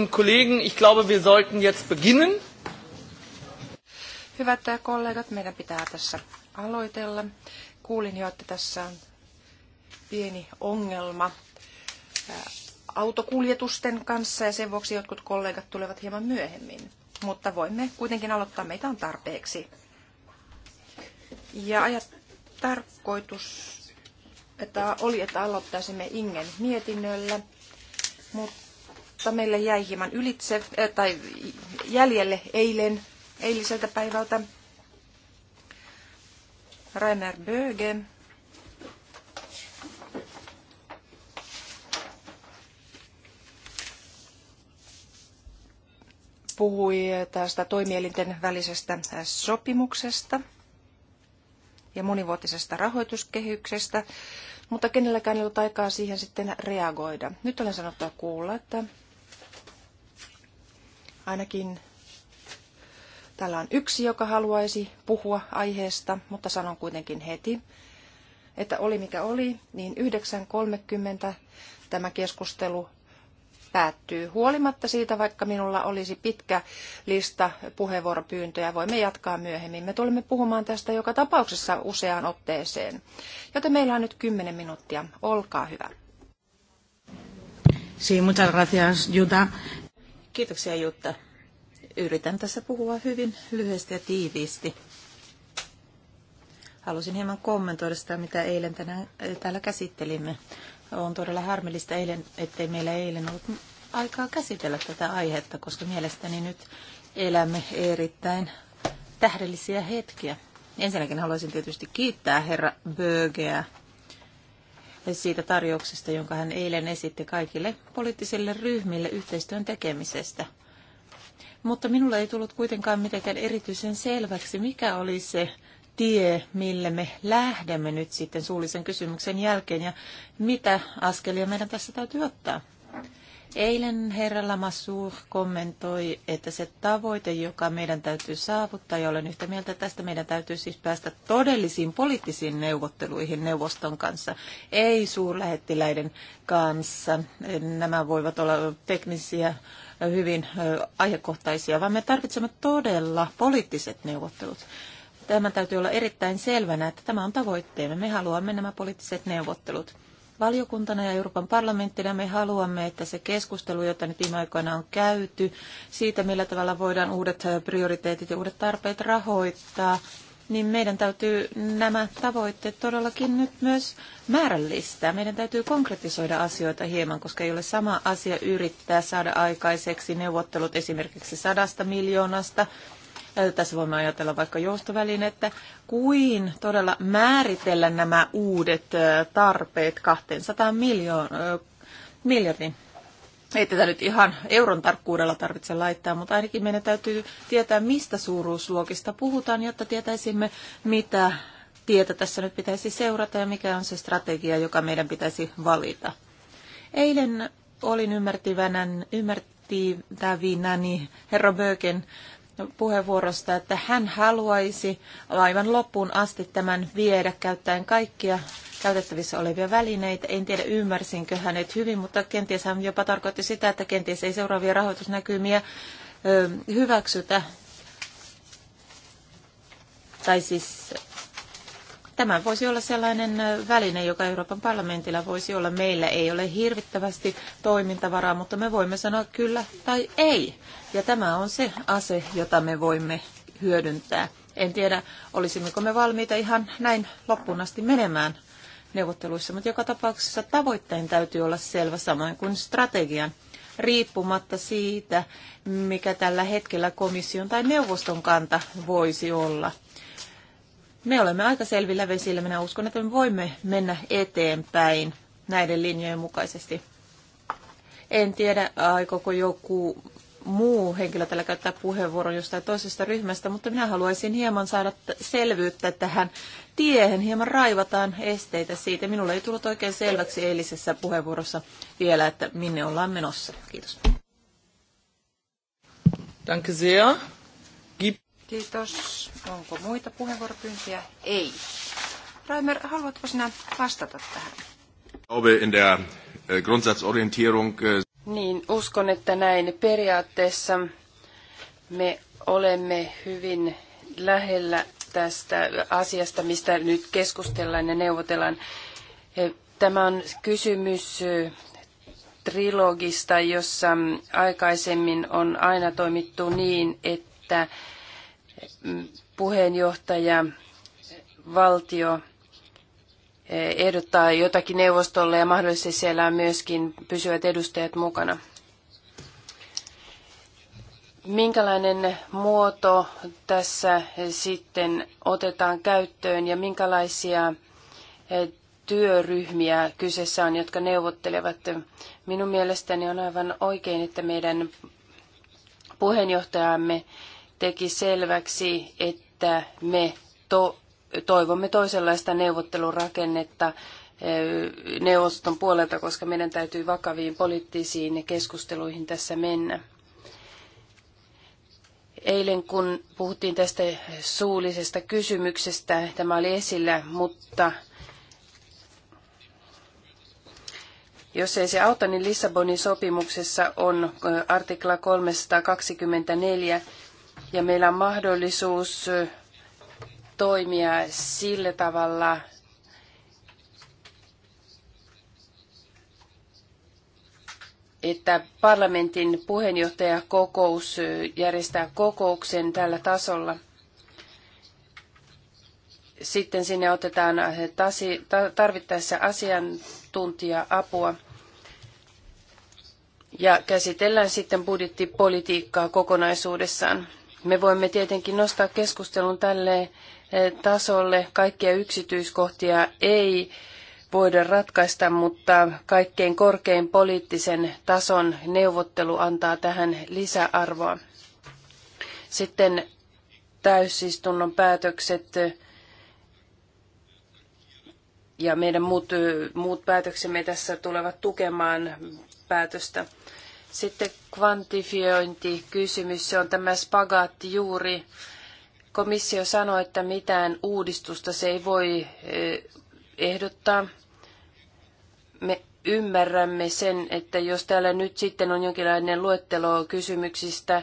und Kollegen, ich glaube, wir sollten jetzt beginnen. Hyvät kollegat, meidän pitää tässä aloitella. Kuulin jo, että tässä on pieni ongelma autokuljetusten kanssa ja sen vuoksi jotkut kollegat tulevat hieman myöhemmin. Mutta voimme kuitenkin aloittaa, meitä on tarpeeksi. Ja ajat, tarkoitus että oli, että aloittaisimme Ingen mietinnöllä, mutta mutta meille jäi hieman ylitse, tai jäljelle eilen, eiliseltä päivältä Rainer Böge. puhui tästä toimielinten välisestä sopimuksesta ja monivuotisesta rahoituskehyksestä, mutta kenelläkään ei ollut aikaa siihen sitten reagoida. Nyt olen sanottu kuulla, että Ainakin täällä on yksi, joka haluaisi puhua aiheesta, mutta sanon kuitenkin heti, että oli mikä oli, niin 9.30 tämä keskustelu päättyy. Huolimatta siitä, vaikka minulla olisi pitkä lista puheenvuoropyyntöjä, voimme jatkaa myöhemmin. Me tulemme puhumaan tästä joka tapauksessa useaan otteeseen. Joten meillä on nyt 10 minuuttia. Olkaa hyvä. Sí, muchas gracias, Jutta. Kiitoksia Jutta. Yritän tässä puhua hyvin lyhyesti ja tiiviisti. Halusin hieman kommentoida sitä, mitä eilen tänään, eh, täällä käsittelimme. On todella harmillista, eilen, ettei meillä eilen ollut aikaa käsitellä tätä aihetta, koska mielestäni nyt elämme erittäin tähdellisiä hetkiä. Ensinnäkin haluaisin tietysti kiittää herra Bögeä siitä tarjouksesta, jonka hän eilen esitti kaikille poliittisille ryhmille yhteistyön tekemisestä. Mutta minulle ei tullut kuitenkaan mitenkään erityisen selväksi, mikä oli se tie, mille me lähdemme nyt sitten suullisen kysymyksen jälkeen ja mitä askelia meidän tässä täytyy ottaa. Eilen herra Lamassur kommentoi, että se tavoite, joka meidän täytyy saavuttaa, ja olen yhtä mieltä tästä, meidän täytyy siis päästä todellisiin poliittisiin neuvotteluihin neuvoston kanssa, ei suurlähettiläiden kanssa. Nämä voivat olla teknisiä, hyvin aihekohtaisia, vaan me tarvitsemme todella poliittiset neuvottelut. Tämä täytyy olla erittäin selvänä, että tämä on tavoitteemme. Me haluamme nämä poliittiset neuvottelut valiokuntana ja Euroopan parlamenttina me haluamme, että se keskustelu, jota nyt viime aikoina on käyty, siitä millä tavalla voidaan uudet prioriteetit ja uudet tarpeet rahoittaa, niin meidän täytyy nämä tavoitteet todellakin nyt myös määrällistää. Meidän täytyy konkretisoida asioita hieman, koska ei ole sama asia yrittää saada aikaiseksi neuvottelut esimerkiksi sadasta miljoonasta tässä voimme ajatella vaikka joustovälinettä, kuin todella määritellä nämä uudet tarpeet 200 miljoon, miljardin. Ei tätä nyt ihan euron tarkkuudella tarvitse laittaa, mutta ainakin meidän täytyy tietää, mistä suuruusluokista puhutaan, jotta tietäisimme, mitä tietä tässä nyt pitäisi seurata ja mikä on se strategia, joka meidän pitäisi valita. Eilen olin ymmärtävänä, ymmärtävinäni herra Böken puheenvuorosta, että hän haluaisi aivan loppuun asti tämän viedä käyttäen kaikkia käytettävissä olevia välineitä. En tiedä, ymmärsinkö hänet hyvin, mutta kenties hän jopa tarkoitti sitä, että kenties ei seuraavia rahoitusnäkymiä hyväksytä. Tai siis Tämä voisi olla sellainen väline, joka Euroopan parlamentilla voisi olla. Meillä ei ole hirvittävästi toimintavaraa, mutta me voimme sanoa kyllä tai ei. Ja tämä on se ase, jota me voimme hyödyntää. En tiedä, olisimmeko me valmiita ihan näin loppuun asti menemään neuvotteluissa, mutta joka tapauksessa tavoitteen täytyy olla selvä samoin kuin strategian riippumatta siitä, mikä tällä hetkellä komission tai neuvoston kanta voisi olla – me olemme aika selvillä vesillä. Minä uskon, että me voimme mennä eteenpäin näiden linjojen mukaisesti. En tiedä, aikoko joku muu henkilö tällä käyttää puheenvuoron jostain toisesta ryhmästä, mutta minä haluaisin hieman saada selvyyttä tähän tiehen. Hieman raivataan esteitä siitä. Minulle ei tullut oikein selväksi eilisessä puheenvuorossa vielä, että minne ollaan menossa. Kiitos. Danke sehr. Kiitos. Onko muita puheenvuoropyyntöjä? Ei. Raimer, haluatko sinä vastata tähän? in der äh, Grundsatzorientierung... Äh, niin, uskon, että näin periaatteessa me olemme hyvin lähellä tästä asiasta, mistä nyt keskustellaan ja neuvotellaan. Äh, tämä on kysymys trilogista, jossa aikaisemmin on aina toimittu niin, että puheenjohtaja valtio eh, ehdottaa jotakin neuvostolle ja mahdollisesti siellä on myöskin pysyvät edustajat mukana. Minkälainen muoto tässä sitten otetaan käyttöön ja minkälaisia eh, työryhmiä kyseessä on, jotka neuvottelevat. Minun mielestäni on aivan oikein, että meidän puheenjohtajamme teki selväksi, että me to- toivomme toisenlaista neuvottelurakennetta eh, neuvoston puolelta, koska meidän täytyy vakaviin poliittisiin keskusteluihin tässä mennä. Eilen kun puhuttiin tästä suullisesta kysymyksestä, tämä oli esillä, mutta Jos ei se auta, niin Lissabonin sopimuksessa on eh, artikla 324, ja meillä on mahdollisuus toimia sillä tavalla, että parlamentin puheenjohtajakokous järjestää kokouksen tällä tasolla. Sitten sinne otetaan tarvittaessa asiantuntija-apua ja käsitellään sitten budjettipolitiikkaa kokonaisuudessaan. Me voimme tietenkin nostaa keskustelun tälle eh, tasolle. Kaikkia yksityiskohtia ei voida ratkaista, mutta kaikkein korkein poliittisen tason neuvottelu antaa tähän lisäarvoa. Sitten täysistunnon päätökset eh, ja meidän muut, eh, muut päätöksemme tässä tulevat tukemaan päätöstä. Sitten kvantifiointikysymys, se on tämä spagaatti juuri. Komissio sanoi, että mitään uudistusta se ei voi ehdottaa. Me ymmärrämme sen, että jos täällä nyt sitten on jonkinlainen luettelo kysymyksistä,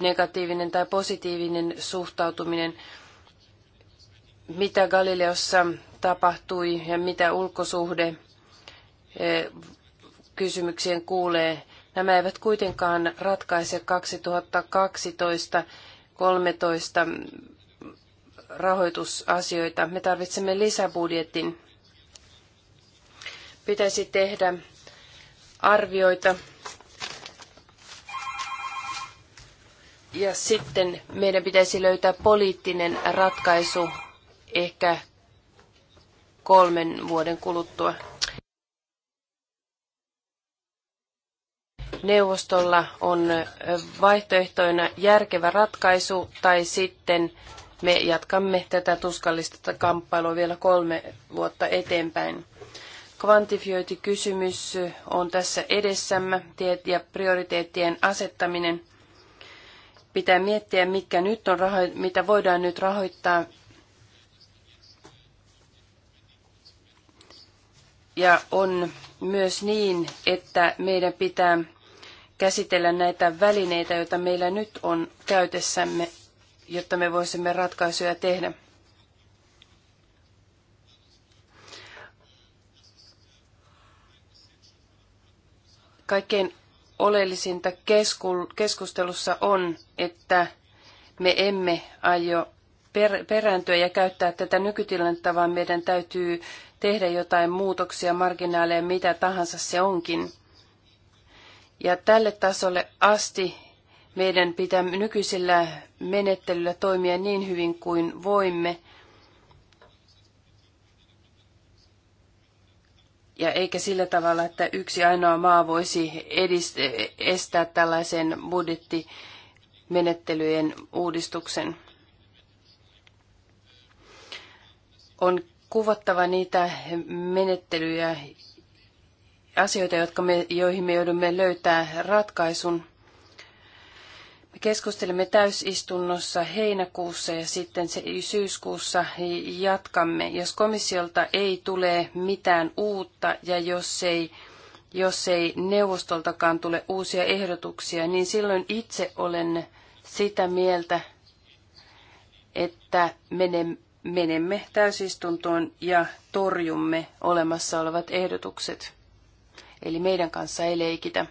negatiivinen tai positiivinen suhtautuminen, mitä Galileossa tapahtui ja mitä ulkosuhde kysymyksien kuulee, Nämä eivät kuitenkaan ratkaise 2012 13 rahoitusasioita. Me tarvitsemme lisäbudjetin. Pitäisi tehdä arvioita. Ja sitten meidän pitäisi löytää poliittinen ratkaisu ehkä kolmen vuoden kuluttua. neuvostolla on vaihtoehtoina järkevä ratkaisu tai sitten me jatkamme tätä tuskallista kamppailua vielä kolme vuotta eteenpäin. Kvantifiointikysymys on tässä edessämme tiet ja prioriteettien asettaminen. Pitää miettiä, mitkä nyt on raho- mitä voidaan nyt rahoittaa. Ja on myös niin, että meidän pitää käsitellä näitä välineitä, joita meillä nyt on käytössämme, jotta me voisimme ratkaisuja tehdä. Kaikkein oleellisinta keskustelussa on, että me emme aio perääntyä ja käyttää tätä nykytilannetta, vaan meidän täytyy tehdä jotain muutoksia, marginaaleja, mitä tahansa se onkin – ja tälle tasolle asti meidän pitää nykyisellä menettelyllä toimia niin hyvin kuin voimme. Ja eikä sillä tavalla, että yksi ainoa maa voisi edist- estää tällaisen budjettimenettelyjen uudistuksen. On kuvattava niitä menettelyjä, asioita, jotka me, joihin me joudumme löytää ratkaisun. Me keskustelemme täysistunnossa heinäkuussa ja sitten se, syyskuussa jatkamme. Jos komissiolta ei tule mitään uutta ja jos ei, jos ei neuvostoltakaan tule uusia ehdotuksia, niin silloin itse olen sitä mieltä, että menemme täysistuntoon ja torjumme olemassa olevat ehdotukset. Eli meidän kanssa ei leikitä.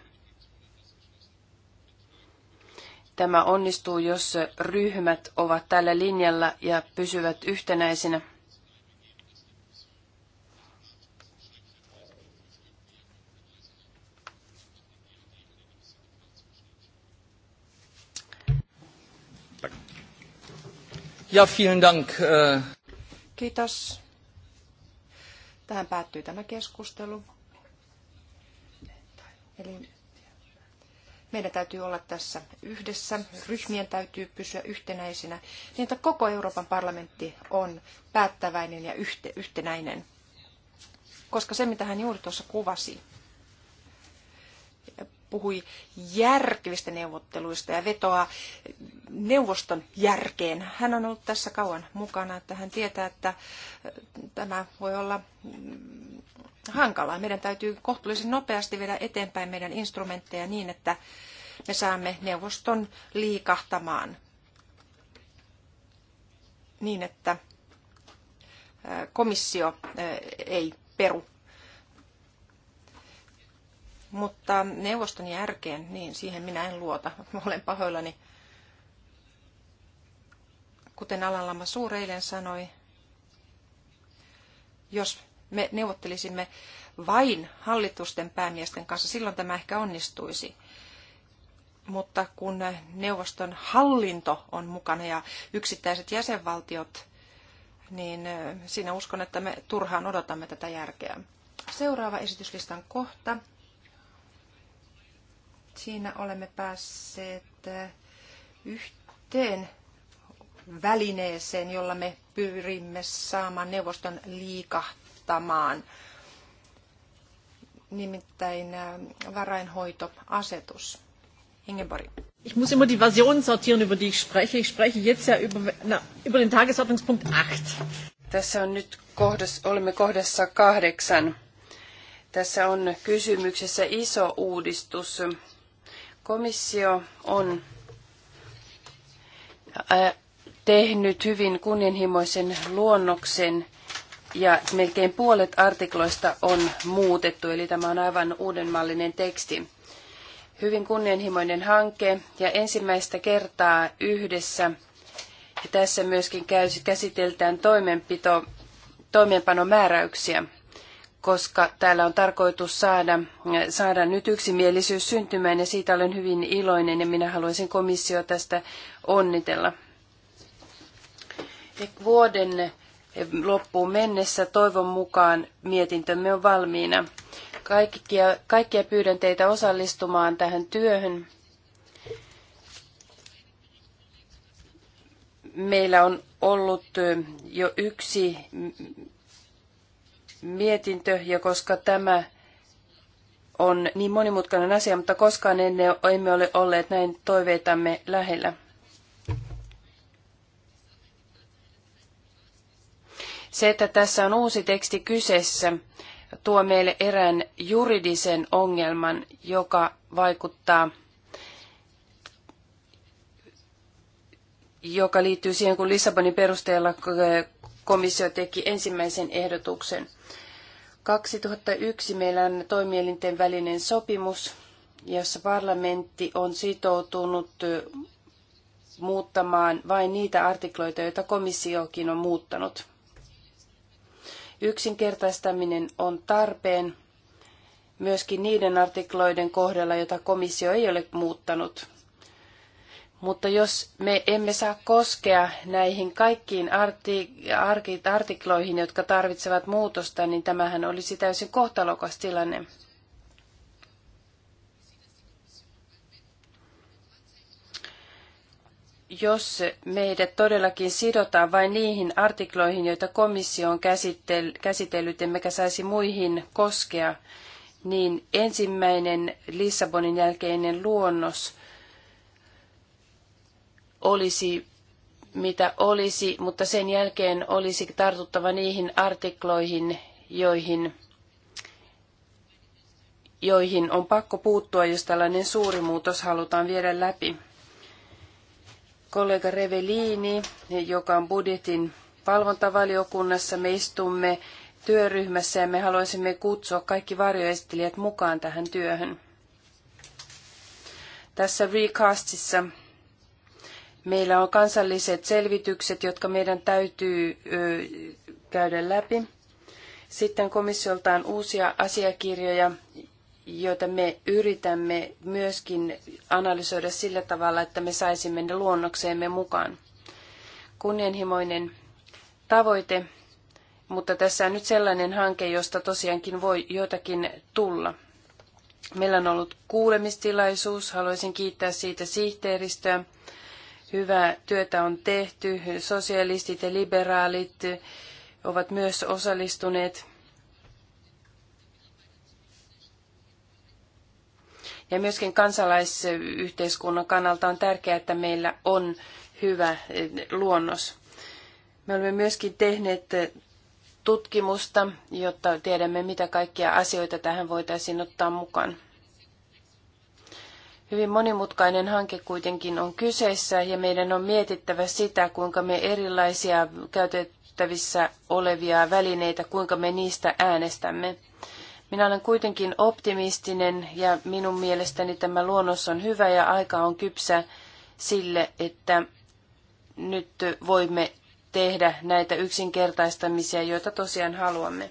Tämä onnistuu, jos ryhmät ovat tällä linjalla ja pysyvät yhtenäisinä. Ja, vielen Dank. Äh. Kiitos. Tähän päättyy tämä keskustelu. Eli meidän täytyy olla tässä yhdessä, ryhmien täytyy pysyä yhtenäisinä, niin että koko Euroopan parlamentti on päättäväinen ja yhtenäinen. Koska se, mitä hän juuri tuossa kuvasi, puhui järkevistä neuvotteluista ja vetoaa neuvoston järkeen. Hän on ollut tässä kauan mukana, että hän tietää, että äh, tämä voi olla mm, hankalaa. Meidän täytyy kohtuullisen nopeasti viedä eteenpäin meidän instrumentteja niin, että me saamme neuvoston liikahtamaan niin, että äh, komissio äh, ei peru mutta neuvoston järkeen, niin siihen minä en luota. Olen pahoillani. Kuten Alan Suur eilen sanoi, jos me neuvottelisimme vain hallitusten päämiesten kanssa, silloin tämä ehkä onnistuisi. Mutta kun neuvoston hallinto on mukana ja yksittäiset jäsenvaltiot, niin siinä uskon, että me turhaan odotamme tätä järkeä. Seuraava esityslistan kohta Siinä olemme päässeet eh, yhteen välineeseen, jolla me pyrimme saamaan neuvoston liikahtamaan, nimittäin eh, varainhoitoasetus. Ingeborg. Ich muss immer die Version sortieren, über die ich spreche. Ich spreche jetzt ja über, na, über den Tagesordnungspunkt 8. Tässä on nyt kohdas, olemme kohdassa kahdeksan. Tässä on kysymyksessä iso uudistus Komissio on äh, tehnyt hyvin kunnianhimoisen luonnoksen ja melkein puolet artikloista on muutettu, eli tämä on aivan uudenmallinen teksti. Hyvin kunnianhimoinen hanke ja ensimmäistä kertaa yhdessä tässä myöskin käsiteltään toimenpito, toimeenpanomääräyksiä koska täällä on tarkoitus saada, saada nyt yksimielisyys syntymään ja siitä olen hyvin iloinen ja minä haluaisin komissio tästä onnitella. Vuoden loppuun mennessä toivon mukaan mietintömme on valmiina. Kaikkia, kaikkia pyydän teitä osallistumaan tähän työhön. Meillä on ollut jo yksi mietintö ja koska tämä on niin monimutkainen asia, mutta koskaan emme ole olleet näin toiveitamme lähellä. Se, että tässä on uusi teksti kyseessä, tuo meille erään juridisen ongelman, joka vaikuttaa, joka liittyy siihen, kun Lissabonin perusteella komissio teki ensimmäisen ehdotuksen. 2001 meillä on toimielinten välinen sopimus, jossa parlamentti on sitoutunut muuttamaan vain niitä artikloita, joita komissiokin on muuttanut. Yksinkertaistaminen on tarpeen myöskin niiden artikloiden kohdalla, joita komissio ei ole muuttanut. Mutta jos me emme saa koskea näihin kaikkiin artikloihin, jotka tarvitsevat muutosta, niin tämähän olisi täysin kohtalokas tilanne. Jos meidät todellakin sidotaan vain niihin artikloihin, joita komissio on käsitellyt, emmekä saisi muihin koskea, niin ensimmäinen Lissabonin jälkeinen luonnos – olisi mitä olisi, mutta sen jälkeen olisi tartuttava niihin artikloihin, joihin, joihin on pakko puuttua, jos tällainen suuri muutos halutaan viedä läpi. Kollega Revelini, joka on budjetin valvontavaliokunnassa, me istumme työryhmässä ja me haluaisimme kutsua kaikki varjoesittelijät mukaan tähän työhön. Tässä recastissa Meillä on kansalliset selvitykset, jotka meidän täytyy käydä läpi. Sitten komissiolta on uusia asiakirjoja, joita me yritämme myöskin analysoida sillä tavalla, että me saisimme ne luonnokseemme mukaan. Kunnianhimoinen tavoite, mutta tässä on nyt sellainen hanke, josta tosiaankin voi jotakin tulla. Meillä on ollut kuulemistilaisuus, haluaisin kiittää siitä sihteeristöä Hyvää työtä on tehty. Sosialistit ja liberaalit ovat myös osallistuneet. Ja myöskin kansalaisyhteiskunnan kannalta on tärkeää, että meillä on hyvä eh, luonnos. Me olemme myöskin tehneet eh, tutkimusta, jotta tiedämme, mitä kaikkia asioita tähän voitaisiin ottaa mukaan. Hyvin monimutkainen hanke kuitenkin on kyseessä ja meidän on mietittävä sitä, kuinka me erilaisia käytettävissä olevia välineitä, kuinka me niistä äänestämme. Minä olen kuitenkin optimistinen ja minun mielestäni tämä luonnos on hyvä ja aika on kypsä sille, että nyt voimme tehdä näitä yksinkertaistamisia, joita tosiaan haluamme.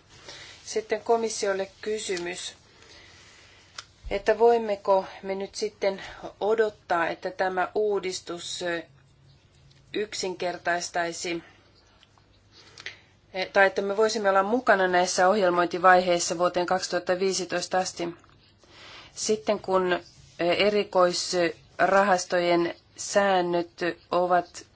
Sitten komissiolle kysymys että voimmeko me nyt sitten odottaa, että tämä uudistus yksinkertaistaisi e, tai että me voisimme olla mukana näissä ohjelmointivaiheissa vuoteen 2015 asti. Sitten kun erikoisrahastojen säännöt ovat,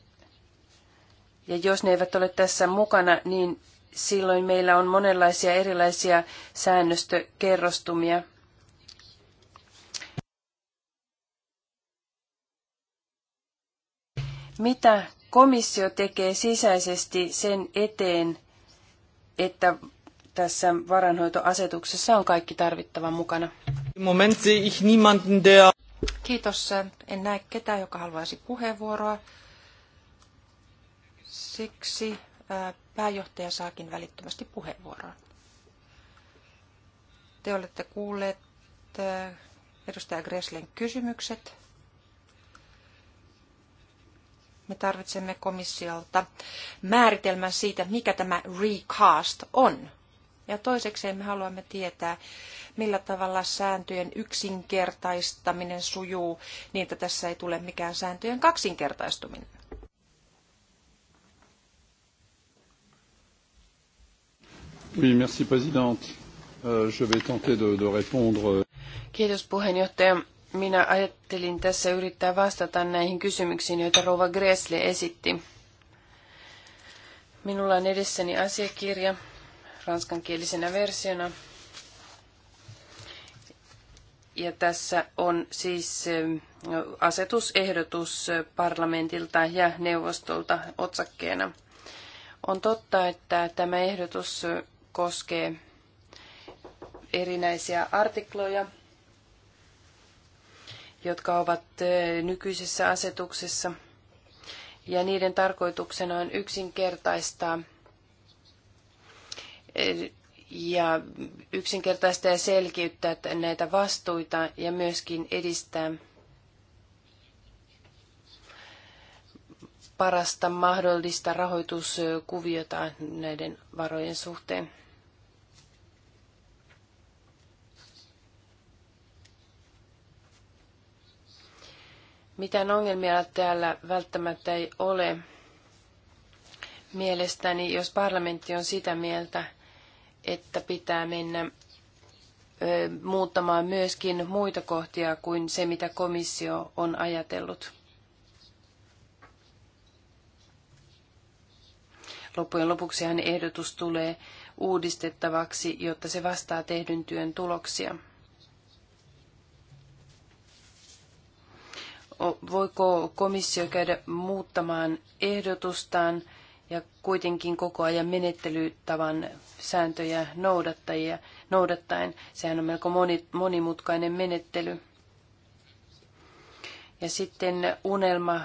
ja jos ne eivät ole tässä mukana, niin silloin meillä on monenlaisia erilaisia säännöstökerrostumia – Mitä komissio tekee sisäisesti sen eteen, että tässä varanhoitoasetuksessa on kaikki tarvittava mukana? Moment ich niemanden, der... Kiitos. En näe ketään, joka haluaisi puheenvuoroa. Siksi pääjohtaja saakin välittömästi puheenvuoroa. Te olette kuulleet edustaja Greslen kysymykset. Me tarvitsemme komissiolta määritelmän siitä, mikä tämä recast on. Ja toisekseen me haluamme tietää, millä tavalla sääntöjen yksinkertaistaminen sujuu niin, että tässä ei tule mikään sääntöjen kaksinkertaistuminen. Oui, merci présidente. Euh, je vais tenter de, de répondre. Kiitos puheenjohtaja. Minä ajattelin tässä yrittää vastata näihin kysymyksiin, joita Rova Gressle esitti. Minulla on edessäni asiakirja ranskankielisenä versiona. Ja tässä on siis eh, asetusehdotus parlamentilta ja neuvostolta otsakkeena. On totta, että tämä ehdotus koskee erinäisiä artikloja jotka ovat eh, nykyisessä asetuksessa. Ja niiden tarkoituksena on yksinkertaistaa eh, ja yksinkertaistaa ja selkiyttää näitä vastuita ja myöskin edistää parasta mahdollista rahoituskuviota näiden varojen suhteen. Mitään ongelmia täällä välttämättä ei ole. Mielestäni, jos parlamentti on sitä mieltä, että pitää mennä muuttamaan myöskin muita kohtia kuin se, mitä komissio on ajatellut. Loppujen lopuksihan ehdotus tulee uudistettavaksi, jotta se vastaa tehdyn työn tuloksia. voiko komissio käydä muuttamaan ehdotustaan ja kuitenkin koko ajan menettelytavan sääntöjä noudattajia, noudattaen. Sehän on melko moni, monimutkainen menettely. Ja sitten unelma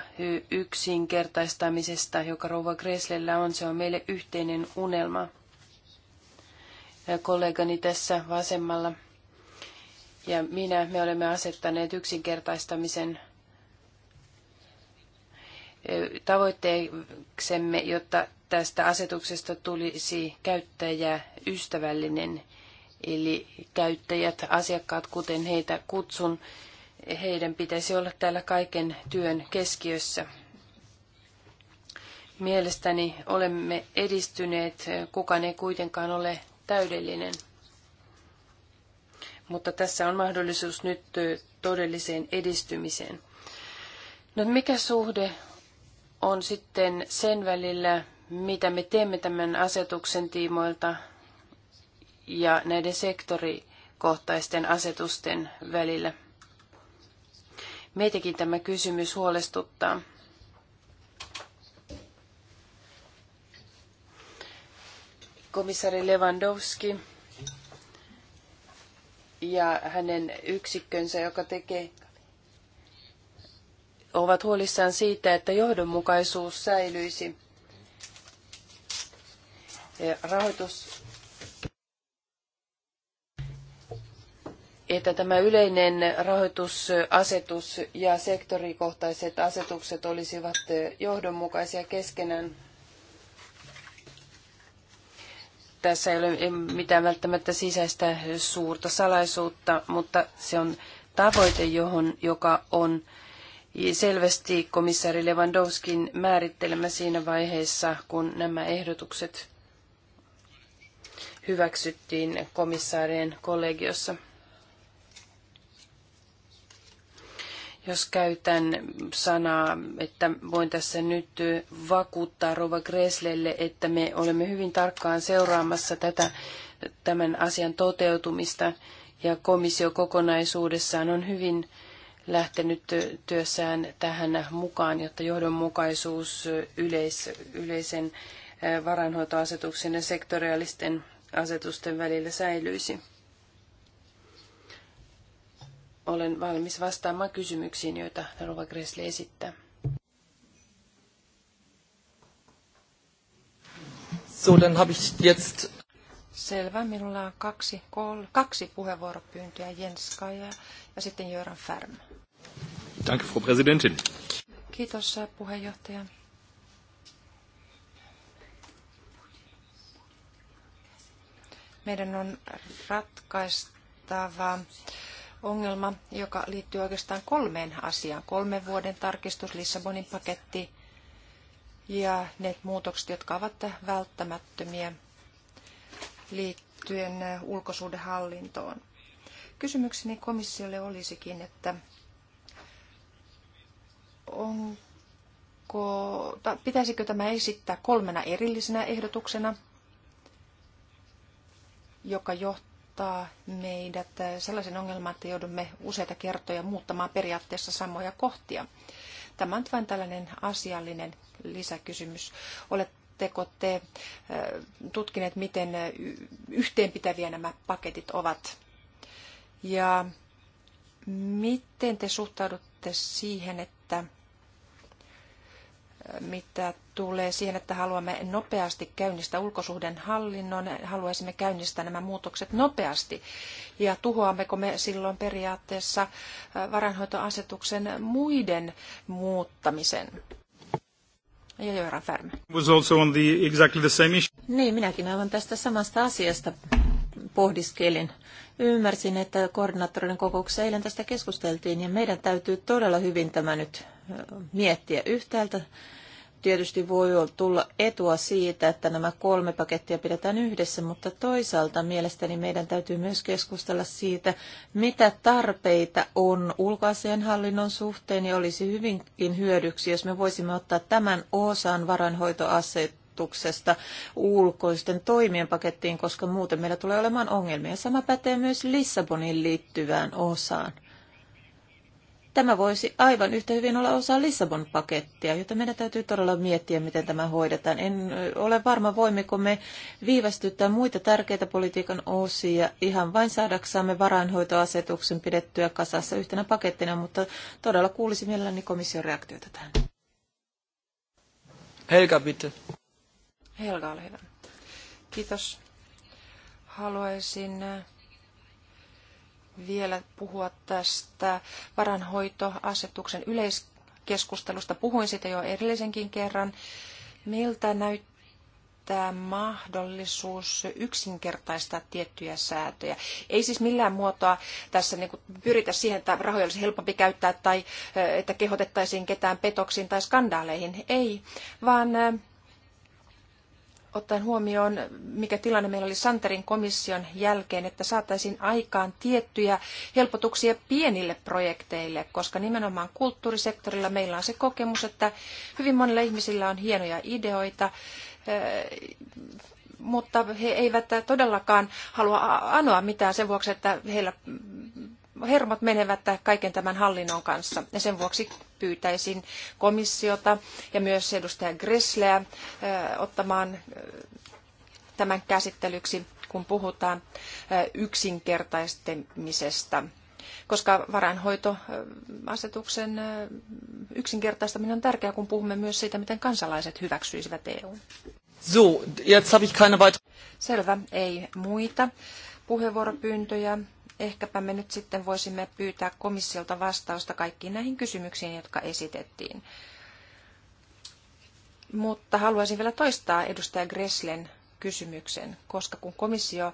yksinkertaistamisesta, joka Rouva Kreslellä on, se on meille yhteinen unelma. kollegani tässä vasemmalla ja minä, me olemme asettaneet yksinkertaistamisen tavoitteeksemme, jotta tästä asetuksesta tulisi käyttäjäystävällinen, eli käyttäjät, asiakkaat, kuten heitä kutsun, heidän pitäisi olla täällä kaiken työn keskiössä. Mielestäni olemme edistyneet, kukaan ei kuitenkaan ole täydellinen. Mutta tässä on mahdollisuus nyt todelliseen edistymiseen. No mikä suhde on sitten sen välillä, mitä me teemme tämän asetuksen tiimoilta ja näiden sektorikohtaisten asetusten välillä. Meitäkin tämä kysymys huolestuttaa. Komissari Lewandowski ja hänen yksikkönsä, joka tekee ovat huolissaan siitä, että johdonmukaisuus säilyisi rahoitus, että tämä yleinen rahoitusasetus ja sektorikohtaiset asetukset olisivat johdonmukaisia keskenään. Tässä ei ole mitään välttämättä sisäistä suurta salaisuutta, mutta se on tavoite, johon, joka on selvästi komissaari Lewandowskin määrittelemä siinä vaiheessa, kun nämä ehdotukset hyväksyttiin komissaarien kollegiossa. Jos käytän sanaa, että voin tässä nyt vakuuttaa Rova Greslelle, että me olemme hyvin tarkkaan seuraamassa tätä, tämän asian toteutumista ja komissio kokonaisuudessaan on hyvin lähtenyt työssään tähän mukaan, jotta johdonmukaisuus yleis, yleisen varainhoitoasetuksen ja sektoriaalisten asetusten välillä säilyisi. Olen valmis vastaamaan kysymyksiin, joita Rova Gressli esittää. So, dann habe ich jetzt... Selvä. Minulla on kaksi, kol, kaksi puheenvuoropyyntöä, Jens Kaja ja sitten Jöran Färm. Danke, Frau Präsidentin. Kiitos äh, puheenjohtaja. Meidän on ratkaistava ongelma, joka liittyy oikeastaan kolmeen asiaan. Kolmen vuoden tarkistus, Lissabonin paketti ja ne muutokset, jotka ovat välttämättömiä liittyen ulkosuudenhallintoon. Kysymykseni komissiolle olisikin, että onko, pitäisikö tämä esittää kolmena erillisenä ehdotuksena, joka johtaa meidät sellaisen ongelman, että joudumme useita kertoja muuttamaan periaatteessa samoja kohtia. Tämä on vain tällainen asiallinen lisäkysymys. Oletteko te tutkineet, miten yhteenpitäviä nämä paketit ovat? Ja miten te suhtaudutte siihen, että mitä tulee siihen, että haluamme nopeasti käynnistää ulkosuhden hallinnon, haluaisimme käynnistää nämä muutokset nopeasti. Ja tuhoammeko me silloin periaatteessa äh, varainhoitoasetuksen muiden muuttamisen? Ja Joera Färme. Was also on the, exactly the same issue. Niin, minäkin aivan tästä samasta asiasta pohdiskelin. Ymmärsin, että koordinaattorin kokouksessa eilen tästä keskusteltiin ja meidän täytyy todella hyvin tämä nyt miettiä yhtäältä. Tietysti voi tulla etua siitä, että nämä kolme pakettia pidetään yhdessä, mutta toisaalta mielestäni meidän täytyy myös keskustella siitä, mitä tarpeita on hallinnon suhteen ja olisi hyvinkin hyödyksi, jos me voisimme ottaa tämän osan varanhoitoasettelun vaikutuksesta ulkoisten toimien pakettiin, koska muuten meillä tulee olemaan ongelmia. Sama pätee myös Lissabonin liittyvään osaan. Tämä voisi aivan yhtä hyvin olla osa Lissabon-pakettia, jota meidän täytyy todella miettiä, miten tämä hoidetaan. En ole varma, voimmeko me viivästyttää muita tärkeitä politiikan osia ihan vain saadaksamme varainhoitoasetuksen pidettyä kasassa yhtenä pakettina, mutta todella kuulisin mielelläni komission reaktiota tähän. Helga, bitte. Helga, ole hyvä. Kiitos. Haluaisin äh, vielä puhua tästä varanhoitoasetuksen yleiskeskustelusta. Puhuin siitä jo edellisenkin kerran. Miltä näyttää mahdollisuus yksinkertaistaa tiettyjä säätöjä? Ei siis millään muotoa tässä niin pyritä siihen, että rahoja olisi helpompi käyttää tai äh, että kehotettaisiin ketään petoksiin tai skandaaleihin. Ei, vaan äh, ottaen huomioon, mikä tilanne meillä oli Santerin komission jälkeen, että saataisiin aikaan tiettyjä helpotuksia pienille projekteille, koska nimenomaan kulttuurisektorilla meillä on se kokemus, että hyvin monilla ihmisillä on hienoja ideoita, eh, mutta he eivät todellakaan halua anoa mitään sen vuoksi, että heillä hermot menevät kaiken tämän hallinnon kanssa. Ja sen vuoksi pyytäisin komissiota ja myös edustaja Gressleä ottamaan tämän käsittelyksi, kun puhutaan yksinkertaistamisesta koska varainhoitoasetuksen yksinkertaistaminen on tärkeää, kun puhumme myös siitä, miten kansalaiset hyväksyisivät EU. So, jetzt habe ich keine Selvä, ei muita puheenvuoropyyntöjä, ehkäpä me nyt sitten voisimme pyytää komissiolta vastausta kaikkiin näihin kysymyksiin, jotka esitettiin. Mutta haluaisin vielä toistaa edustaja Gresslen kysymyksen, koska kun komissio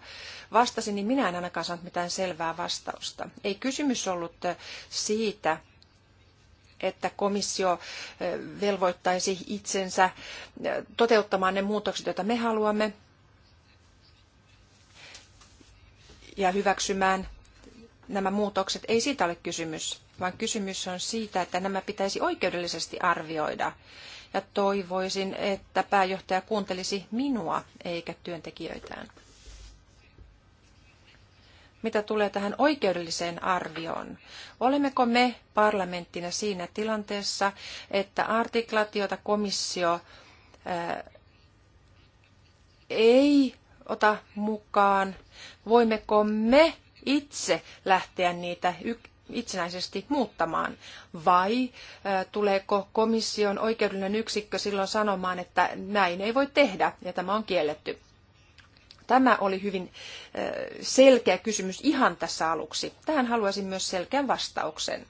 vastasi, niin minä en ainakaan saanut mitään selvää vastausta. Ei kysymys ollut siitä, että komissio velvoittaisi itsensä toteuttamaan ne muutokset, joita me haluamme, ja hyväksymään nämä muutokset. Ei siitä ole kysymys, vaan kysymys on siitä, että nämä pitäisi oikeudellisesti arvioida. Ja toivoisin, että pääjohtaja kuuntelisi minua eikä työntekijöitään. Mitä tulee tähän oikeudelliseen arvioon? Olemmeko me parlamenttina siinä tilanteessa, että artiklat, joita komissio ää, ei ota mukaan? Voimmeko me itse lähteä niitä itsenäisesti muuttamaan? Vai tuleeko komission oikeudellinen yksikkö silloin sanomaan, että näin ei voi tehdä ja tämä on kielletty? Tämä oli hyvin selkeä kysymys ihan tässä aluksi. Tähän haluaisin myös selkeän vastauksen,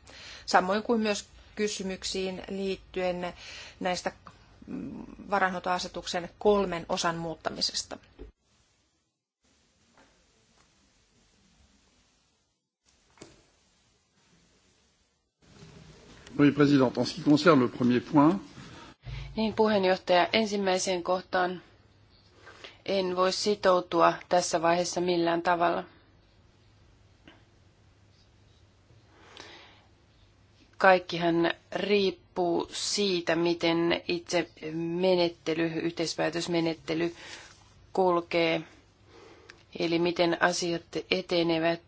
samoin kuin myös kysymyksiin liittyen näistä mm, varanhoitoasetuksen kolmen osan muuttamisesta. Niin, puheenjohtaja, ensimmäiseen kohtaan en voi sitoutua tässä vaiheessa millään tavalla. Kaikkihan riippuu siitä, miten itse menettely, yhteispäätösmenettely kulkee, eli miten asiat etenevät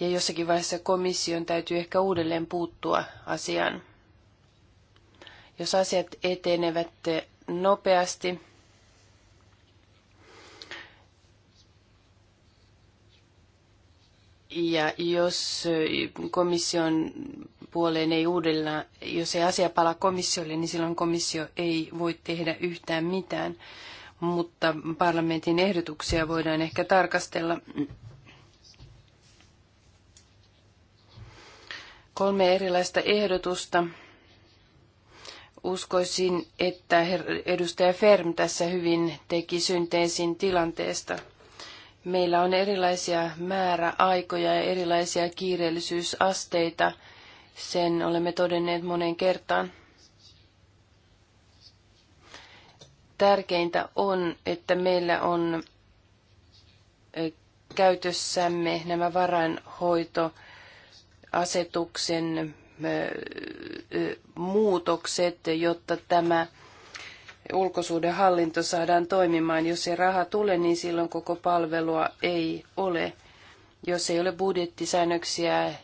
ja jossakin vaiheessa komission täytyy ehkä uudelleen puuttua asiaan. Jos asiat etenevät nopeasti, Ja jos komission puoleen ei uudella, jos ei asia pala komissiolle, niin silloin komissio ei voi tehdä yhtään mitään. Mutta parlamentin ehdotuksia voidaan ehkä tarkastella kolme erilaista ehdotusta. Uskoisin, että edustaja Ferm tässä hyvin teki synteesin tilanteesta. Meillä on erilaisia määräaikoja ja erilaisia kiireellisyysasteita. Sen olemme todenneet monen kertaan. Tärkeintä on, että meillä on käytössämme nämä varainhoito- asetuksen muutokset, jotta tämä hallinto saadaan toimimaan. Jos ei raha tule, niin silloin koko palvelua ei ole. Jos ei ole budjettisäännöksiä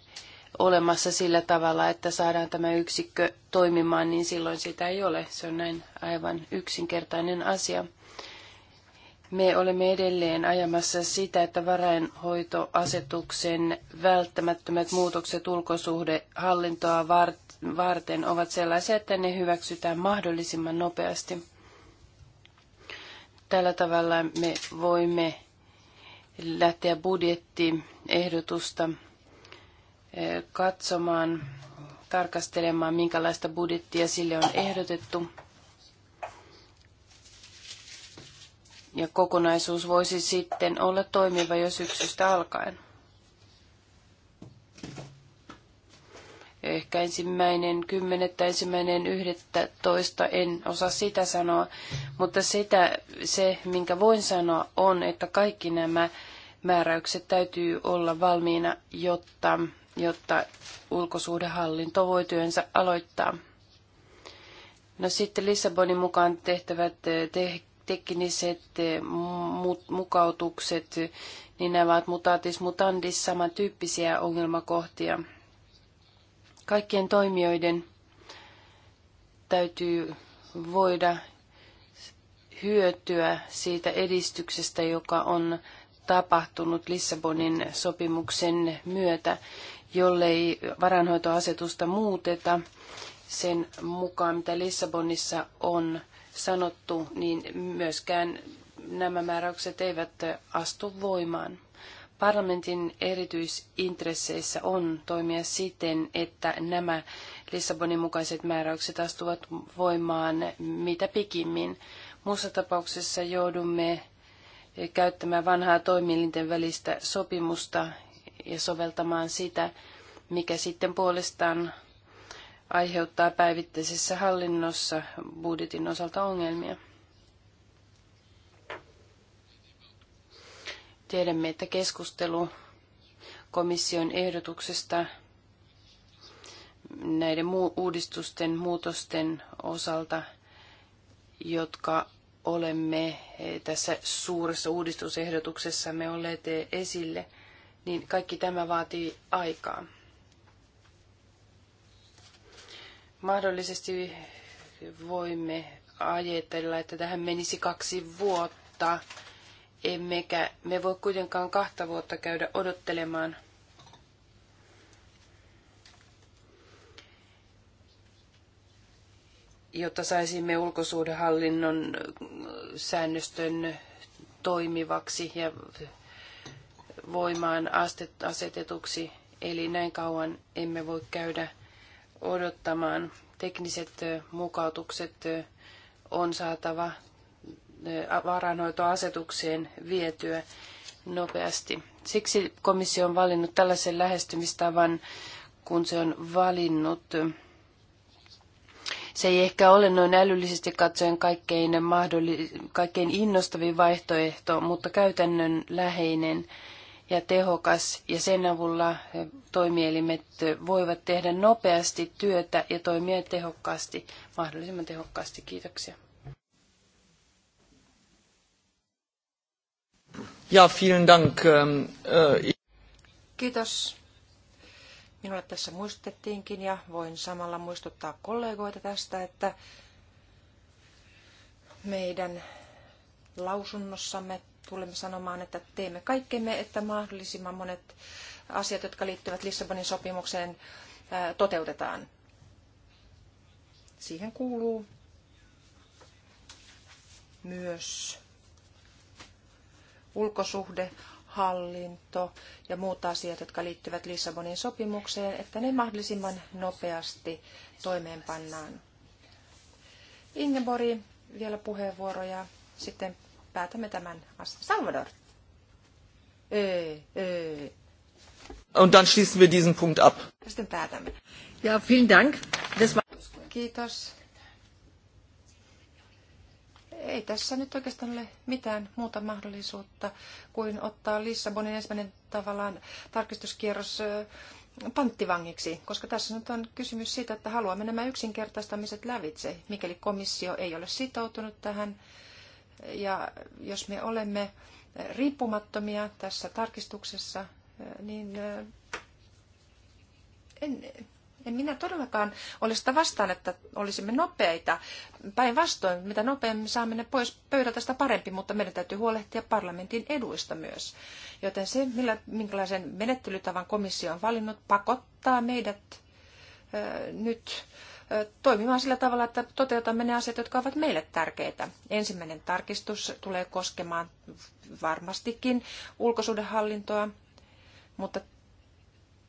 olemassa sillä tavalla, että saadaan tämä yksikkö toimimaan, niin silloin sitä ei ole. Se on näin aivan yksinkertainen asia. Me olemme edelleen ajamassa sitä, että varainhoitoasetuksen välttämättömät muutokset ulkosuhdehallintoa varten ovat sellaisia, että ne hyväksytään mahdollisimman nopeasti. Tällä tavalla me voimme lähteä budjettiehdotusta eh, katsomaan, tarkastelemaan, minkälaista budjettia sille on ehdotettu – ja kokonaisuus voisi sitten olla toimiva jo syksystä alkaen. Ehkä ensimmäinen kymmenettä, ensimmäinen yhdettä toista, en osaa sitä sanoa, mutta sitä, se, minkä voin sanoa, on, että kaikki nämä määräykset täytyy olla valmiina, jotta, jotta ulkosuhdehallinto voi työnsä aloittaa. No sitten Lissabonin mukaan tehtävät te- eh, tekniset mukautukset, niin nämä ovat mutatis mutandis samantyyppisiä ongelmakohtia. Kaikkien toimijoiden täytyy voida hyötyä siitä edistyksestä, joka on tapahtunut Lissabonin sopimuksen myötä, jollei varanhoitoasetusta muuteta sen mukaan, mitä Lissabonissa on sanottu, niin myöskään nämä määräykset eivät astu voimaan. Parlamentin erityisintresseissä on toimia siten, että nämä Lissabonin mukaiset määräykset astuvat voimaan mitä pikimmin. Muussa tapauksessa joudumme käyttämään vanhaa toimielinten välistä sopimusta ja soveltamaan sitä, mikä sitten puolestaan aiheuttaa päivittäisessä hallinnossa budjetin osalta ongelmia. Tiedämme, että keskustelu komission ehdotuksesta näiden uudistusten, muutosten osalta, jotka olemme tässä suuressa uudistusehdotuksessamme olleet esille, niin kaikki tämä vaatii aikaa. Mahdollisesti voimme ajatella, että tähän menisi kaksi vuotta, emmekä me voi kuitenkaan kahta vuotta käydä odottelemaan. jotta saisimme ulkosuhdehallinnon säännöstön toimivaksi ja voimaan asetetuksi. Eli näin kauan emme voi käydä odottamaan. Tekniset mukautukset on saatava varainhoitoasetukseen vietyä nopeasti. Siksi komissio on valinnut tällaisen lähestymistavan, kun se on valinnut. Se ei ehkä ole noin älyllisesti katsoen kaikkein, mahdolli- kaikkein innostavin vaihtoehto, mutta käytännön läheinen ja tehokas ja sen avulla toimielimet voivat tehdä nopeasti työtä ja toimia tehokkaasti, mahdollisimman tehokkaasti. Kiitoksia. Ja, vielen dank. Ähm, äh, Kiitos. Minulle tässä muistettiinkin ja voin samalla muistuttaa kollegoita tästä, että meidän lausunnossamme tulemme sanomaan, että teemme kaikkemme, että mahdollisimman monet asiat, jotka liittyvät Lissabonin sopimukseen, toteutetaan. Siihen kuuluu myös ulkosuhde, hallinto ja muut asiat, jotka liittyvät Lissabonin sopimukseen, että ne mahdollisimman nopeasti toimeenpannaan. Ingeborg, vielä puheenvuoroja, sitten päätämme tämän asian. Salvador. Öö, öö. Und dann schließen wir diesen Punkt ab. Sitten päätämme. Ja, vielen Dank. Das war... Kiitos. Ei tässä nyt oikeastaan ole mitään muuta mahdollisuutta kuin ottaa Lissabonin ensimmäinen tavallaan tarkistuskierros panttivangiksi, koska tässä nyt on kysymys siitä, että haluamme nämä yksinkertaistamiset lävitse, mikäli komissio ei ole sitoutunut tähän ja jos me olemme riippumattomia tässä tarkistuksessa, niin eh, en, en minä todellakaan ole sitä vastaan, että olisimme nopeita. Päinvastoin, mitä nopeammin saamme ne pois pöydältä, sitä parempi, mutta meidän täytyy huolehtia parlamentin eduista myös. Joten se, millä, minkälaisen menettelytavan komissio on valinnut, pakottaa meidät ö, eh, nyt ö, toimimaan sillä tavalla, että toteutamme ne asiat, jotka ovat meille tärkeitä. Ensimmäinen tarkistus tulee koskemaan varmastikin ulkosuudenhallintoa, mutta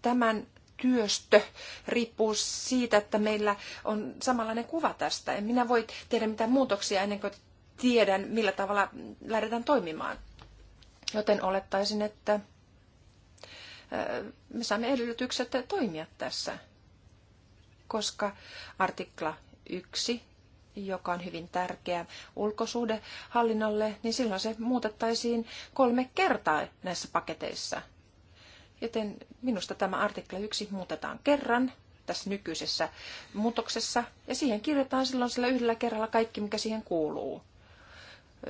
tämän työstö riippuu siitä, että meillä on samanlainen kuva tästä. En minä voi tehdä mitään muutoksia ennen kuin tiedän, millä tavalla lähdetään toimimaan. Joten olettaisin, että me saamme edellytykset toimia tässä koska artikla 1 joka on hyvin tärkeä ulkosuhdehallinnolle, niin silloin se muutettaisiin kolme kertaa näissä paketeissa. Joten minusta tämä artikla 1 muutetaan kerran tässä nykyisessä muutoksessa, ja siihen kirjataan silloin sillä yhdellä kerralla kaikki, mikä siihen kuuluu.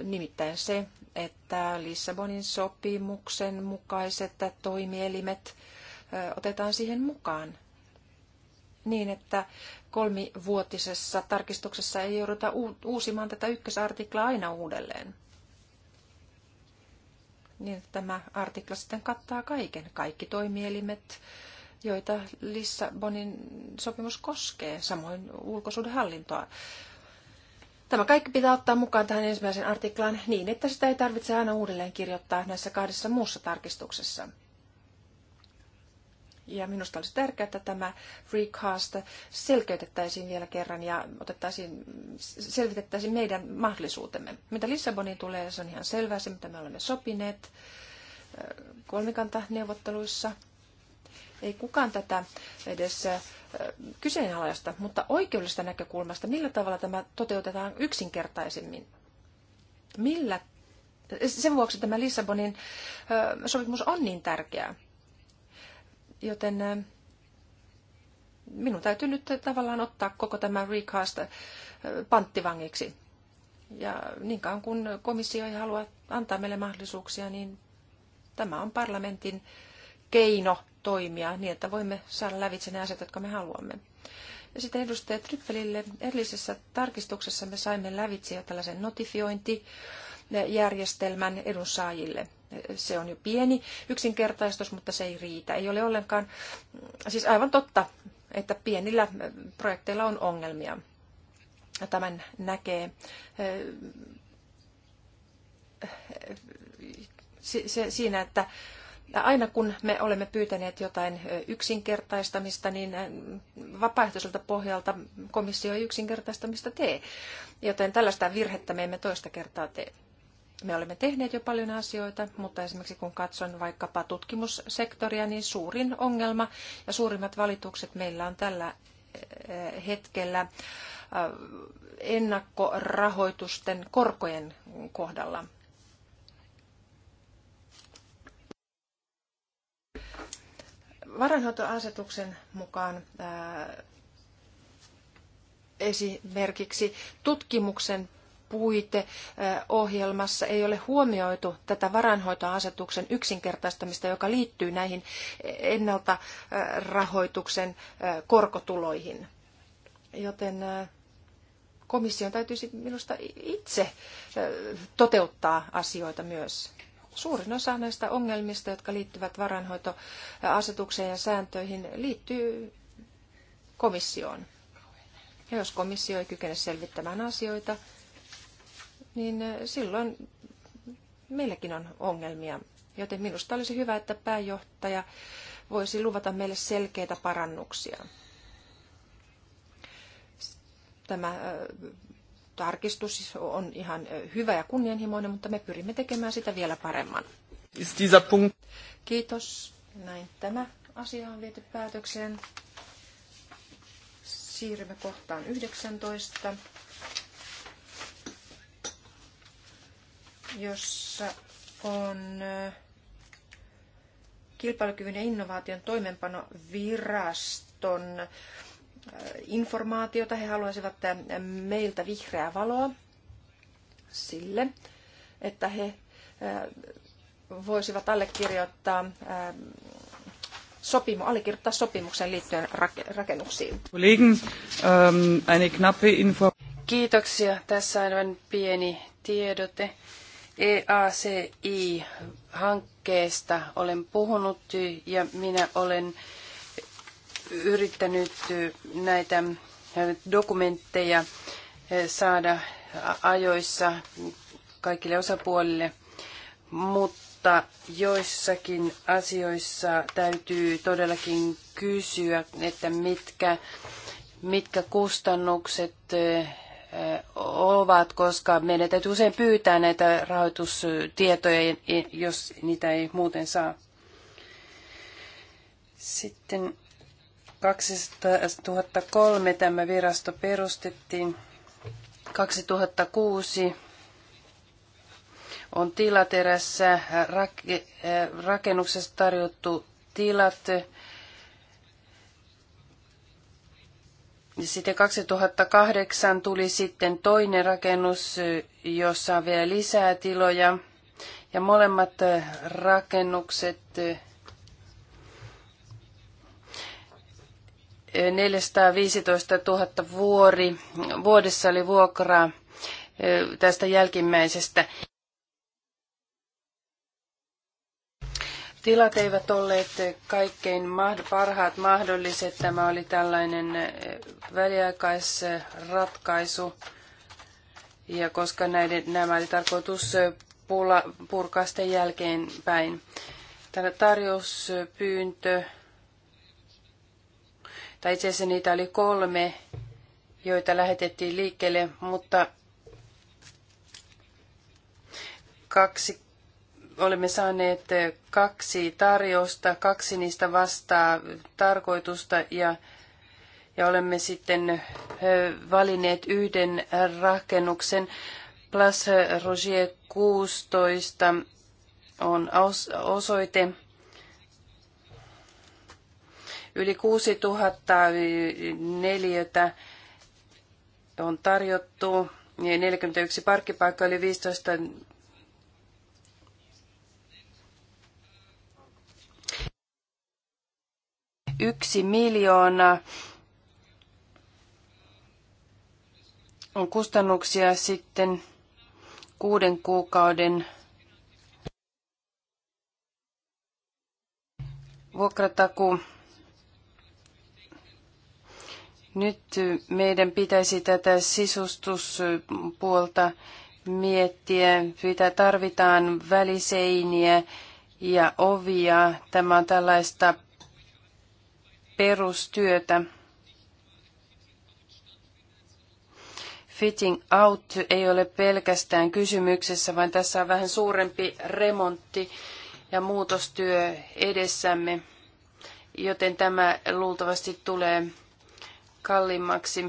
Nimittäin se, että Lissabonin sopimuksen mukaiset toimielimet otetaan siihen mukaan niin, että kolmivuotisessa tarkistuksessa ei jouduta uusimaan tätä ykkösartiklaa aina uudelleen. Niin, että tämä artikla sitten kattaa kaiken, kaikki toimielimet, joita Lissabonin sopimus koskee, samoin ulkosuudenhallintoa. Tämä kaikki pitää ottaa mukaan tähän ensimmäisen artiklaan niin, että sitä ei tarvitse aina uudelleen kirjoittaa näissä kahdessa muussa tarkistuksessa. Ja minusta olisi tärkeää, että tämä recast selkeytettäisiin vielä kerran ja otettaisiin, selvitettäisiin meidän mahdollisuutemme. Mitä Lissaboniin tulee, se on ihan selvää se, mitä me olemme sopineet kolmikantaneuvotteluissa. Ei kukaan tätä edes kyseenalaista, mutta oikeudellisesta näkökulmasta, millä tavalla tämä toteutetaan yksinkertaisemmin? Millä sen vuoksi tämä Lissabonin sopimus on niin tärkeä. Joten minun täytyy nyt tavallaan ottaa koko tämä recast panttivangiksi. Ja niin kauan kun komissio ei halua antaa meille mahdollisuuksia, niin tämä on parlamentin keino toimia niin, että voimme saada lävitse ne asiat, jotka me haluamme. Ja sitten edustaja Tryppelille erillisessä tarkistuksessa me saimme lävitse jo tällaisen notifiointijärjestelmän edunsaajille. Se on jo pieni yksinkertaistus, mutta se ei riitä. Ei ole ollenkaan, siis aivan totta, että pienillä projekteilla on ongelmia. Tämän näkee eh, siinä, että aina kun me olemme pyytäneet jotain eh, yksinkertaistamista, niin eh, vapaaehtoiselta pohjalta komissio ei yksinkertaistamista tee. Joten tällaista virhettä me emme toista kertaa tee. Me olemme tehneet jo paljon asioita, mutta esimerkiksi kun katson vaikkapa tutkimussektoria, niin suurin ongelma ja suurimmat valitukset meillä on tällä eh, hetkellä eh, ennakkorahoitusten korkojen kohdalla. Varainhoitoasetuksen mukaan eh, esimerkiksi tutkimuksen puiteohjelmassa ei ole huomioitu tätä varainhoitoasetuksen yksinkertaistamista, joka liittyy näihin ennaltarahoituksen äh, äh, korkotuloihin. Joten äh, komission täytyisi minusta itse toteuttaa asioita myös. Suurin osa näistä ongelmista, jotka liittyvät varainhoitoasetukseen ja sääntöihin, liittyy komissioon. Ja jos komissio ei kykene selvittämään asioita, niin eh, silloin meilläkin on ongelmia. Joten minusta olisi hyvä, että pääjohtaja voisi luvata meille selkeitä parannuksia. Tämä eh, tarkistus siis on ihan eh, hyvä ja kunnianhimoinen, mutta me pyrimme tekemään sitä vielä paremman. Kiitos. Näin tämä asia on viety päätökseen. Siirrymme kohtaan 19. jossa on kilpailukyvyn ja innovaation toimenpanoviraston informaatiota. He haluaisivat meiltä vihreää valoa sille, että he voisivat allekirjoittaa sopimu, allekirjoittaa sopimuksen liittyen rakennuksiin. Ähm, Kiitoksia. Tässä on pieni tiedote. EACI-hankkeesta olen puhunut ja minä olen yrittänyt näitä dokumentteja saada ajoissa kaikille osapuolille, mutta joissakin asioissa täytyy todellakin kysyä, että mitkä, mitkä kustannukset ovat, koska meidän täytyy usein pyytää näitä rahoitustietoja, jos niitä ei muuten saa. Sitten 2003 tämä virasto perustettiin. 2006 on tilaterässä eh, rakennuksessa tarjottu tilat Sitten 2008 tuli sitten toinen rakennus, jossa on vielä lisää tiloja. Ja molemmat eh, rakennukset 415 eh, 000 vuori, vuodessa oli vuokraa eh, tästä jälkimmäisestä. Tilat eivät olleet kaikkein parhaat mahdolliset. Tämä oli tällainen eh, väliaikaisratkaisu. Ja koska näiden, nämä oli tarkoitus eh, pula, purkaa sitten jälkeenpäin. Tämä tarjouspyyntö, tai itse asiassa niitä oli kolme, joita lähetettiin liikkeelle, mutta kaksi olemme saaneet kaksi tarjousta, kaksi niistä vastaa tarkoitusta ja, ja olemme sitten valinneet yhden rakennuksen. Place Roger 16 on osoite. Yli 6000 neliötä on tarjottu, 41 parkkipaikka oli 15 yksi miljoona on kustannuksia sitten kuuden kuukauden vuokrataku. Nyt meidän pitäisi tätä sisustuspuolta miettiä, mitä tarvitaan väliseiniä ja ovia. Tämä on tällaista perustyötä. Fitting out ei ole pelkästään kysymyksessä, vaan tässä on vähän suurempi remontti ja muutostyö edessämme, joten tämä luultavasti tulee kalliimmaksi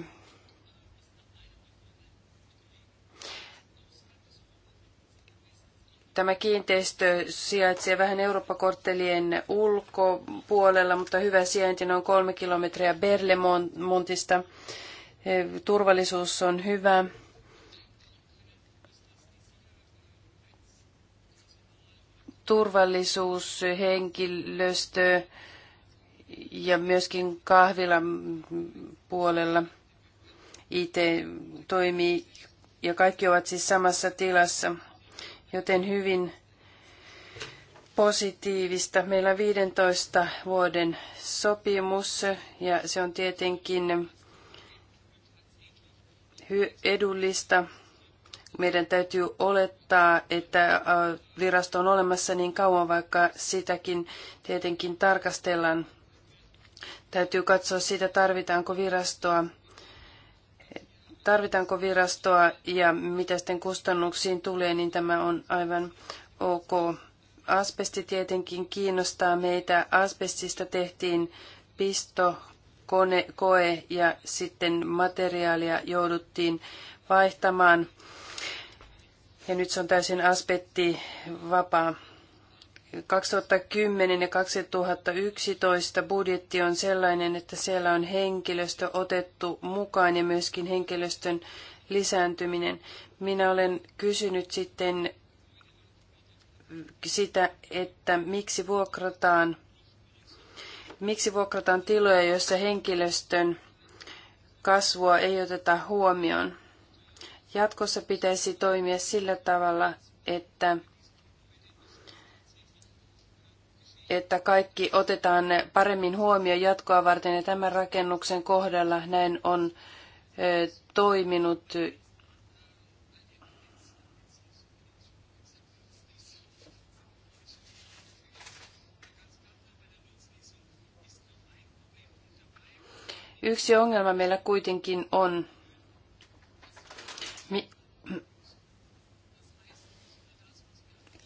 Tämä kiinteistö sijaitsee vähän Eurooppa-korttelien ulkopuolella, mutta hyvä sijainti noin kolme kilometriä Berlemontista. E, turvallisuus on hyvä. turvallisuus, henkilöstö ja myöskin kahvilan puolella IT toimii ja kaikki ovat siis samassa tilassa joten hyvin positiivista. Meillä on 15 vuoden sopimus ja se on tietenkin edullista. Meidän täytyy olettaa, että virasto on olemassa niin kauan, vaikka sitäkin tietenkin tarkastellaan. Täytyy katsoa sitä, tarvitaanko virastoa tarvitaanko virastoa ja mitä sitten kustannuksiin tulee, niin tämä on aivan ok. Asbesti tietenkin kiinnostaa meitä. Asbestista tehtiin pisto, kone, koe ja sitten materiaalia jouduttiin vaihtamaan. Ja nyt se on täysin aspetti vapaa. 2010 ja 2011 budjetti on sellainen, että siellä on henkilöstö otettu mukaan ja myöskin henkilöstön lisääntyminen. Minä olen kysynyt sitten sitä, että miksi vuokrataan, miksi vuokrataan tiloja, joissa henkilöstön kasvua ei oteta huomioon. Jatkossa pitäisi toimia sillä tavalla, että että kaikki otetaan paremmin huomioon jatkoa varten ja tämän rakennuksen kohdalla näin on toiminut. Yksi ongelma meillä kuitenkin on.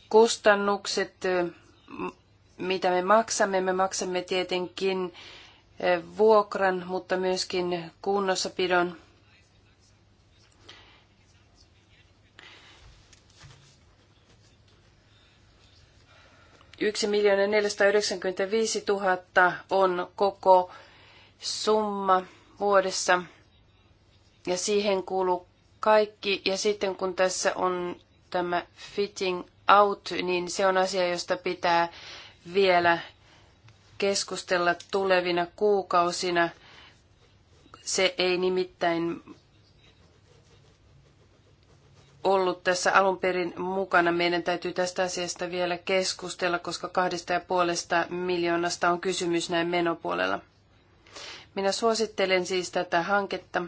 Kustannukset mitä me maksamme. Me maksamme tietenkin eh, vuokran, mutta myöskin kunnossapidon. Yksi miljoona 495 000 on koko summa vuodessa ja siihen kuuluu kaikki. Ja sitten kun tässä on tämä fitting out, niin se on asia, josta pitää vielä keskustella tulevina kuukausina. Se ei nimittäin ollut tässä alun perin mukana. Meidän täytyy tästä asiasta vielä keskustella, koska kahdesta ja puolesta miljoonasta on kysymys näin menopuolella. Minä suosittelen siis tätä hanketta.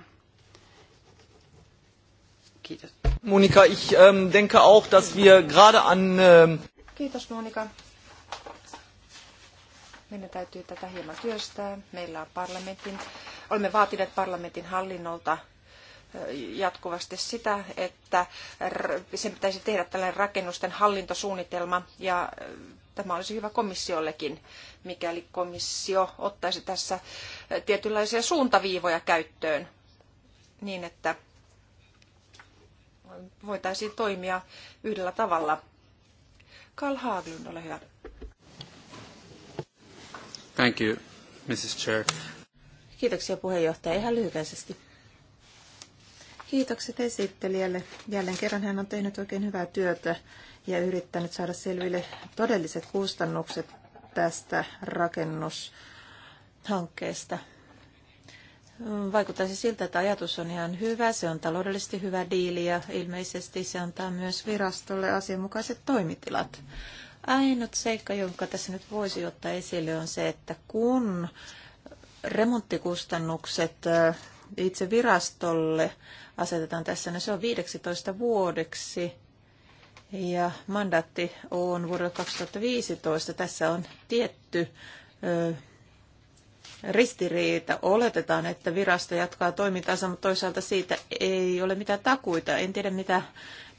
Kiitos. Monika, ich ähm, denke auch, dass wir gerade an... Ähm Kiitos Monika. Meidän täytyy tätä hieman työstää. Meillä on parlamentin, olemme vaatineet parlamentin hallinnolta jatkuvasti sitä, että sen pitäisi tehdä tällainen rakennusten hallintosuunnitelma ja tämä olisi hyvä komissiollekin, mikäli komissio ottaisi tässä tietynlaisia suuntaviivoja käyttöön niin, että voitaisiin toimia yhdellä tavalla. Karl Haglund, ole hyvä. Thank you, Mrs. Chair. Kiitoksia puheenjohtaja ihan lyhykäisesti. Kiitokset esittelijälle. Jälleen kerran hän on tehnyt oikein hyvää työtä ja yrittänyt saada selville todelliset kustannukset tästä rakennushankkeesta. Vaikuttaisi siltä, että ajatus on ihan hyvä, se on taloudellisesti hyvä diili ja ilmeisesti se antaa myös virastolle asianmukaiset toimitilat. Ainut seikka, jonka tässä nyt voisi ottaa esille, on se, että kun remonttikustannukset itse virastolle asetetaan tässä, niin se on 15 vuodeksi ja mandaatti on vuodelle 2015. Tässä on tietty ö, ristiriita. Oletetaan, että virasto jatkaa toimintaansa, mutta toisaalta siitä ei ole mitään takuita. En tiedä, mitä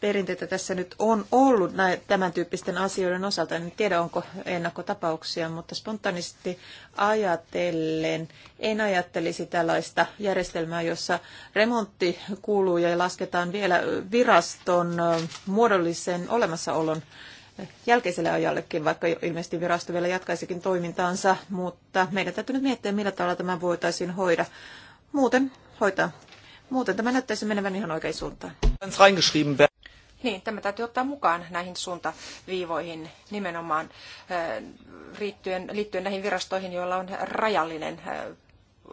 perinteitä tässä nyt on ollut näin, tämän tyyppisten asioiden osalta. En tiedä, onko ennakkotapauksia, mutta spontaanisti ajatellen en ajattelisi tällaista järjestelmää, jossa remontti kuuluu ja lasketaan vielä viraston muodollisen olemassaolon jälkeiselle ajallekin, vaikka ilmeisesti virasto vielä jatkaisikin toimintaansa, mutta meidän täytyy nyt miettiä, millä tavalla tämä voitaisiin hoida. Muuten hoitaa Muuten tämä näyttäisi menevän ihan oikein suuntaan. Niin, tämä täytyy ottaa mukaan näihin suuntaviivoihin nimenomaan liittyen, eh, liittyen näihin virastoihin, joilla on rajallinen eh,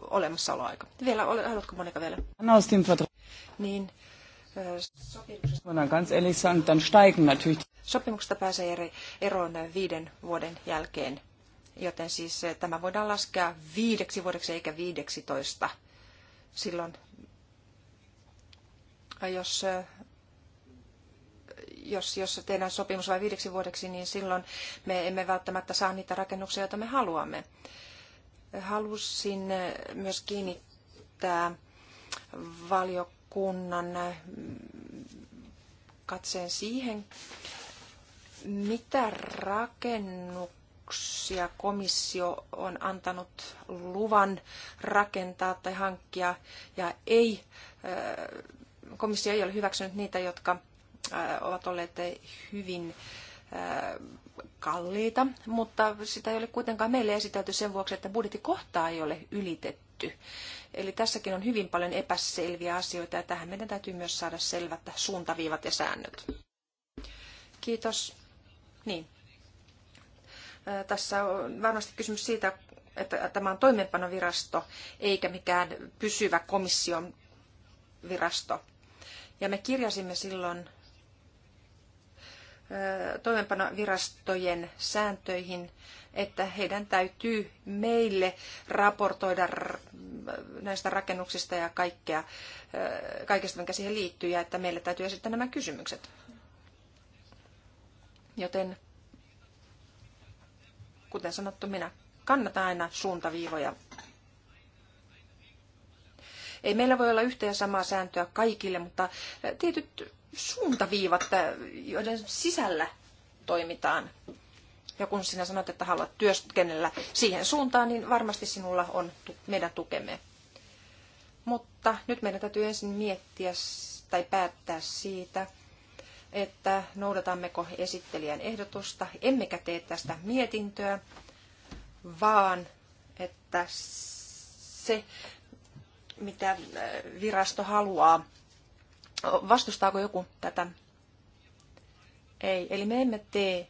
olemassaoloaika. Vielä, haluatko Monika vielä? Niin, eh, Sopimuksesta pääsee eri eroon viiden vuoden jälkeen, joten siis tämä voidaan laskea viideksi vuodeksi eikä viideksitoista. Silloin, jos jos, jos tehdään sopimus vain viideksi vuodeksi, niin silloin me emme välttämättä saa niitä rakennuksia, joita me haluamme. Halusin myös kiinnittää valiokunnan katseen siihen, mitä rakennuksia komissio on antanut luvan rakentaa tai hankkia ja ei, komissio ei ole hyväksynyt niitä, jotka Äh, ovat olleet hyvin äh, kalliita, mutta sitä ei ole kuitenkaan meille esitelty sen vuoksi, että budjettikohtaa ei ole ylitetty. Eli tässäkin on hyvin paljon epäselviä asioita ja tähän meidän täytyy myös saada selvät suuntaviivat ja säännöt. Kiitos. Niin. Äh, tässä on varmasti kysymys siitä, että tämä on toimeenpanovirasto eikä mikään pysyvä komission virasto. Ja me kirjasimme silloin toimenpanovirastojen sääntöihin, että heidän täytyy meille raportoida näistä rakennuksista ja kaikkea, kaikesta, mikä siihen liittyy, ja että meille täytyy esittää nämä kysymykset. Joten kuten sanottu, minä kannatan aina suuntaviivoja. Ei meillä voi olla yhtä ja samaa sääntöä kaikille, mutta tietyt suuntaviivat, eh, joiden sisällä toimitaan. Ja kun sinä sanot, että haluat työskennellä siihen suuntaan, niin varmasti sinulla on meidän tukemme. Mutta nyt meidän täytyy ensin miettiä tai päättää siitä, että noudatammeko esittelijän ehdotusta, emmekä tee tästä mietintöä, vaan että se, mitä eh, virasto haluaa Vastustaako joku tätä? Ei, eli me emme tee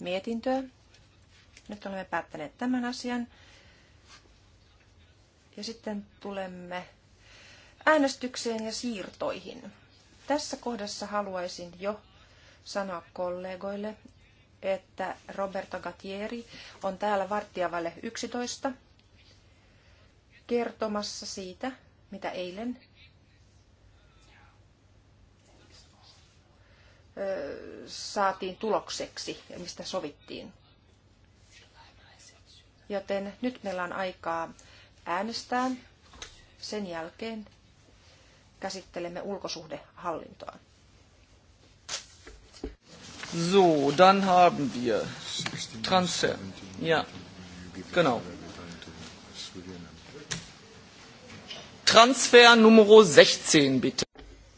mietintöä. Nyt olemme päättäneet tämän asian. Ja sitten tulemme äänestykseen ja siirtoihin. Tässä kohdassa haluaisin jo sanoa kollegoille, että Roberto Gattieri on täällä vartijavalle 11 kertomassa siitä, mitä eilen saatiin tulokseksi ja mistä sovittiin. Joten nyt meillä on aikaa äänestää. Sen jälkeen käsittelemme ulkosuhdehallintoa. So, dann haben wir Transfer. Ja, genau. Transfer numero 16, bitte.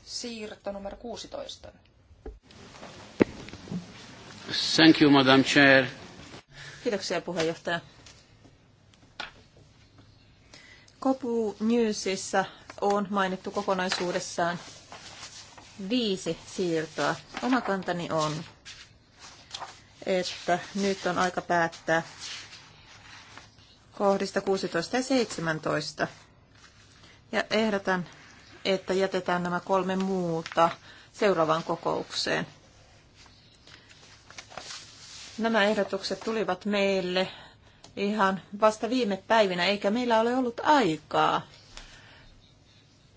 Siirto numero 16. Thank you, Madam Chair. Kiitoksia puheenjohtaja. Kopu Newsissa on mainittu kokonaisuudessaan viisi siirtoa. Oma kantani on, että nyt on aika päättää kohdista 16 ja 17. Ja ehdotan, että jätetään nämä kolme muuta seuraavaan kokoukseen. Nämä ehdotukset tulivat meille ihan vasta viime päivinä, eikä meillä ole ollut aikaa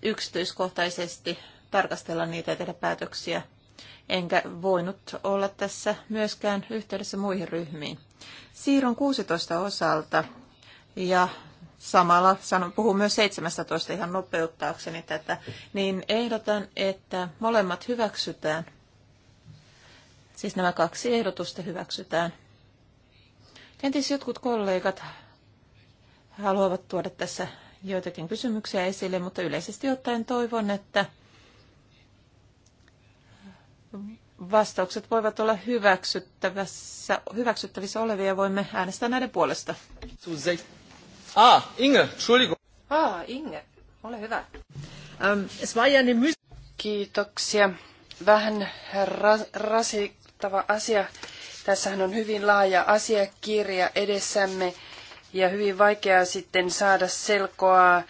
yksityiskohtaisesti tarkastella niitä ja tehdä päätöksiä. Enkä voinut olla tässä myöskään yhteydessä muihin ryhmiin. Siirron 16 osalta ja samalla sanon, puhun myös 17 ihan nopeuttaakseni tätä, niin ehdotan, että molemmat hyväksytään – Siis nämä kaksi ehdotusta hyväksytään. Kenties jotkut kollegat haluavat tuoda tässä joitakin kysymyksiä esille, mutta yleisesti ottaen toivon, että vastaukset voivat olla hyväksyttävissä, hyväksyttävissä olevia ja voimme äänestää näiden puolesta. Ah, Inge, entschuldigung. Ah, Inge, ole hyvä. Ähm, es war ja Kiitoksia. Vähän ra- rasi- kannatettava asia. Tässähän on hyvin laaja asiakirja edessämme ja hyvin vaikeaa sitten saada selkoa,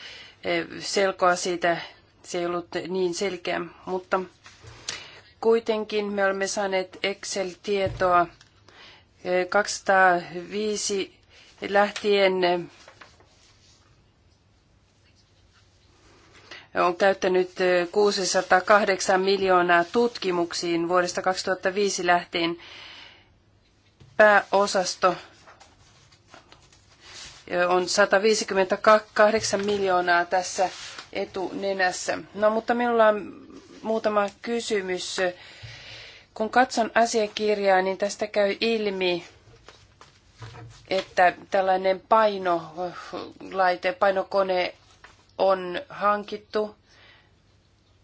eh, selkoa siitä. Se ei ollut niin selkeä, mutta kuitenkin me olemme saaneet Excel-tietoa 205 eh, lähtien eh, on käyttänyt 608 miljoonaa tutkimuksiin vuodesta 2005 lähtien. Pääosasto on 158 miljoonaa tässä etunenässä. No mutta minulla on muutama kysymys. Kun katson asiakirjaa, niin tästä käy ilmi, että tällainen painolaite, painokone on hankittu,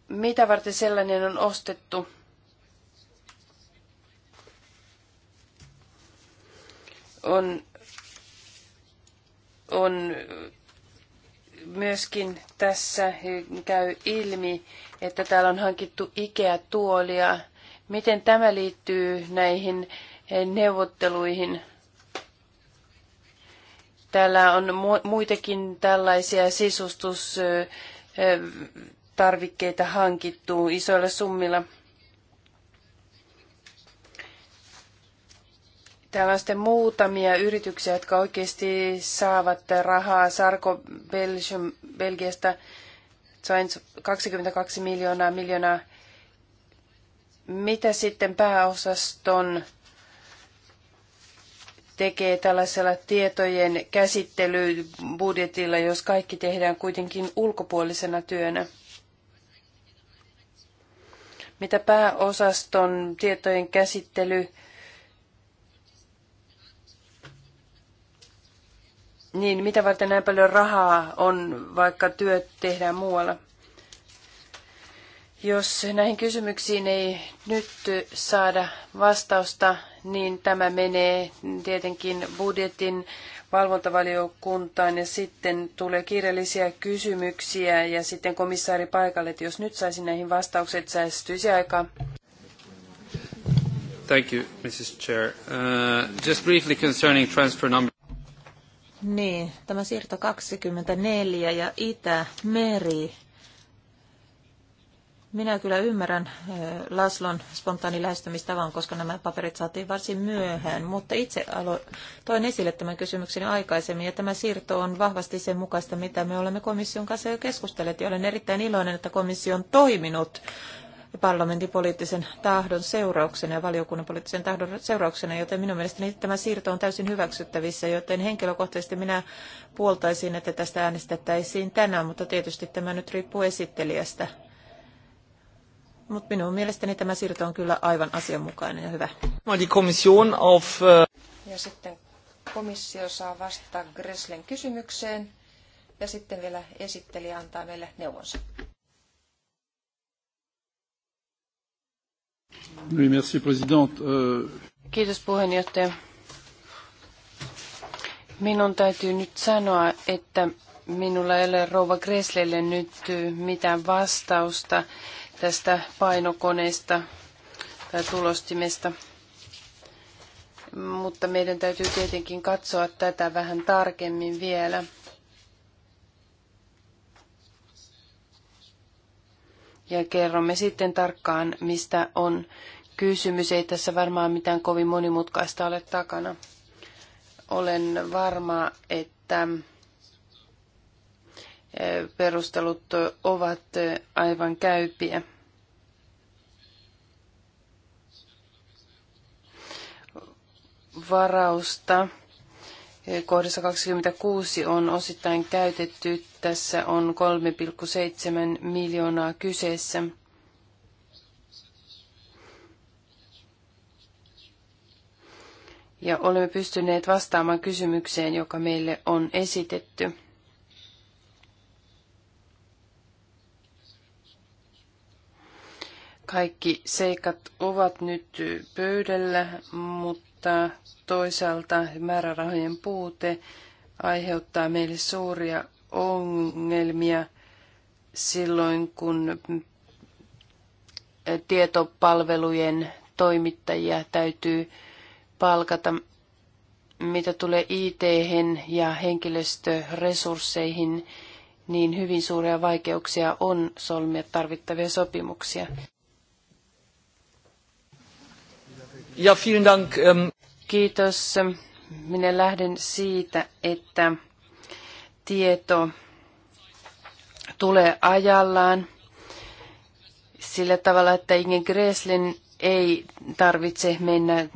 mitä varten sellainen on ostettu. On, on myöskin tässä käy ilmi, että täällä on hankittu Ikea-tuolia. Miten tämä liittyy näihin neuvotteluihin? Täällä on muitakin tällaisia sisustustarvikkeita hankittu isoilla summilla. Täällä on sitten muutamia yrityksiä, jotka oikeasti saavat rahaa. Sarko Belgium, Belgiasta sain 22 miljoonaa miljoonaa. Mitä sitten pääosaston tekee tällaisella tietojen käsittelybudjetilla, jos kaikki tehdään kuitenkin ulkopuolisena työnä? Mitä pääosaston tietojen käsittely Niin, mitä varten näin paljon rahaa on, vaikka työt tehdään muualla? Jos näihin kysymyksiin ei nyt saada vastausta, niin tämä menee tietenkin budjetin valvontavaliokuntaan ja sitten tulee kirjallisia kysymyksiä ja sitten komissaari paikalle, että jos nyt saisi näihin vastaukset, säästyisi aikaa. Thank you, Mrs. Chair. Uh, just briefly concerning transfer number. Niin, tämä siirto 24 ja Itämeri. Minä kyllä ymmärrän eh, Laslon spontaani lähestymistavan, koska nämä paperit saatiin varsin myöhään, mutta itse alo- toin esille tämän kysymyksen aikaisemmin, ja tämä siirto on vahvasti sen mukaista, mitä me olemme komission kanssa jo keskustelleet, ja olen erittäin iloinen, että komissio on toiminut parlamentin poliittisen tahdon seurauksena ja valiokunnan poliittisen tahdon seurauksena, joten minun mielestäni tämä siirto on täysin hyväksyttävissä, joten henkilökohtaisesti minä puoltaisin, että tästä äänestettäisiin tänään, mutta tietysti tämä nyt riippuu esittelijästä mutta minun mielestäni tämä siirto on kyllä aivan asianmukainen ja hyvä. Äh, ja sitten komissio saa vastata Greslen kysymykseen ja sitten vielä esittelijä antaa meille neuvonsa. Euh, Kiitos puheenjohtaja. Minun täytyy nyt sanoa, että minulla ei ole rouva Greslelle nyt mitään vastausta tästä painokoneesta tai tulostimesta. Mutta meidän täytyy tietenkin katsoa tätä vähän tarkemmin vielä. Ja kerromme sitten tarkkaan, mistä on kysymys. Ei tässä varmaan mitään kovin monimutkaista ole takana. Olen varma, että perustelut ovat aivan käypiä. Varausta kohdassa 26 on osittain käytetty. Tässä on 3,7 miljoonaa kyseessä. Ja olemme pystyneet vastaamaan kysymykseen, joka meille on esitetty. Kaikki seikat ovat nyt pöydällä, mutta toisaalta määrärahojen puute aiheuttaa meille suuria ongelmia silloin, kun tietopalvelujen toimittajia täytyy palkata. Mitä tulee it ja henkilöstöresursseihin, niin hyvin suuria vaikeuksia on solmia tarvittavia sopimuksia. Ja vielen dank. Ähm... Kiitos. Minä lähden siitä, että tieto tulee ajallaan sillä tavalla, että Ingen Greslin ei tarvitse mennä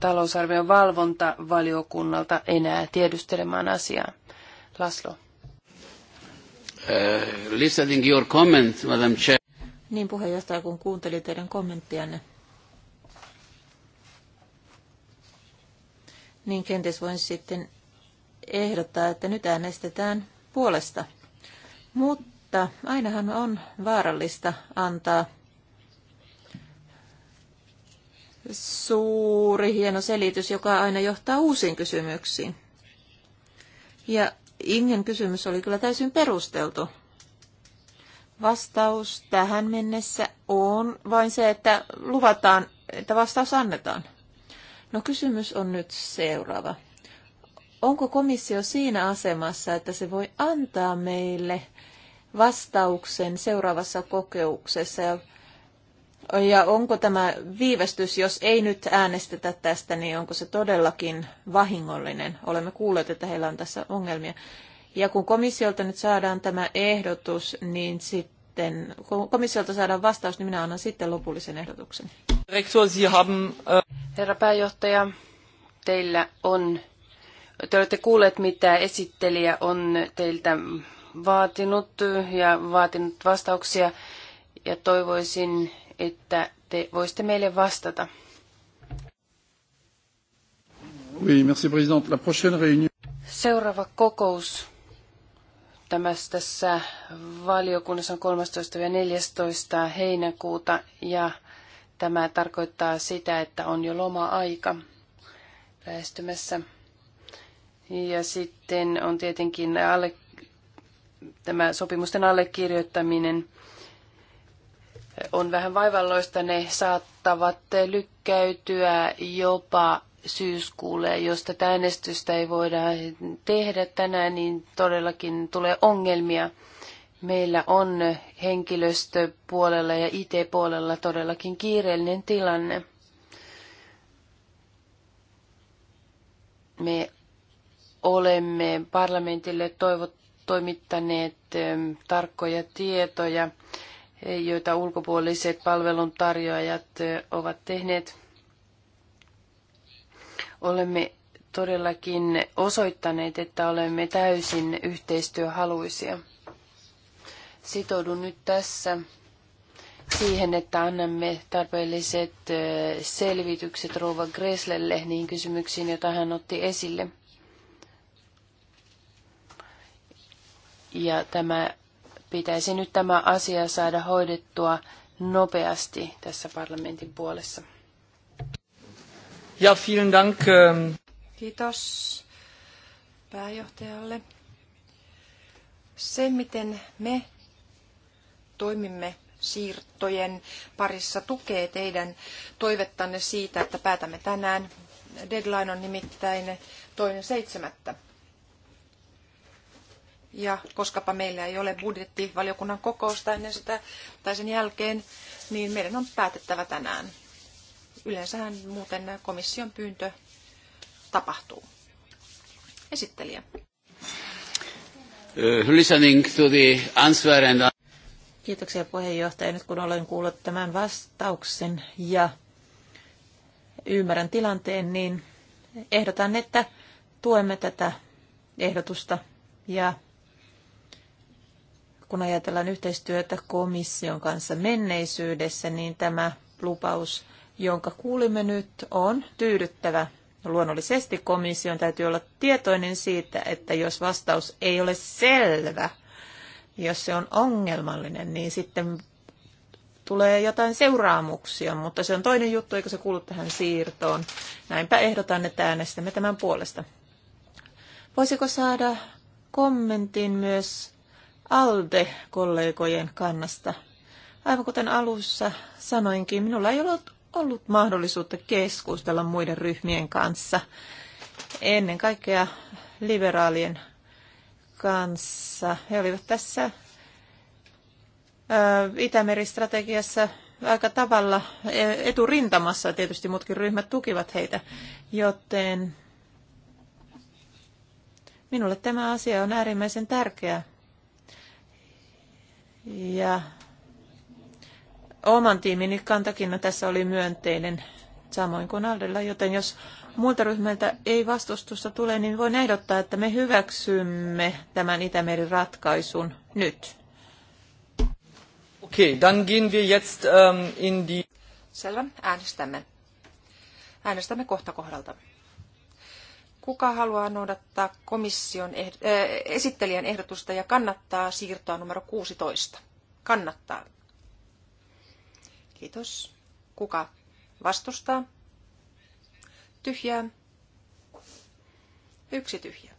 talousarvion valvontavaliokunnalta enää tiedustelemaan asiaa. Laslo. Uh, your comment, Madam Chair. Niin puheenjohtaja, kun kuuntelin teidän kommenttianne, niin kenties voin sitten ehdottaa, että nyt äänestetään puolesta. Mutta ainahan on vaarallista antaa suuri hieno selitys, joka aina johtaa uusiin kysymyksiin. Ja Ingen kysymys oli kyllä täysin perusteltu. Vastaus tähän mennessä on vain se, että luvataan, että vastaus annetaan. No kysymys on nyt seuraava. Onko komissio siinä asemassa, että se voi antaa meille vastauksen seuraavassa kokeuksessa, ja ja onko tämä viivästys, jos ei nyt äänestetä tästä, niin onko se todellakin vahingollinen? Olemme kuulleet, että heillä on tässä ongelmia. Ja kun komissiolta nyt saadaan tämä ehdotus, niin sitten, kun komissiolta saadaan vastaus, niin minä annan sitten lopullisen ehdotuksen. Rektor, Sie haben, äh, Herra pääjohtaja, teillä on, te olette kuulleet, mitä esittelijä on teiltä vaatinut ja vaatinut vastauksia ja toivoisin, että te voisitte meille vastata. Oui, merci, président. La prochaine réunion... Seuraava kokous tämä tässä valiokunnassa on 13. ja 14. heinäkuuta ja Tämä tarkoittaa sitä, että on jo loma-aika lähestymässä. Ja sitten on tietenkin alle, tämä sopimusten allekirjoittaminen on vähän vaivalloista. Ne saattavat lykkäytyä jopa syyskuulle. Jos tätä äänestystä ei voida tehdä tänään, niin todellakin tulee ongelmia Meillä on henkilöstöpuolella ja IT-puolella todellakin kiireellinen tilanne. Me olemme parlamentille toivot, toimittaneet ähm, tarkkoja tietoja, joita ulkopuoliset palveluntarjoajat äh, ovat tehneet. Olemme todellakin osoittaneet, että olemme täysin yhteistyöhaluisia sitoudun nyt tässä siihen, että annamme tarpeelliset selvitykset Rova Greslelle niin kysymyksiin, joita hän otti esille. Ja tämä, pitäisi nyt tämä asia saada hoidettua nopeasti tässä parlamentin puolessa. Ja vielen dank. Ähm. Kiitos pääjohtajalle. Se, miten me toimimme siirtojen parissa tukee teidän toivettanne siitä, että päätämme tänään. Deadline on nimittäin toinen seitsemättä. Ja koskapa meillä ei ole budjettivaliokunnan kokousta ennen sitä tai sen jälkeen, niin meidän on päätettävä tänään. Yleensähän muuten komission pyyntö tapahtuu. Esittelijä. Uh, listening to the answer and Kiitoksia puheenjohtaja. Nyt kun olen kuullut tämän vastauksen ja ymmärrän tilanteen, niin ehdotan, että tuemme tätä ehdotusta ja kun ajatellaan yhteistyötä komission kanssa menneisyydessä, niin tämä lupaus, jonka kuulimme nyt, on tyydyttävä. Luonnollisesti komission täytyy olla tietoinen siitä, että jos vastaus ei ole selvä, jos se on ongelmallinen, niin sitten tulee jotain seuraamuksia, mutta se on toinen juttu, eikä se kuulu tähän siirtoon. Näinpä ehdotan, että äänestämme tämän puolesta. Voisiko saada kommentin myös ALDE-kollegojen kannasta? Aivan kuten alussa sanoinkin, minulla ei ollut, ollut mahdollisuutta keskustella muiden ryhmien kanssa. Ennen kaikkea liberaalien kanssa. He olivat tässä Itämeri-strategiassa aika tavalla e, eturintamassa. Tietysti muutkin ryhmät tukivat heitä, joten minulle tämä asia on äärimmäisen tärkeä. Ja oman tiimini kantakin no, tässä oli myönteinen, samoin kuin Aldella, joten jos muilta ryhmiltä ei vastustusta tule, niin voin ehdottaa, että me hyväksymme tämän Itämeren ratkaisun nyt. Okei, okay, dann gehen wir jetzt ähm, in die... Selvä, äänestämme. Äänestämme kohta kohdalta. Kuka haluaa noudattaa komission eh, eh, esittelijän ehdotusta ja kannattaa siirtoa numero 16? Kannattaa. Kiitos. Kuka vastustaa? Tyhjää. Yksi tyhjä.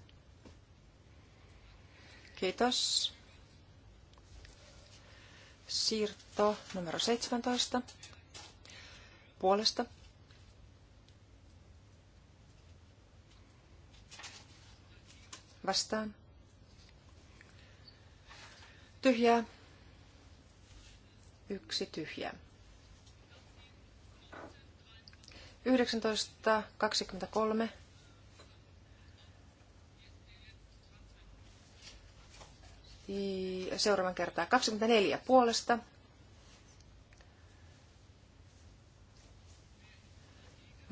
Kiitos. Siirto numero 17. Puolesta. Vastaan. Tyhjää. Yksi tyhjä. 19.23. Seuraavan kertaa 24 puolesta.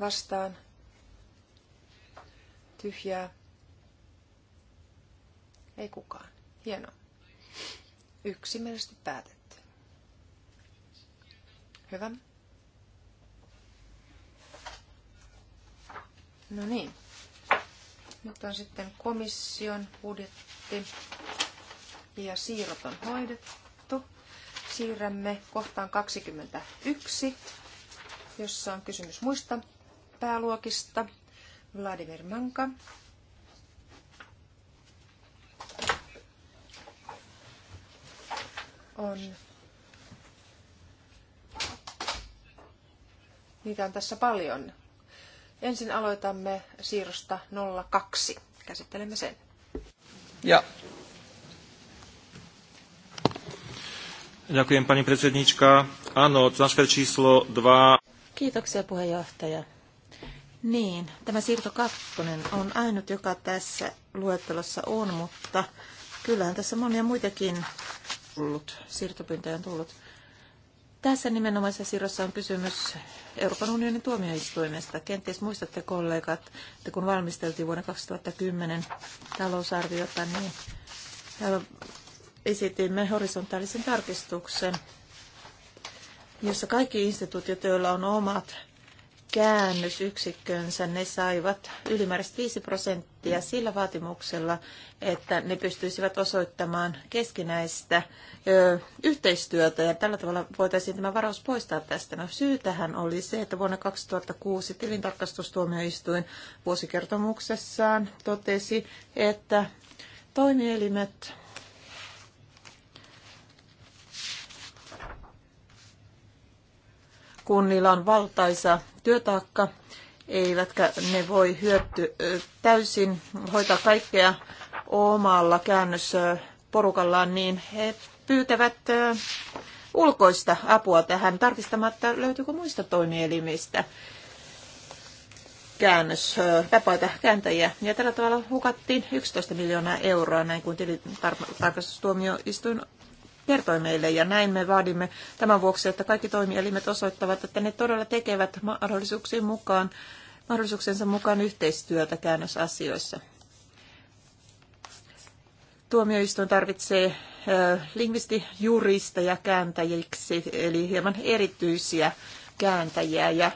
Vastaan. Tyhjää. Ei kukaan. Hienoa. Yksimielisesti päätetty. Hyvä. No niin. Nyt on sitten komission budjetti ja siirrot on hoidettu. Siirrämme kohtaan 21, jossa on kysymys muista pääluokista. Vladimir Manka. On Niitä on tässä paljon. Ensin aloitamme siirrosta 02. Käsittelemme sen. Ja. Ďakujem, pani predsednička. Áno, transfer číslo 2. Kiitoksia, puheenjohtaja. Niin, tämä siirto kakkonen on ainut, joka tässä luettelossa on, mutta kyllähän tässä monia muitakin tullut, siirtopyyntöjä on tullut. Tässä nimenomaisessa siirrossa on kysymys Euroopan unionin tuomioistuimesta. Kenties muistatte kollegat, että kun valmisteltiin vuonna 2010 talousarviota, niin äh, esitimme horisontaalisen tarkistuksen, jossa kaikki instituutiot, joilla on omat käännösyksikkönsä, ne saivat ylimääräistä 5 prosenttia sillä vaatimuksella, että ne pystyisivät osoittamaan keskinäistä ö, yhteistyötä ja tällä tavalla voitaisiin tämä varaus poistaa tästä. No tähän oli se, että vuonna 2006 tilintarkastustuomioistuin vuosikertomuksessaan totesi, että toimielimet kunnilla on valtaisa työtaakka, eivätkä ne voi hyöty täysin hoitaa kaikkea omalla käännösporukallaan, niin he pyytävät ulkoista apua tähän tarkistamatta, löytyykö muista toimielimistä käännös, vapaita kääntäjiä. Ja tällä tavalla hukattiin 11 miljoonaa euroa, näin kuin tilintarkastustuomioistuin kertoi meille. Ja näin me vaadimme tämän vuoksi, että kaikki toimielimet osoittavat, että ne todella tekevät mahdollisuuksien mukaan, mahdollisuuksensa mukaan yhteistyötä käännösasioissa. Tuomioistuin tarvitsee lingvistijuristeja kääntäjiksi, eli hieman erityisiä kääntäjiä. Ja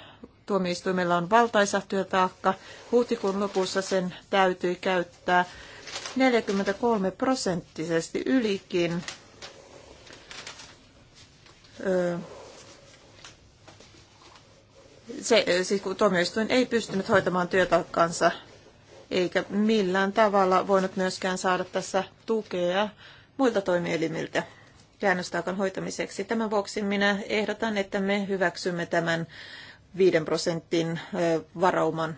tuomioistuimella on valtaisa työtaakka. Huhtikuun lopussa sen täytyi käyttää 43 prosenttisesti ylikin se, siis kun tuomioistuin ei pystynyt hoitamaan työtaakkaansa eikä millään tavalla voinut myöskään saada tässä tukea muilta toimielimiltä käännöstaakan hoitamiseksi. Tämän vuoksi minä ehdotan, että me hyväksymme tämän 5 prosentin varauman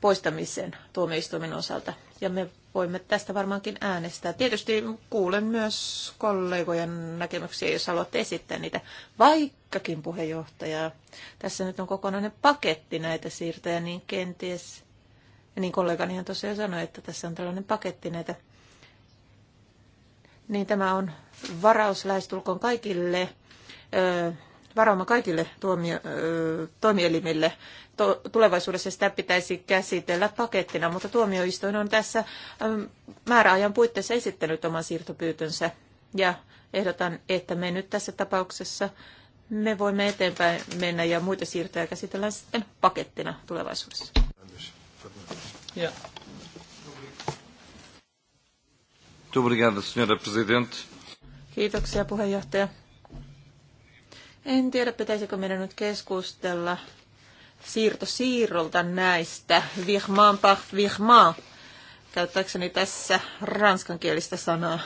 poistamisen tuomioistuimen osalta. Ja me voimme tästä varmaankin äänestää. Tietysti kuulen myös kollegojen näkemyksiä, jos haluatte esittää niitä, vaikkakin puheenjohtaja. Tässä nyt on kokonainen paketti näitä siirtoja, niin kenties, niin kollegani tosiaan sanoi, että tässä on tällainen paketti näitä niin tämä on varaus lähestulkoon kaikille, ö, varauma kaikille tuomio, toimielimille to- tulevaisuudessa sitä pitäisi käsitellä pakettina, mutta tuomioistuin on tässä ähm, määräajan puitteissa esittänyt oman siirtopyytönsä ja ehdotan, että me nyt tässä tapauksessa me voimme eteenpäin mennä ja muita siirtoja käsitellään sitten pakettina tulevaisuudessa. Ja. Kiitoksia puheenjohtaja. En tiedä, pitäisikö meidän nyt keskustella siirto siirrolta näistä virmaan par virmaan, käyttääkseni tässä ranskankielistä sanaa.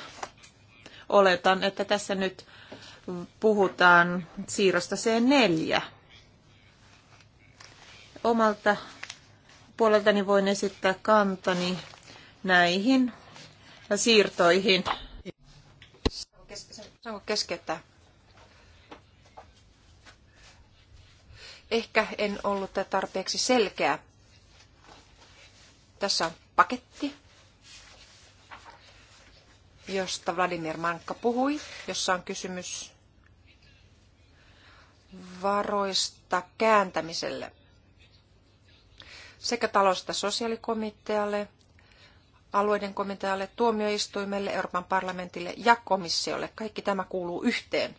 Oletan, että tässä nyt puhutaan siirrosta C4. Omalta puoleltani voin esittää kantani näihin siirtoihin. Saanko keskeyttää? Ehkä en ollut tarpeeksi selkeä. Tässä on paketti, josta Vladimir Mankka puhui, jossa on kysymys varoista kääntämiselle sekä talosta sosiaalikomitealle, alueiden komitealle, tuomioistuimelle, Euroopan parlamentille ja komissiolle. Kaikki tämä kuuluu yhteen.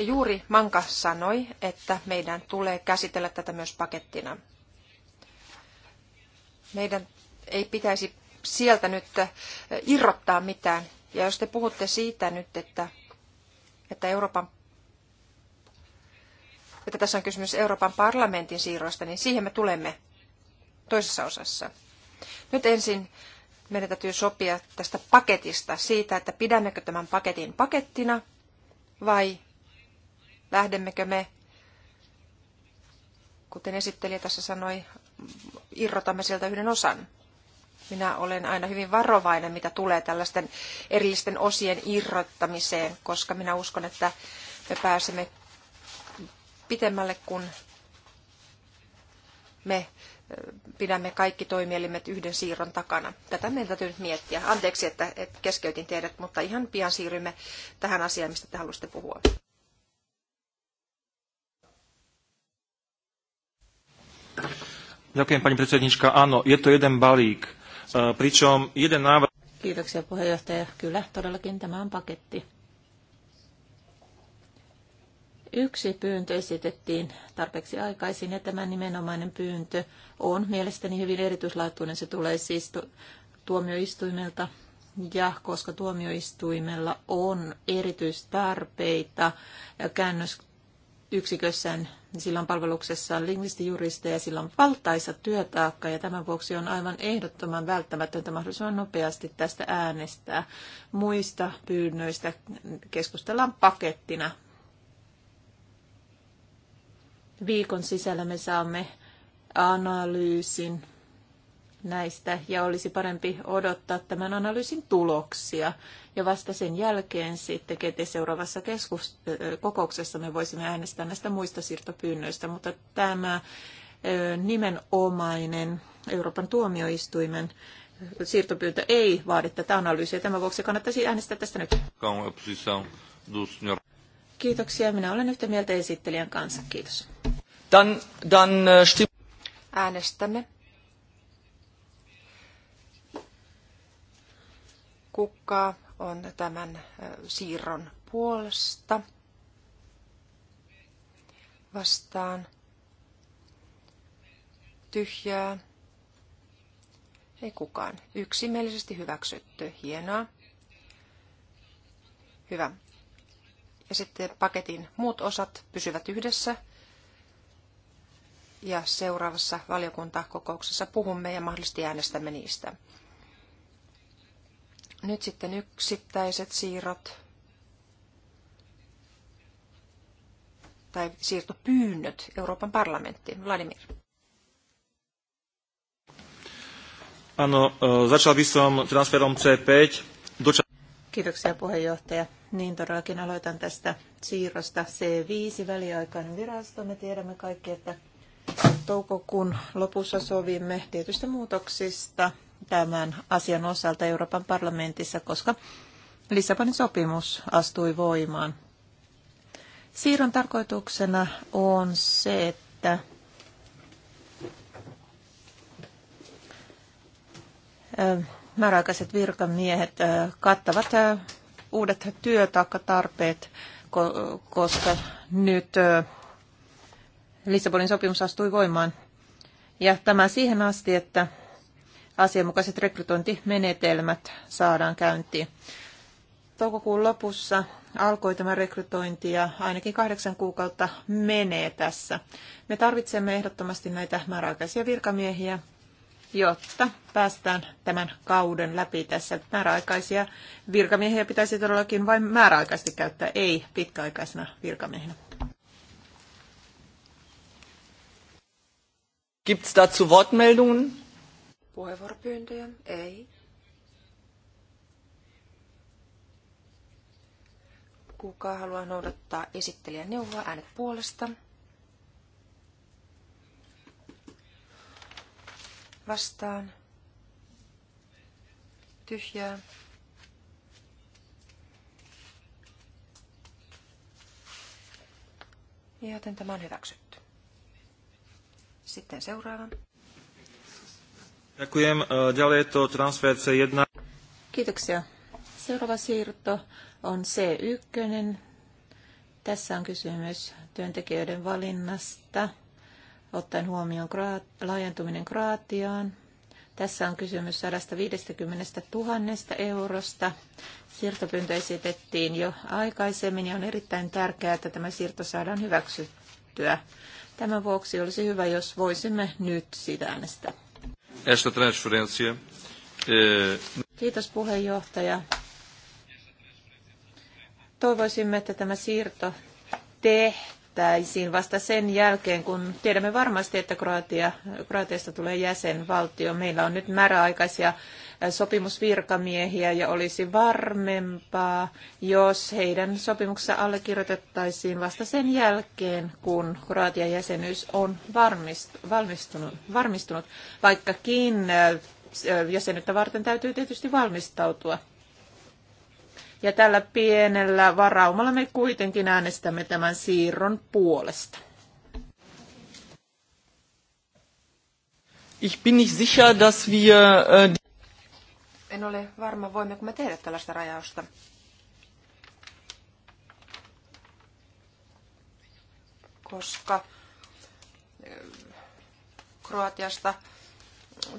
Ja juuri Manka sanoi, että meidän tulee käsitellä tätä myös pakettina. Meidän ei pitäisi sieltä nyt äh, irrottaa mitään. Ja jos te puhutte siitä nyt, että, että Euroopan että tässä on kysymys Euroopan parlamentin siirroista, niin siihen me tulemme toisessa osassa. Nyt ensin meidän täytyy sopia tästä paketista, siitä, että pidämmekö tämän paketin pakettina vai lähdemmekö me, kuten esittelijä tässä sanoi, irrotamme sieltä yhden osan. Minä olen aina hyvin varovainen, mitä tulee tällaisten erillisten osien irrottamiseen, koska minä uskon, että me pääsemme pitemmälle, kun me pidämme kaikki toimielimet yhden siirron takana. Tätä meidän täytyy nyt miettiä. Anteeksi, että, keskeytin teidät, mutta ihan pian siirrymme tähän asiaan, mistä te halusitte puhua. Ďakujem, pani predsednička. Áno, je to jeden balík. E, pričom jeden návrh... Kiitoksia puheenjohtaja. Kyllä, todellakin tämä on paketti. Yksi pyyntö esitettiin tarpeeksi aikaisin ja tämä nimenomainen pyyntö on mielestäni hyvin erityislaatuinen. Se tulee siis tuomioistuimelta ja koska tuomioistuimella on erityistarpeita ja käännös yksikössään, sillä on palveluksessaan lingvistijuristeja, sillä on valtaisa työtaakka ja tämän vuoksi on aivan ehdottoman välttämätöntä mahdollisimman nopeasti tästä äänestää. Muista pyynnöistä keskustellaan pakettina. Viikon sisällä me saamme analyysin näistä ja olisi parempi odottaa tämän analyysin tuloksia. Ja vasta sen jälkeen sitten kenties seuraavassa keskust- kokouksessa me voisimme äänestää näistä muista siirtopyynnöistä, mutta tämä nimenomainen Euroopan tuomioistuimen siirtopyyntö ei vaadi tätä analyysiä. Tämän vuoksi kannattaisi äänestää tästä nyt. Kiitoksia. Minä olen yhtä mieltä esittelijän kanssa. Kiitos. Dann, dan, äänestämme kuka on tämän siirron puolesta vastaan tyhjää. Ei kukaan. Yksimielisesti hyväksytty. Hienoa. Hyvä. Ja sitten paketin muut osat pysyvät yhdessä. Ja seuraavassa valiokuntakokouksessa puhumme ja mahdollisesti äänestämme niistä. Nyt sitten yksittäiset siirrot tai siirtopyynnöt Euroopan parlamenttiin. Vladimir. Ano, e, začal by som transferom C5. Kiitoksia puheenjohtaja. Niin todellakin aloitan tästä siirrosta C5 väliaikainen virasto. Me tiedämme kaikki, että toukokuun lopussa sovimme tietystä muutoksista tämän asian osalta Euroopan parlamentissa, koska Lissabonin sopimus astui voimaan. Siirron tarkoituksena on se, että määräaikaiset virkamiehet kattavat uudet työtaakkatarpeet, koska nyt Lissabonin sopimus astui voimaan. Ja tämä siihen asti, että asianmukaiset rekrytointimenetelmät saadaan käyntiin. Toukokuun lopussa alkoi tämä rekrytointi ja ainakin kahdeksan kuukautta menee tässä. Me tarvitsemme ehdottomasti näitä määräaikaisia virkamiehiä, jotta päästään tämän kauden läpi tässä. Määräaikaisia virkamiehiä pitäisi todellakin vain määräaikaisesti käyttää, ei pitkäaikaisena virkamiehenä. Gibt's dazu Wortmeldungen? puheenvuoropyyntöjä? Ei. Kuka haluaa noudattaa esittelijän neuvoa äänet puolesta? Vastaan. Tyhjää. Joten tämä on hyväksytty. Sitten seuraava. Ďakujem. E, ďalej to transfer C1. Kiitoksia. Seuraava siirto on C1. Tässä on kysymys työntekijöiden valinnasta, ottaen huomioon laajentuminen Kroatiaan. Tässä on kysymys 150 000 eurosta. Siirtopyyntö esitettiin jo aikaisemmin ja on erittäin tärkeää, että tämä siirto saadaan hyväksyttyä. Tämän vuoksi olisi hyvä, jos voisimme nyt sitä äänestää esta transferência. Eh, Kiitos puheenjohtaja. Toivoisimme, että tämä siirto tehtäisiin päätettäisiin vasta sen jälkeen, kun tiedämme varmasti, että Kroatia, Kroatiasta tulee jäsenvaltio. Meillä on nyt määräaikaisia sopimusvirkamiehiä ja olisi varmempaa, jos heidän sopimuksensa allekirjoitettaisiin vasta sen jälkeen, kun Kroatian jäsenyys on varmistunut, varmistunut vaikkakin jäsenyyttä varten täytyy tietysti valmistautua. Ja tällä pienellä varaumalla me kuitenkin äänestämme tämän siirron puolesta. Ich bin nicht sicher, dass wir... Äh... En ole varma, voimmeko me tehdä tällaista rajausta. Koska äh, Kroatiasta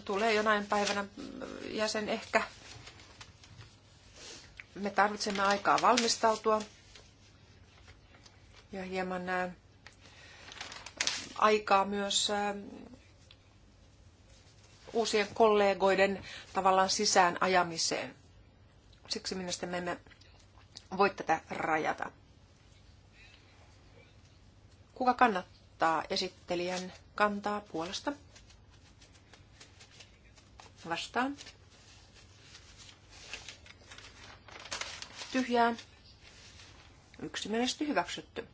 tulee jonain päivänä jäsen ehkä me tarvitsemme aikaa valmistautua ja hieman aikaa myös uusien kollegoiden tavallaan sisään ajamiseen. Siksi minusta me emme voi tätä rajata. Kuka kannattaa esittelijän kantaa puolesta? Vastaan. tyhjää. Yksimielisesti hyväksytty.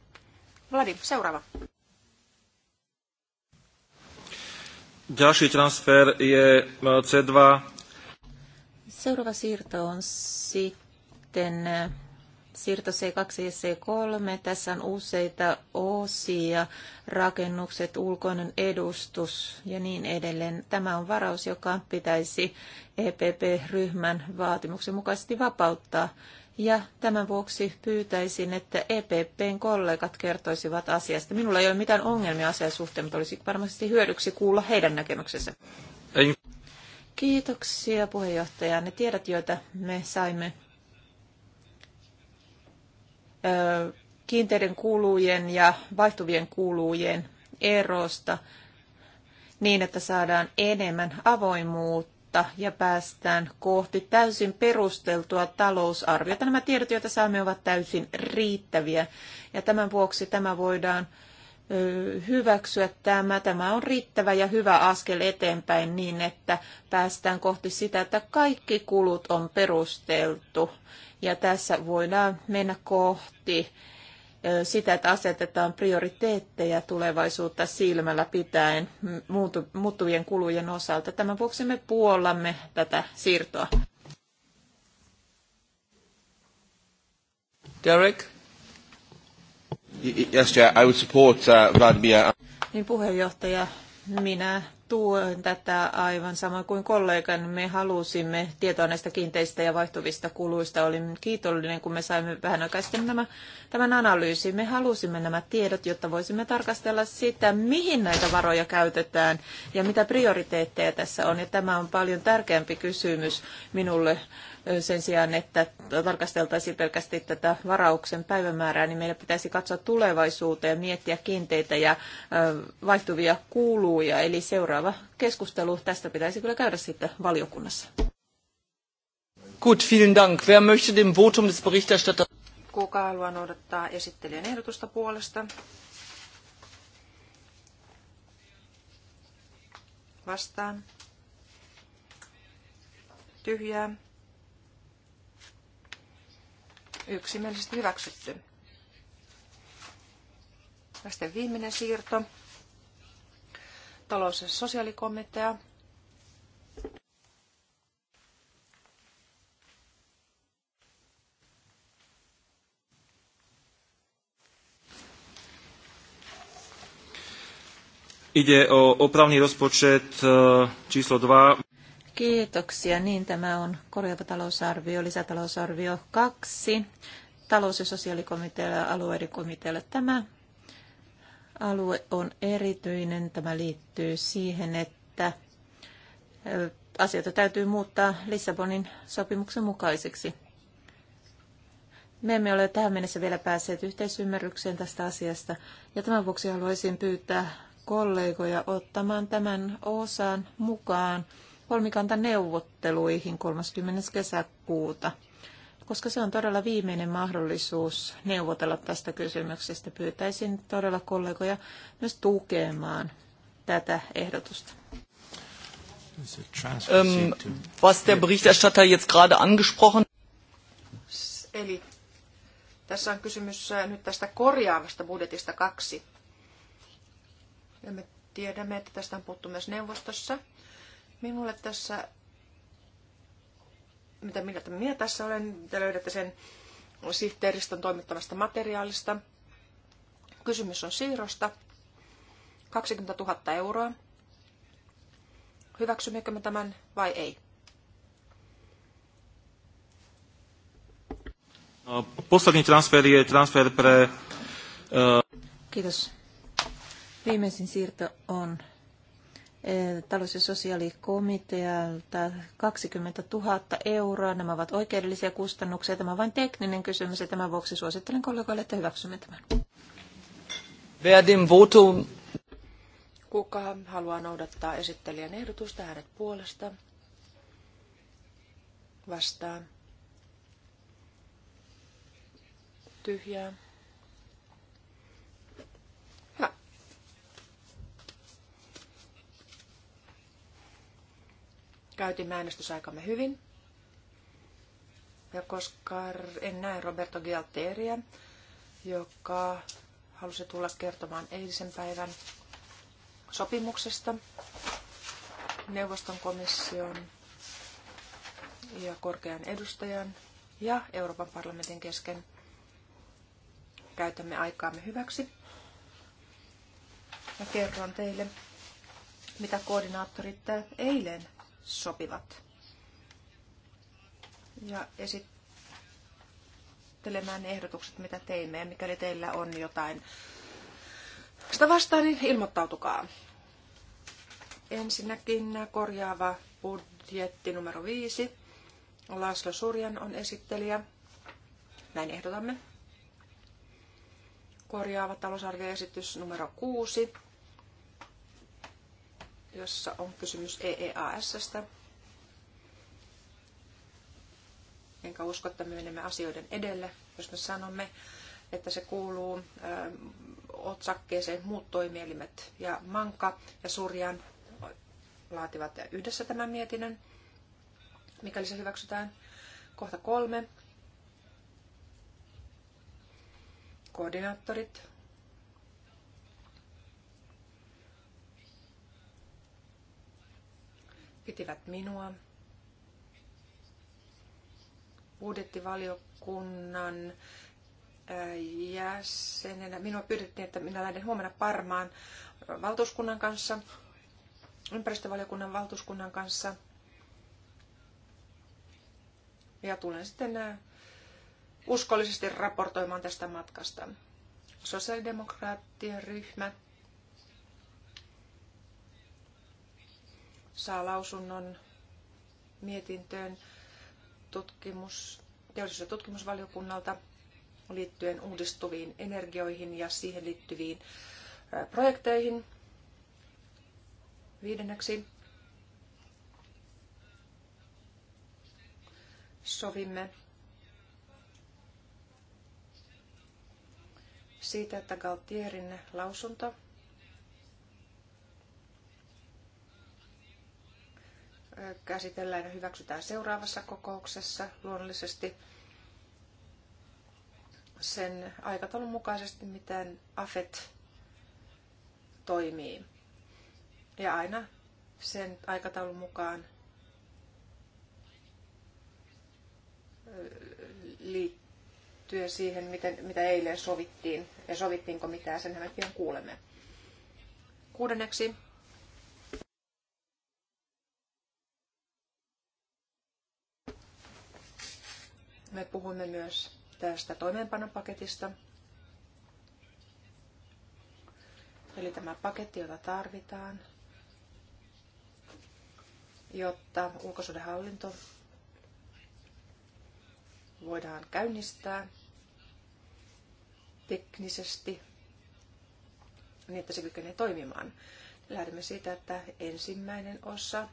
Vladi, seuraava. Ďalší transfer je e, C2. Seuraava siirto on sitten e, siirto C2 ja C3. Tässä on useita osia, rakennukset, ulkoinen edustus ja niin edelleen. Tämä on varaus, joka pitäisi EPP-ryhmän vaatimuksen mukaisesti vapauttaa ja tämän vuoksi pyytäisin, että EPPn kollegat kertoisivat asiasta. Minulla ei ole mitään ongelmia asian suhteen, mutta olisi varmasti hyödyksi kuulla heidän näkemyksensä. Ei. Kiitoksia puheenjohtaja. Ne tiedot, joita me saimme kiinteiden kulujen ja vaihtuvien kulujen erosta niin, että saadaan enemmän avoimuutta vuotta ja päästään kohti täysin perusteltua talousarviota. Nämä tiedot, joita saamme, ovat täysin riittäviä ja tämän vuoksi tämä voidaan hyväksyä tämä. Tämä on riittävä ja hyvä askel eteenpäin niin, että päästään kohti sitä, että kaikki kulut on perusteltu. Ja tässä voidaan mennä kohti sitä, että asetetaan prioriteetteja tulevaisuutta silmällä pitäen muuttuvien kulujen osalta. Tämän vuoksi me puollamme tätä siirtoa. Derek? Yes, yeah, I would support uh, Vladimir. Niin puheenjohtaja, minä tuen tätä aivan samoin kuin kollegan. Me halusimme tietoa näistä kiinteistä ja vaihtuvista kuluista. Olin kiitollinen, kun me saimme vähän aikaa sitten nämä, tämän analyysin. Me halusimme nämä tiedot, jotta voisimme tarkastella sitä, mihin näitä varoja käytetään ja mitä prioriteetteja tässä on. Ja tämä on paljon tärkeämpi kysymys minulle sen sijaan, että tarkasteltaisiin pelkästään tätä varauksen päivämäärää, niin meillä pitäisi katsoa tulevaisuuteen ja miettiä kiinteitä ja vaihtuvia kuuluja, Eli seuraava keskustelu tästä pitäisi kyllä käydä sitten valiokunnassa. Gut, vielen Dank. Wer möchte dem Votum des Berichterstatters? Kuka haluaa noudattaa esittelijän ehdotusta puolesta? Vastaan. Tyhjää Yksimielisesti hyväksytty. Ja sitten viimeinen siirto. Talous- ja sosiaalikomitea. Ide o opravný rozpočet e, číslo 2. Kiitoksia. Niin tämä on korjaava talousarvio, lisätalousarvio kaksi talous- ja sosiaalikomitealle ja alueiden komitealle. Tämä alue on erityinen. Tämä liittyy siihen, että asioita täytyy muuttaa Lissabonin sopimuksen mukaiseksi. Me emme ole tähän mennessä vielä päässeet yhteisymmärrykseen tästä asiasta, ja tämän vuoksi haluaisin pyytää kollegoja ottamaan tämän osan mukaan kolmikantaneuvotteluihin 30. kesäkuuta, koska se on todella viimeinen mahdollisuus neuvotella tästä kysymyksestä. Pyytäisin todella kollegoja myös tukemaan tätä ehdotusta. Ähm, was der Berichterstatter jetzt gerade angesprochen Eli tässä on kysymys äh, nyt tästä korjaavasta budjetista kaksi. Ja me tiedämme, että tästä on puhuttu myös neuvostossa. Minulle tässä, mitä minä, minä tässä olen, te löydätte sen sihteeristön toimittamasta materiaalista. Kysymys on siirrosta. 20 000 euroa. Hyväksymmekö me tämän vai ei? No, posledný transfer je transfer pre... Eh, Kiitos. Viimeisin siirto on talous- ja sosiaalikomitealta 20 000 euroa. Nämä ovat oikeudellisia kustannuksia. Tämä on vain tekninen kysymys ja tämän vuoksi suosittelen kollegoille, että hyväksymme tämän. Kuka haluaa noudattaa esittelijän ehdotusta hänet puolesta? Vastaan. Tyhjää. Käytimme äänestysaikamme hyvin. Ja koska en näe Roberto Gialteria, joka halusi tulla kertomaan eilisen päivän sopimuksesta neuvoston komission ja korkean edustajan ja Euroopan parlamentin kesken käytämme aikaamme hyväksi. Ja kerron teille, mitä koordinaattorit eilen sopivat. Ja esittelemään ne ehdotukset, mitä teimme. Ja mikäli teillä on jotain sitä vastaan, niin ilmoittautukaa. Ensinnäkin korjaava budjetti numero 5. Laslo Surjan on esittelijä. Näin ehdotamme. Korjaava talousarvioesitys numero 6 jossa on kysymys EEASstä. Enkä usko, että me menemme asioiden edelle, jos me sanomme, että se kuuluu ö, otsakkeeseen muut toimielimet. Ja Manka ja Surjan laativat yhdessä tämän mietinnön, mikäli se hyväksytään. Kohta kolme. Koordinaattorit pitivät minua budjettivaliokunnan jäsenenä. Minua pyydettiin, että minä lähden huomenna Parmaan valtuuskunnan kanssa, ympäristövaliokunnan valtuuskunnan kanssa. Ja tulen sitten uskollisesti raportoimaan tästä matkasta. Sosiaalidemokraattien ryhmä saa lausunnon mietintöön tutkimus, teollisuus- ja tutkimusvaliokunnalta liittyen uudistuviin energioihin ja siihen liittyviin projekteihin. Viidenneksi sovimme siitä, että Galtierin lausunto käsitellään ja hyväksytään seuraavassa kokouksessa luonnollisesti sen aikataulun mukaisesti, miten AFET toimii. Ja aina sen aikataulun mukaan liittyen siihen, miten, mitä eilen sovittiin ja sovittiinko mitään, senhän pian kuulemme. Kuudenneksi me puhumme myös tästä toimeenpanopaketista. Eli tämä paketti, jota tarvitaan, jotta ulkosuhdehallinto voidaan käynnistää teknisesti niin, että se kykenee toimimaan. Lähdemme siitä, että ensimmäinen osa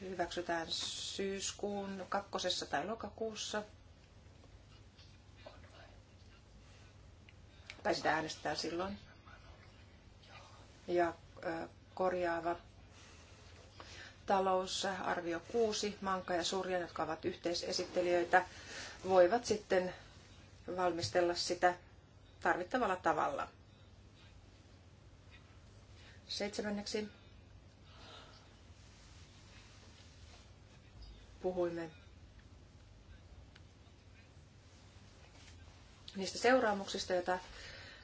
hyväksytään syyskuun kakkosessa tai lokakuussa – tai sitä äänestetään silloin. Ja korjaava talous, arvio 6, Manka ja Surja, jotka ovat yhteisesittelijöitä, voivat sitten valmistella sitä tarvittavalla tavalla. Seitsemänneksi puhuimme niistä seuraamuksista, joita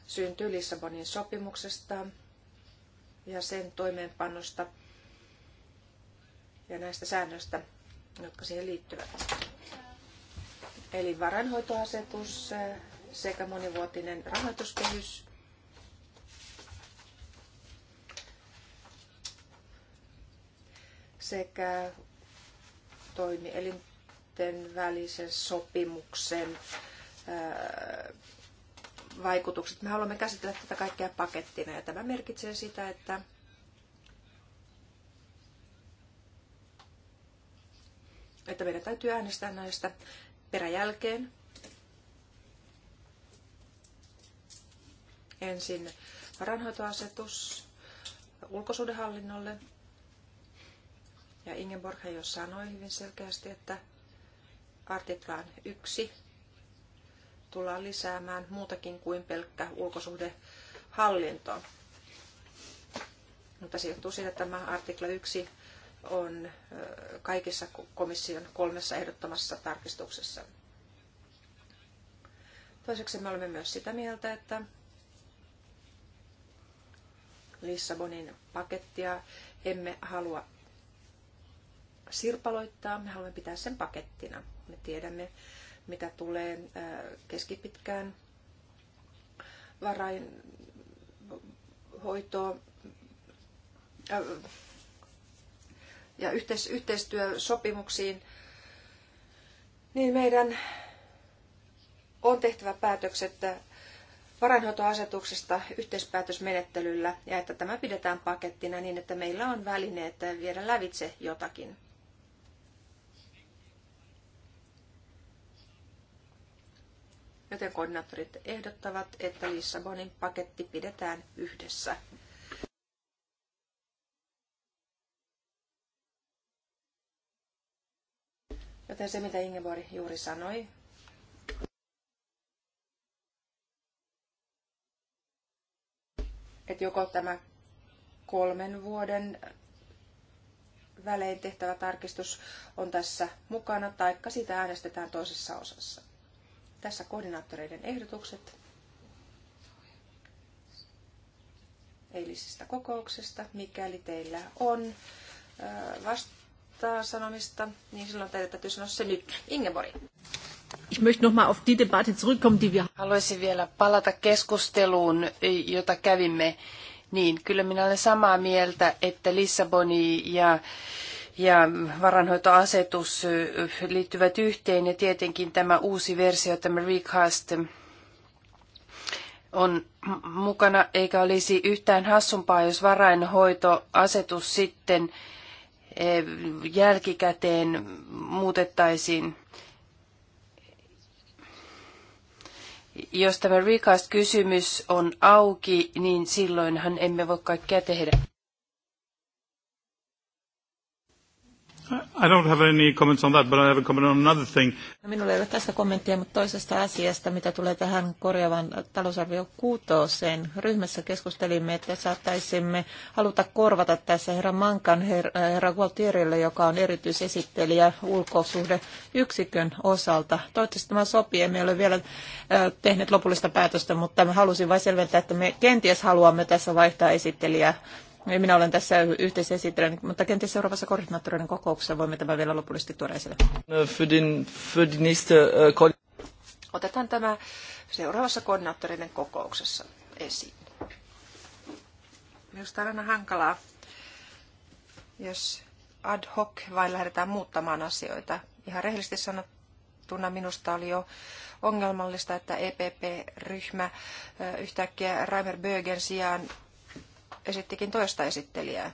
syntyi Lissabonin sopimuksesta ja sen toimeenpanosta ja näistä säännöistä, jotka siihen liittyvät. Eli varainhoitoasetus eh, sekä monivuotinen rahoituskehys sekä toimielinten välisen sopimuksen eh, vaikutukset. Me haluamme käsitellä tätä kaikkea pakettina ja tämä merkitsee sitä, että että meidän täytyy äänestää näistä peräjälkeen. Ensin varanhoitoasetus ulkosuudenhallinnolle. Ja Ingeborg jo sanoi hyvin selkeästi, että artiklaan yksi tullaan lisäämään muutakin kuin pelkkä ulkosuhdehallinto. Mutta se johtuu siitä, että tämä artikla 1 on kaikissa komission kolmessa ehdottomassa tarkistuksessa. Toiseksi me olemme myös sitä mieltä, että Lissabonin pakettia emme halua sirpaloittaa, me haluamme pitää sen pakettina. Me tiedämme, mitä tulee keskipitkään varainhoitoon ja yhteistyösopimuksiin, niin meidän on tehtävä päätökset varainhoitoasetuksesta yhteispäätösmenettelyllä ja että tämä pidetään pakettina niin, että meillä on välineet viedä lävitse jotakin. joten koordinaattorit ehdottavat, että Lissabonin paketti pidetään yhdessä. Joten se, mitä Ingeborg juuri sanoi, että joko tämä kolmen vuoden välein tehtävä tarkistus on tässä mukana, taikka sitä äänestetään toisessa osassa. Tässä koordinaattoreiden ehdotukset eilisestä kokouksesta. Mikäli teillä on vastaa sanomista, niin silloin teidän täytyy sanoa se nyt. Ingeborg. Ich möchte noch mal auf die Debatte zurückkommen, die wir... Haluaisin vielä palata keskusteluun, jota kävimme. Niin, kyllä minä olen samaa mieltä, että Lissaboni ja ja varanhoitoasetus liittyvät yhteen ja tietenkin tämä uusi versio, tämä recast, on mukana, eikä olisi yhtään hassumpaa, jos varainhoitoasetus sitten eh, jälkikäteen muutettaisiin. Jos tämä recast-kysymys on auki, niin silloinhan emme voi kaikkea tehdä. I don't have any comments on that, but I have a comment on another thing. No, minulla ei ole tästä kommenttia, mutta toisesta asiasta, mitä tulee tähän korjaavan talousarvio kuutoseen. Ryhmässä keskustelimme, että saattaisimme haluta korvata tässä herra Mankan herra, äh, herra Gualtierille, joka on erityisesittelijä yksikön osalta. Toivottavasti tämä sopii, emme ole vielä äh, tehneet lopullista päätöstä, mutta halusin vain selventää, että me kenties haluamme tässä vaihtaa esittelijää minä olen tässä yhteisesittelijä, mutta kenties seuraavassa koordinaattoreiden kokouksessa voimme tämä vielä lopullisesti tuoda esille. Äh, äh, Otetaan tämä seuraavassa koordinaattoreiden kokouksessa esiin. Minusta on aina hankalaa, jos ad hoc vain lähdetään muuttamaan asioita. Ihan rehellisesti sanottuna minusta oli jo ongelmallista, että EPP-ryhmä yhtäkkiä Raimer Bögen sijaan esittikin toista esittelijää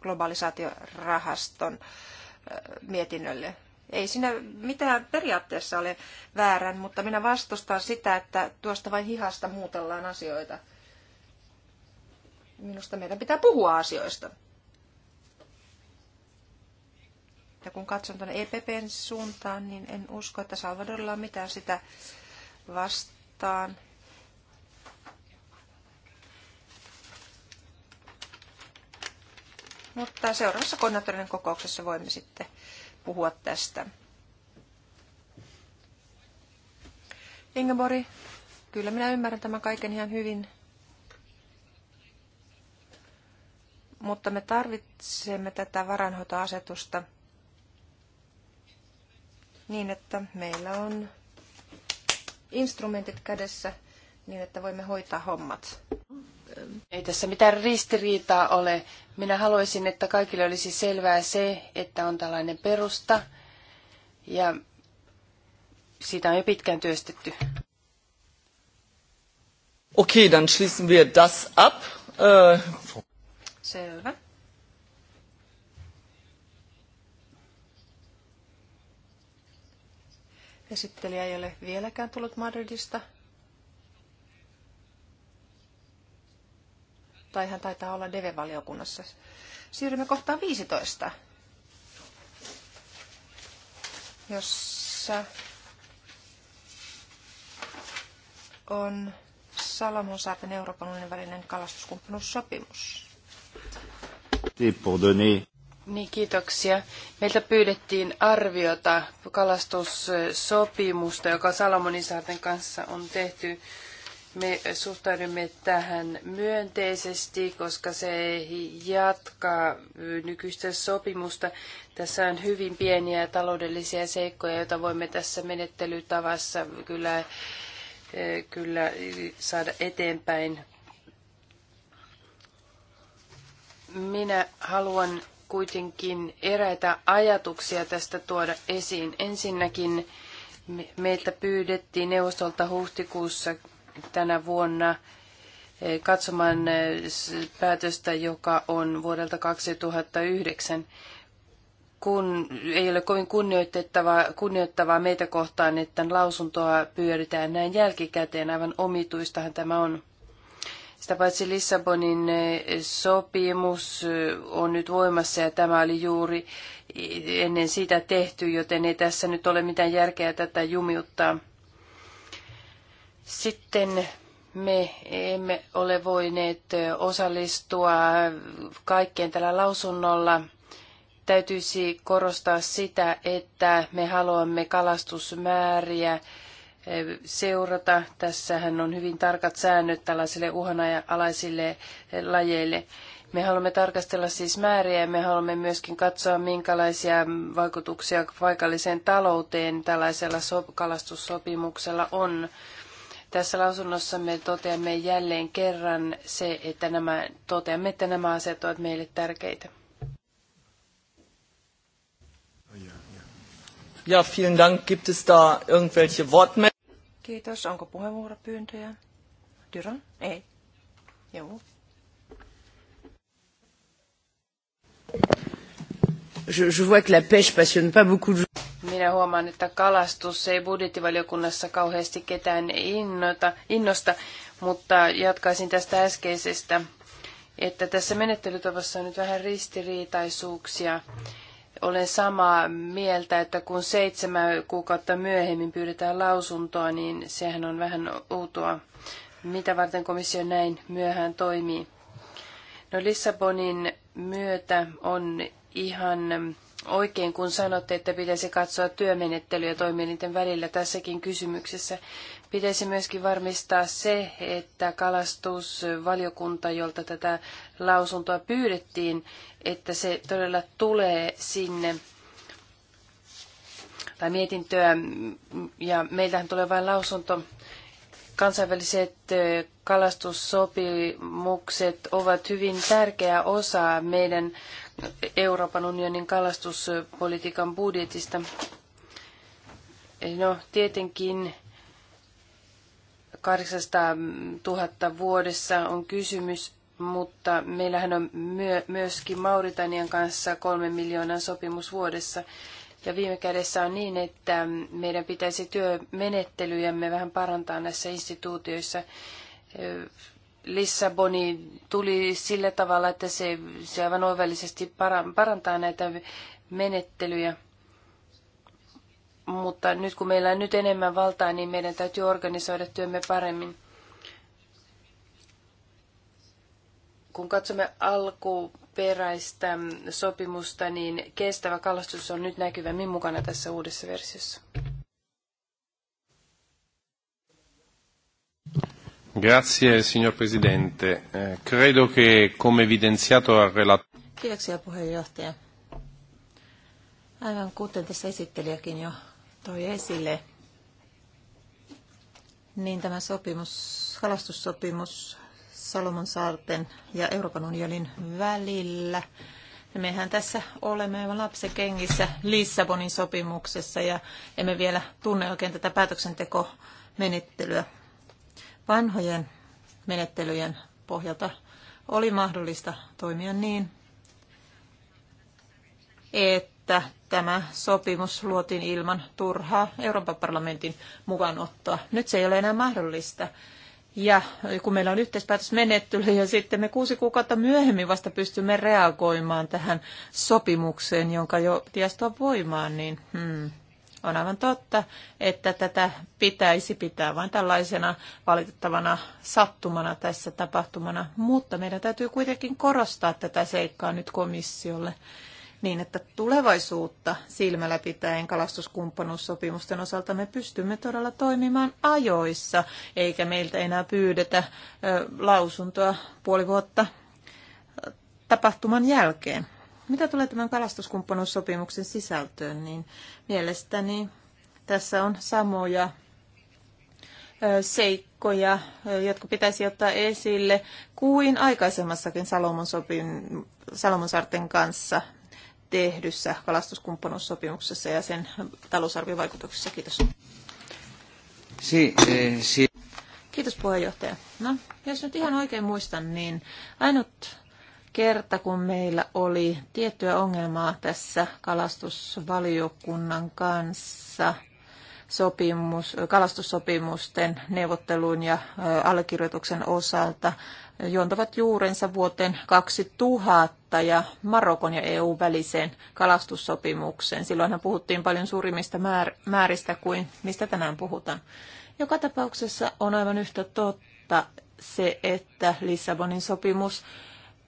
globalisaatiorahaston mietinnölle. Ei siinä mitään periaatteessa ole väärän, mutta minä vastustan sitä, että tuosta vain hihasta muutellaan asioita. Minusta meidän pitää puhua asioista. Ja kun katson tuonne EPPn suuntaan, niin en usko, että Salvadorilla on mitään sitä vastaan. mutta seuraavassa koordinaattorien kokouksessa voimme sitten puhua tästä. Ingeborg, kyllä minä ymmärrän tämän kaiken ihan hyvin. Mutta me tarvitsemme tätä varainhoitoasetusta niin, että meillä on instrumentit kädessä niin, että voimme hoitaa hommat. Ei tässä mitään ristiriitaa ole. Minä haluaisin, että kaikille olisi selvää se, että on tällainen perusta ja siitä on jo pitkään työstetty. Okei, okay, dann schließen wir das ab. Äh... Selvä. Esittelijä ei ole vieläkään tullut Madridista. tai hän taitaa olla deve valiokunnassa Siirrymme kohtaan 15, jossa on Salomon saaten Euroopan unionin välinen kalastuskumppanuussopimus. Niin, kiitoksia. Meiltä pyydettiin arviota kalastussopimusta, joka Salomonin saarten kanssa on tehty me suhtaudumme tähän myönteisesti, koska se jatkaa nykyistä sopimusta. Tässä on hyvin pieniä taloudellisia seikkoja, joita voimme tässä menettelytavassa kyllä, eh, kyllä saada eteenpäin. Minä haluan kuitenkin eräitä ajatuksia tästä tuoda esiin. Ensinnäkin meiltä pyydettiin neuvostolta huhtikuussa tänä vuonna eh, katsomaan eh, päätöstä, joka on vuodelta 2009, kun ei ole kovin kunnioitettavaa, kunnioittavaa meitä kohtaan, että lausuntoa pyöritään näin jälkikäteen. Aivan omituistahan tämä on. Sitä paitsi Lissabonin eh, sopimus on nyt voimassa ja tämä oli juuri ennen sitä tehty, joten ei tässä nyt ole mitään järkeä tätä jumiuttaa. Sitten me emme ole voineet osallistua kaikkeen tällä lausunnolla. Täytyisi korostaa sitä, että me haluamme kalastusmääriä eh, seurata. Tässähän on hyvin tarkat säännöt tällaisille uhanalaisille eh, lajeille. Me haluamme tarkastella siis määriä ja me haluamme myöskin katsoa, minkälaisia vaikutuksia paikalliseen talouteen tällaisella kalastussopimuksella on. Tässä lausunnossa me toteamme jälleen kerran se, että nämä, toteamme, että nämä asiat ovat meille tärkeitä. Ja, vielen Dank. Gibt es da irgendwelche Kiitos. Onko puheenvuoropyyntöjä? Dyran? Ei. Joo. Je, je vois que la pêche passionne pas beaucoup de gens. Minä huomaan, että kalastus ei budjettivaliokunnassa kauheasti ketään innota, innosta, mutta jatkaisin tästä äskeisestä, että tässä menettelytavassa on nyt vähän ristiriitaisuuksia. Olen samaa mieltä, että kun seitsemän kuukautta myöhemmin pyydetään lausuntoa, niin sehän on vähän outoa. Mitä varten komissio näin myöhään toimii? No Lissabonin myötä on ihan oikein, kun sanotte, että pitäisi katsoa työmenettelyä toimielinten välillä tässäkin kysymyksessä. Pitäisi myöskin varmistaa se, että kalastusvaliokunta, jolta tätä lausuntoa pyydettiin, että se todella tulee sinne tai mietintöä, ja meiltähän tulee vain lausunto. Kansainväliset kalastussopimukset ovat hyvin tärkeä osa meidän Euroopan unionin kalastuspolitiikan budjetista. No tietenkin 800 000 vuodessa on kysymys, mutta meillähän on myö- myöskin Mauritanian kanssa kolme miljoonan sopimus vuodessa. Ja viime kädessä on niin, että meidän pitäisi työmenettelyjämme vähän parantaa näissä instituutioissa Lissaboni tuli sillä tavalla, että se, se aivan oivallisesti parantaa näitä menettelyjä. Mutta nyt kun meillä on nyt enemmän valtaa, niin meidän täytyy organisoida työmme paremmin. Kun katsomme alkuperäistä sopimusta, niin kestävä kalastus on nyt näkyvämmin mukana tässä uudessa versiossa. Grazie, signor Presidente. Eh, credo che, come evidenziato al relatore... Kiitoksia, puheenjohtaja. Aivan kuten tässä esittelijäkin jo toi esille, niin tämä sopimus, kalastussopimus Salomon saarten ja Euroopan unionin välillä. Ja mehän tässä olemme aivan lapsekengissä Lissabonin sopimuksessa ja emme vielä tunne oikein tätä päätöksentekomenettelyä vanhojen menettelyjen pohjalta oli mahdollista toimia niin, että tämä sopimus luotiin ilman turhaa Euroopan parlamentin mukaanottoa. Nyt se ei ole enää mahdollista. Ja kun meillä on yhteispäätösmenettely ja sitten me kuusi kuukautta myöhemmin vasta pystymme reagoimaan tähän sopimukseen, jonka jo tiestua voimaan, niin hmm, on aivan totta, että tätä pitäisi pitää vain tällaisena valitettavana sattumana tässä tapahtumana, mutta meidän täytyy kuitenkin korostaa tätä seikkaa nyt komissiolle niin, että tulevaisuutta silmällä pitäen kalastuskumppanuussopimusten osalta me pystymme todella toimimaan ajoissa, eikä meiltä enää pyydetä lausuntoa puoli vuotta tapahtuman jälkeen. Mitä tulee tämän kalastuskumppanuussopimuksen sisältöön, niin mielestäni tässä on samoja seikkoja, jotka pitäisi ottaa esille kuin aikaisemmassakin Salomon, sopin, Salomon kanssa tehdyssä kalastuskumppanuussopimuksessa ja sen talousarviovaikutuksessa. Kiitos. Si, eh, si. Kiitos puheenjohtaja. No, jos nyt ihan oikein muistan, niin ainut kerta, kun meillä oli tiettyä ongelmaa tässä kalastusvaliokunnan kanssa sopimus, kalastussopimusten neuvottelun ja allekirjoituksen osalta juontavat juurensa vuoteen 2000 ja Marokon ja EU väliseen kalastussopimukseen. Silloinhan puhuttiin paljon suurimmista määr- määristä kuin mistä tänään puhutaan. Joka tapauksessa on aivan yhtä totta se, että Lissabonin sopimus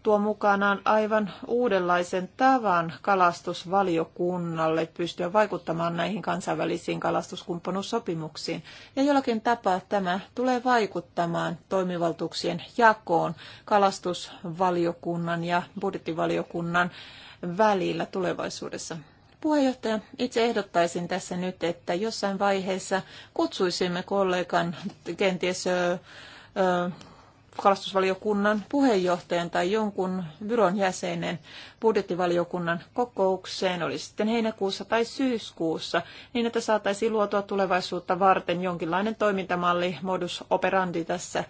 tuo mukanaan aivan uudenlaisen tavan kalastusvaliokunnalle pystyä vaikuttamaan näihin kansainvälisiin kalastuskumppanuussopimuksiin. Ja jollakin tapaa tämä tulee vaikuttamaan toimivaltuuksien jakoon kalastusvaliokunnan ja budjettivaliokunnan välillä tulevaisuudessa. Puheenjohtaja, itse ehdottaisin tässä nyt, että jossain vaiheessa kutsuisimme kollegan kenties kalastusvaliokunnan puheenjohtajan tai jonkun byron jäsenen budjettivaliokunnan kokoukseen, oli sitten heinäkuussa tai syyskuussa, niin että saataisiin luotua tulevaisuutta varten jonkinlainen toimintamalli, modus operandi tässä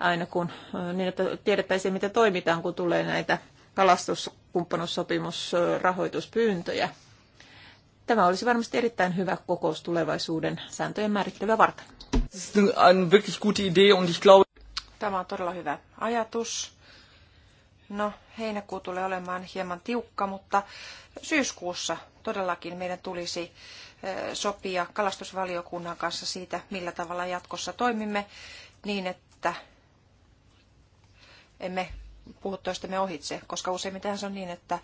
aina kun, niin että tiedettäisiin, miten toimitaan, kun tulee näitä kalastuskumppanuussopimusrahoituspyyntöjä. Tämä olisi varmasti erittäin hyvä kokous tulevaisuuden sääntöjen määrittelyä varten. Tämä on todella hyvä ajatus. No, heinäkuu tulee olemaan hieman tiukka, mutta syyskuussa todellakin meidän tulisi sopia kalastusvaliokunnan kanssa siitä, millä tavalla jatkossa toimimme, niin että emme puhu toistemme ohitse, koska useimmiten se on niin, että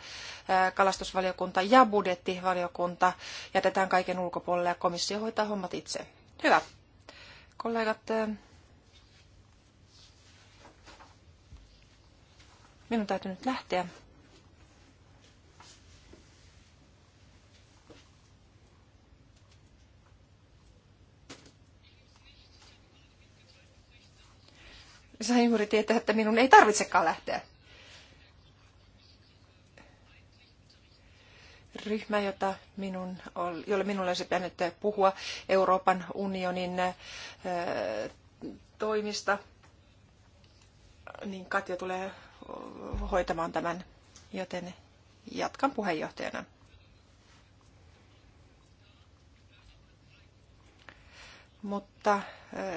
kalastusvaliokunta ja budjettivaliokunta jätetään kaiken ulkopuolelle ja komissio hoitaa hommat itse. Hyvä. Kollegat, Minun täytyy nyt lähteä. Sain juuri tietää, että minun ei tarvitsekaan lähteä. ryhmä, jota minun, jolle minulle olisi pitänyt puhua Euroopan unionin toimista, niin Katja tulee hoitamaan tämän, joten jatkan puheenjohtajana. Mutta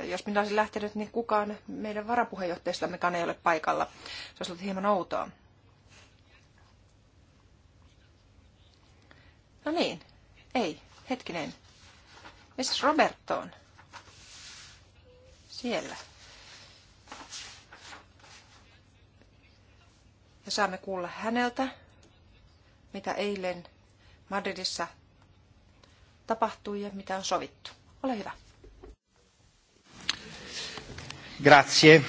jos minä olisin lähtenyt, niin kukaan meidän varapuheenjohtajistammekaan ei ole paikalla. Se olisi ollut hieman outoa. No niin, ei, hetkinen. Missä Roberto on? Siellä. ja saamme kuulla häneltä, mitä eilen Madridissa tapahtui ja mitä on sovittu. Ole hyvä. Grazie,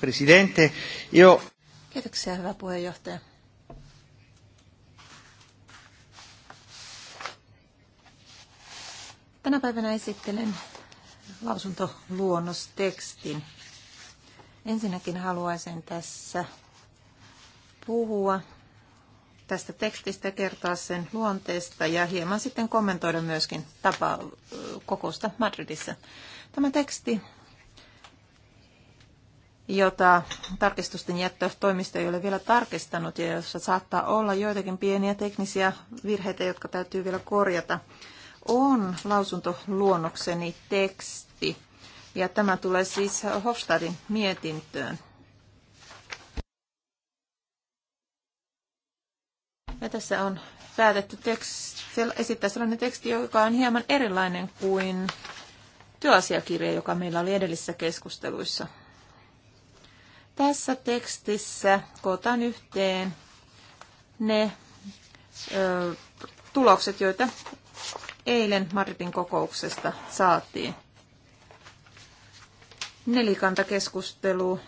presidente. Io... Kiitoksia, hyvä puheenjohtaja. Tänä päivänä esittelen lausuntoluonnostekstin. Ensinnäkin haluaisin tässä puhua tästä tekstistä, kertoa sen luonteesta ja hieman sitten kommentoida myöskin tapa kokousta Madridissa. Tämä teksti, jota tarkistusten jättötoimisto ei ole vielä tarkistanut ja jossa saattaa olla joitakin pieniä teknisiä virheitä, jotka täytyy vielä korjata, on lausuntoluonnokseni teksti. Ja tämä tulee siis Hofstadin mietintöön. Ja tässä on päätetty teksti, esittää sellainen teksti, joka on hieman erilainen kuin työasiakirja, joka meillä oli edellisissä keskusteluissa. Tässä tekstissä kootaan yhteen ne ö, tulokset, joita eilen Maritin kokouksesta saatiin. Nelikantakeskustelu,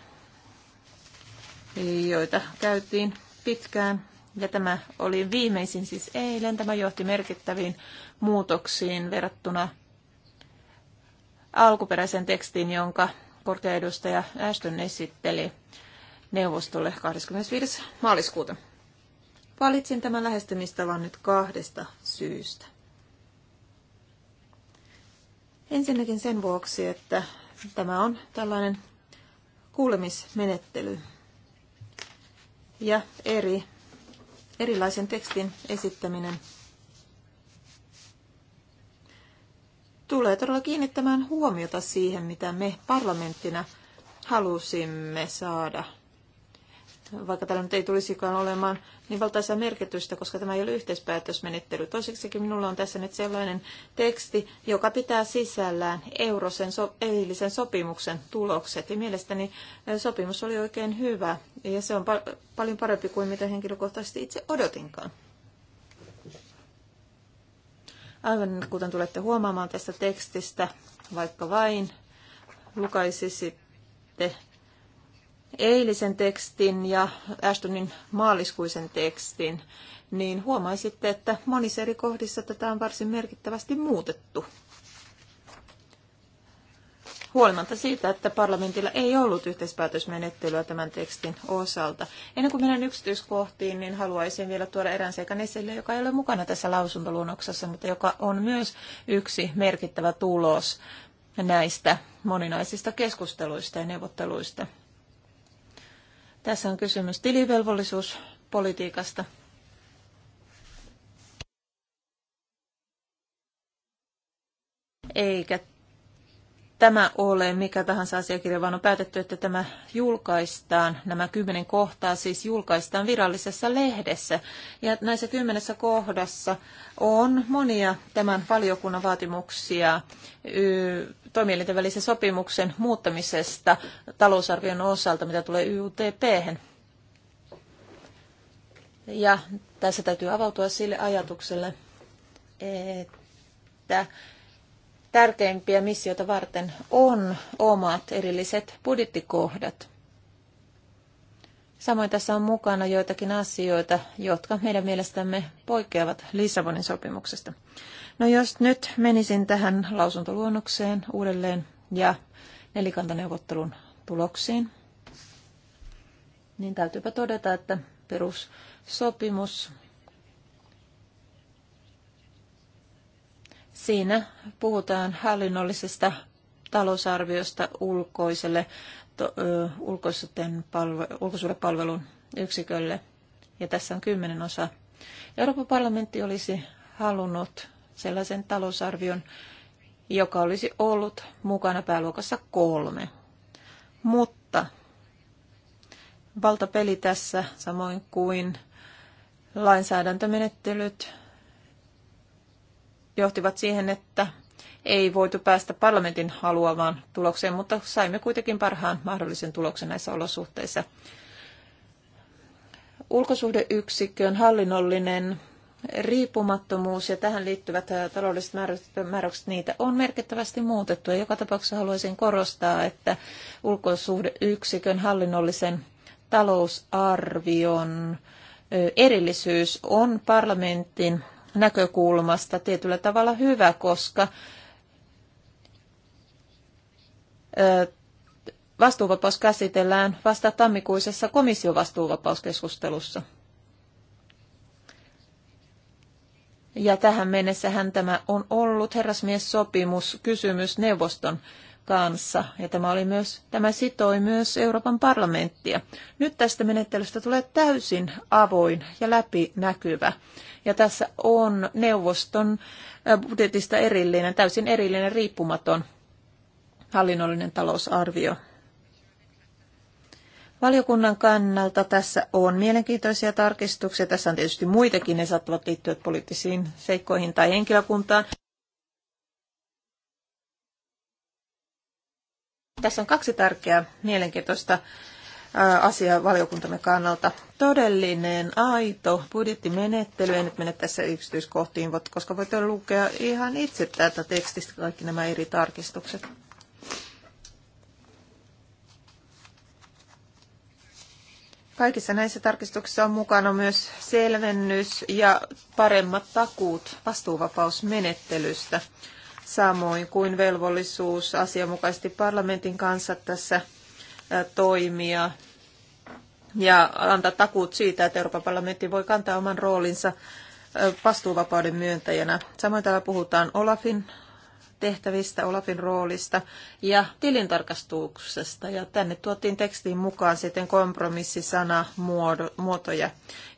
joita käytiin pitkään ja tämä oli viimeisin siis eilen. Tämä johti merkittäviin muutoksiin verrattuna alkuperäiseen tekstiin, jonka korkeaedustaja Ashton esitteli neuvostolle 25. maaliskuuta. Valitsin tämän lähestymistavan nyt kahdesta syystä. Ensinnäkin sen vuoksi, että tämä on tällainen kuulemismenettely. Ja eri erilaisen tekstin esittäminen tulee todella kiinnittämään huomiota siihen, mitä me parlamenttina halusimme saada vaikka tällä nyt ei tulisikaan olemaan niin valtaisa merkitystä, koska tämä ei ole yhteispäätösmenettely. Toiseksikin minulla on tässä nyt sellainen teksti, joka pitää sisällään eurosen so- eilisen sopimuksen tulokset. Ja mielestäni sopimus oli oikein hyvä ja se on pal- paljon parempi kuin mitä henkilökohtaisesti itse odotinkaan. Aivan kuten tulette huomaamaan tästä tekstistä, vaikka vain lukaisisitte eilisen tekstin ja Ashtonin maaliskuisen tekstin, niin huomaisitte, että monissa eri kohdissa tätä on varsin merkittävästi muutettu. Huolimatta siitä, että parlamentilla ei ollut yhteispäätösmenettelyä tämän tekstin osalta. Ennen kuin menen yksityiskohtiin, niin haluaisin vielä tuoda erään seikan esille, joka ei ole mukana tässä lausuntoluonnoksessa, mutta joka on myös yksi merkittävä tulos näistä moninaisista keskusteluista ja neuvotteluista. Tässä on kysymys tilivelvollisuuspolitiikasta. Eikä tämä ole mikä tahansa asiakirja, vaan on päätetty, että tämä julkaistaan, nämä kymmenen kohtaa siis julkaistaan virallisessa lehdessä. Ja näissä kymmenessä kohdassa on monia tämän valiokunnan vaatimuksia toimielinten välisen sopimuksen muuttamisesta talousarvion osalta, mitä tulee YUTP. -hän. Ja tässä täytyy avautua sille ajatukselle, että tärkeimpiä missioita varten on omat erilliset budjettikohdat. Samoin tässä on mukana joitakin asioita, jotka meidän mielestämme poikkeavat Lissabonin sopimuksesta. No jos nyt menisin tähän lausuntoluonnokseen uudelleen ja nelikantaneuvottelun tuloksiin, niin täytyypä todeta, että perussopimus Siinä puhutaan hallinnollisesta talousarviosta ulkoiselle, to, ö, palve, yksikölle. Ja tässä on kymmenen osa. Euroopan parlamentti olisi halunnut sellaisen talousarvion, joka olisi ollut mukana pääluokassa kolme. Mutta valtapeli tässä, samoin kuin lainsäädäntömenettelyt, johtivat siihen, että ei voitu päästä parlamentin haluamaan tulokseen, mutta saimme kuitenkin parhaan mahdollisen tuloksen näissä olosuhteissa. Ulkosuhdeyksikön hallinnollinen riippumattomuus ja tähän liittyvät äh, taloudelliset määräykset, niitä on merkittävästi muutettu. Ja joka tapauksessa haluaisin korostaa, että ulkosuhdeyksikön hallinnollisen talousarvion erillisyys on parlamentin näkökulmasta tietyllä tavalla hyvä, koska vastuuvapaus käsitellään vasta tammikuisessa komissiovastuuvapauskeskustelussa. Ja tähän mennessähän tämä on ollut herrasmies sopimus kysymys neuvoston kanssa, ja tämä, oli myös, tämä sitoi myös Euroopan parlamenttia. Nyt tästä menettelystä tulee täysin avoin ja läpinäkyvä, ja tässä on neuvoston budjetista erillinen, täysin erillinen riippumaton hallinnollinen talousarvio. Valiokunnan kannalta tässä on mielenkiintoisia tarkistuksia. Tässä on tietysti muitakin, ne saattavat liittyä poliittisiin seikkoihin tai henkilökuntaan. Tässä on kaksi tärkeää mielenkiintoista asia valiokuntamme kannalta. Todellinen, aito budjettimenettely, en nyt mene tässä yksityiskohtiin, koska voitte lukea ihan itse täältä tekstistä kaikki nämä eri tarkistukset. Kaikissa näissä tarkistuksissa on mukana myös selvennys ja paremmat takuut vastuuvapausmenettelystä. menettelystä samoin kuin velvollisuus asianmukaisesti parlamentin kanssa tässä toimia ja antaa takuut siitä, että Euroopan parlamentti voi kantaa oman roolinsa vastuuvapauden myöntäjänä. Samoin täällä puhutaan Olafin tehtävistä, Olafin roolista ja tilintarkastuksesta. Ja tänne tuotiin tekstiin mukaan sitten kompromissisana muotoja,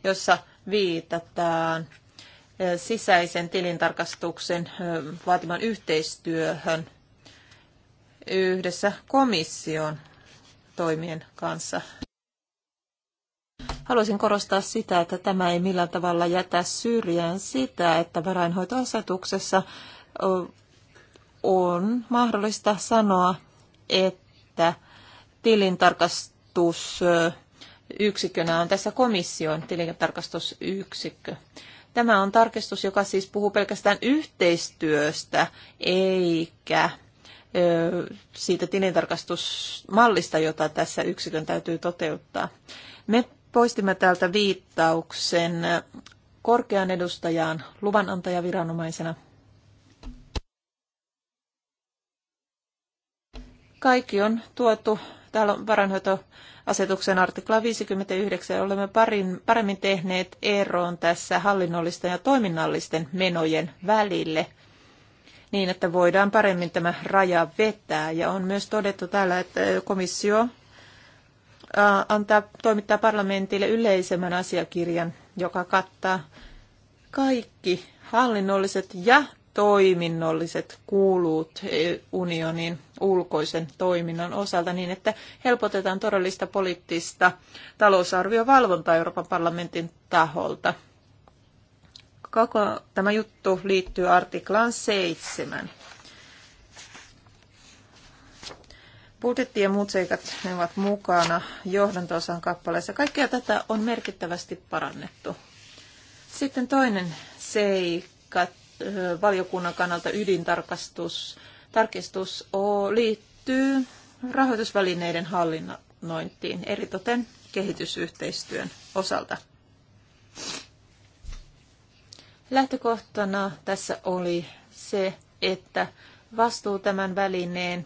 jossa viitataan sisäisen tilintarkastuksen vaatiman yhteistyöhön yhdessä komission toimien kanssa. Haluaisin korostaa sitä, että tämä ei millään tavalla jätä syrjään sitä, että varainhoitoasetuksessa on mahdollista sanoa, että tilintarkastusyksikönä on tässä komission tilintarkastusyksikkö. Tämä on tarkistus, joka siis puhuu pelkästään yhteistyöstä, eikä siitä tilintarkastusmallista, jota tässä yksikön täytyy toteuttaa. Me poistimme täältä viittauksen korkean edustajaan luvanantajaviranomaisena. Kaikki on tuotu. Täällä on varanhoito asetuksen artikla 59 olemme parin, paremmin tehneet eroon tässä hallinnollisten ja toiminnallisten menojen välille niin, että voidaan paremmin tämä raja vetää. Ja on myös todettu täällä, että komissio antaa, toimittaa parlamentille yleisemmän asiakirjan, joka kattaa kaikki hallinnolliset ja toiminnolliset kuulut unionin ulkoisen toiminnan osalta niin, että helpotetaan todellista poliittista talousarviovalvontaa Euroopan parlamentin taholta. Koko tämä juttu liittyy artiklaan 7. Budjetti ja muut seikat ne ovat mukana johdantosan kappaleessa. Kaikkea tätä on merkittävästi parannettu. Sitten toinen seikka, valiokunnan kannalta ydintarkastus tarkistus liittyy rahoitusvälineiden hallinnointiin, eritoten kehitysyhteistyön osalta. Lähtökohtana tässä oli se, että vastuu tämän välineen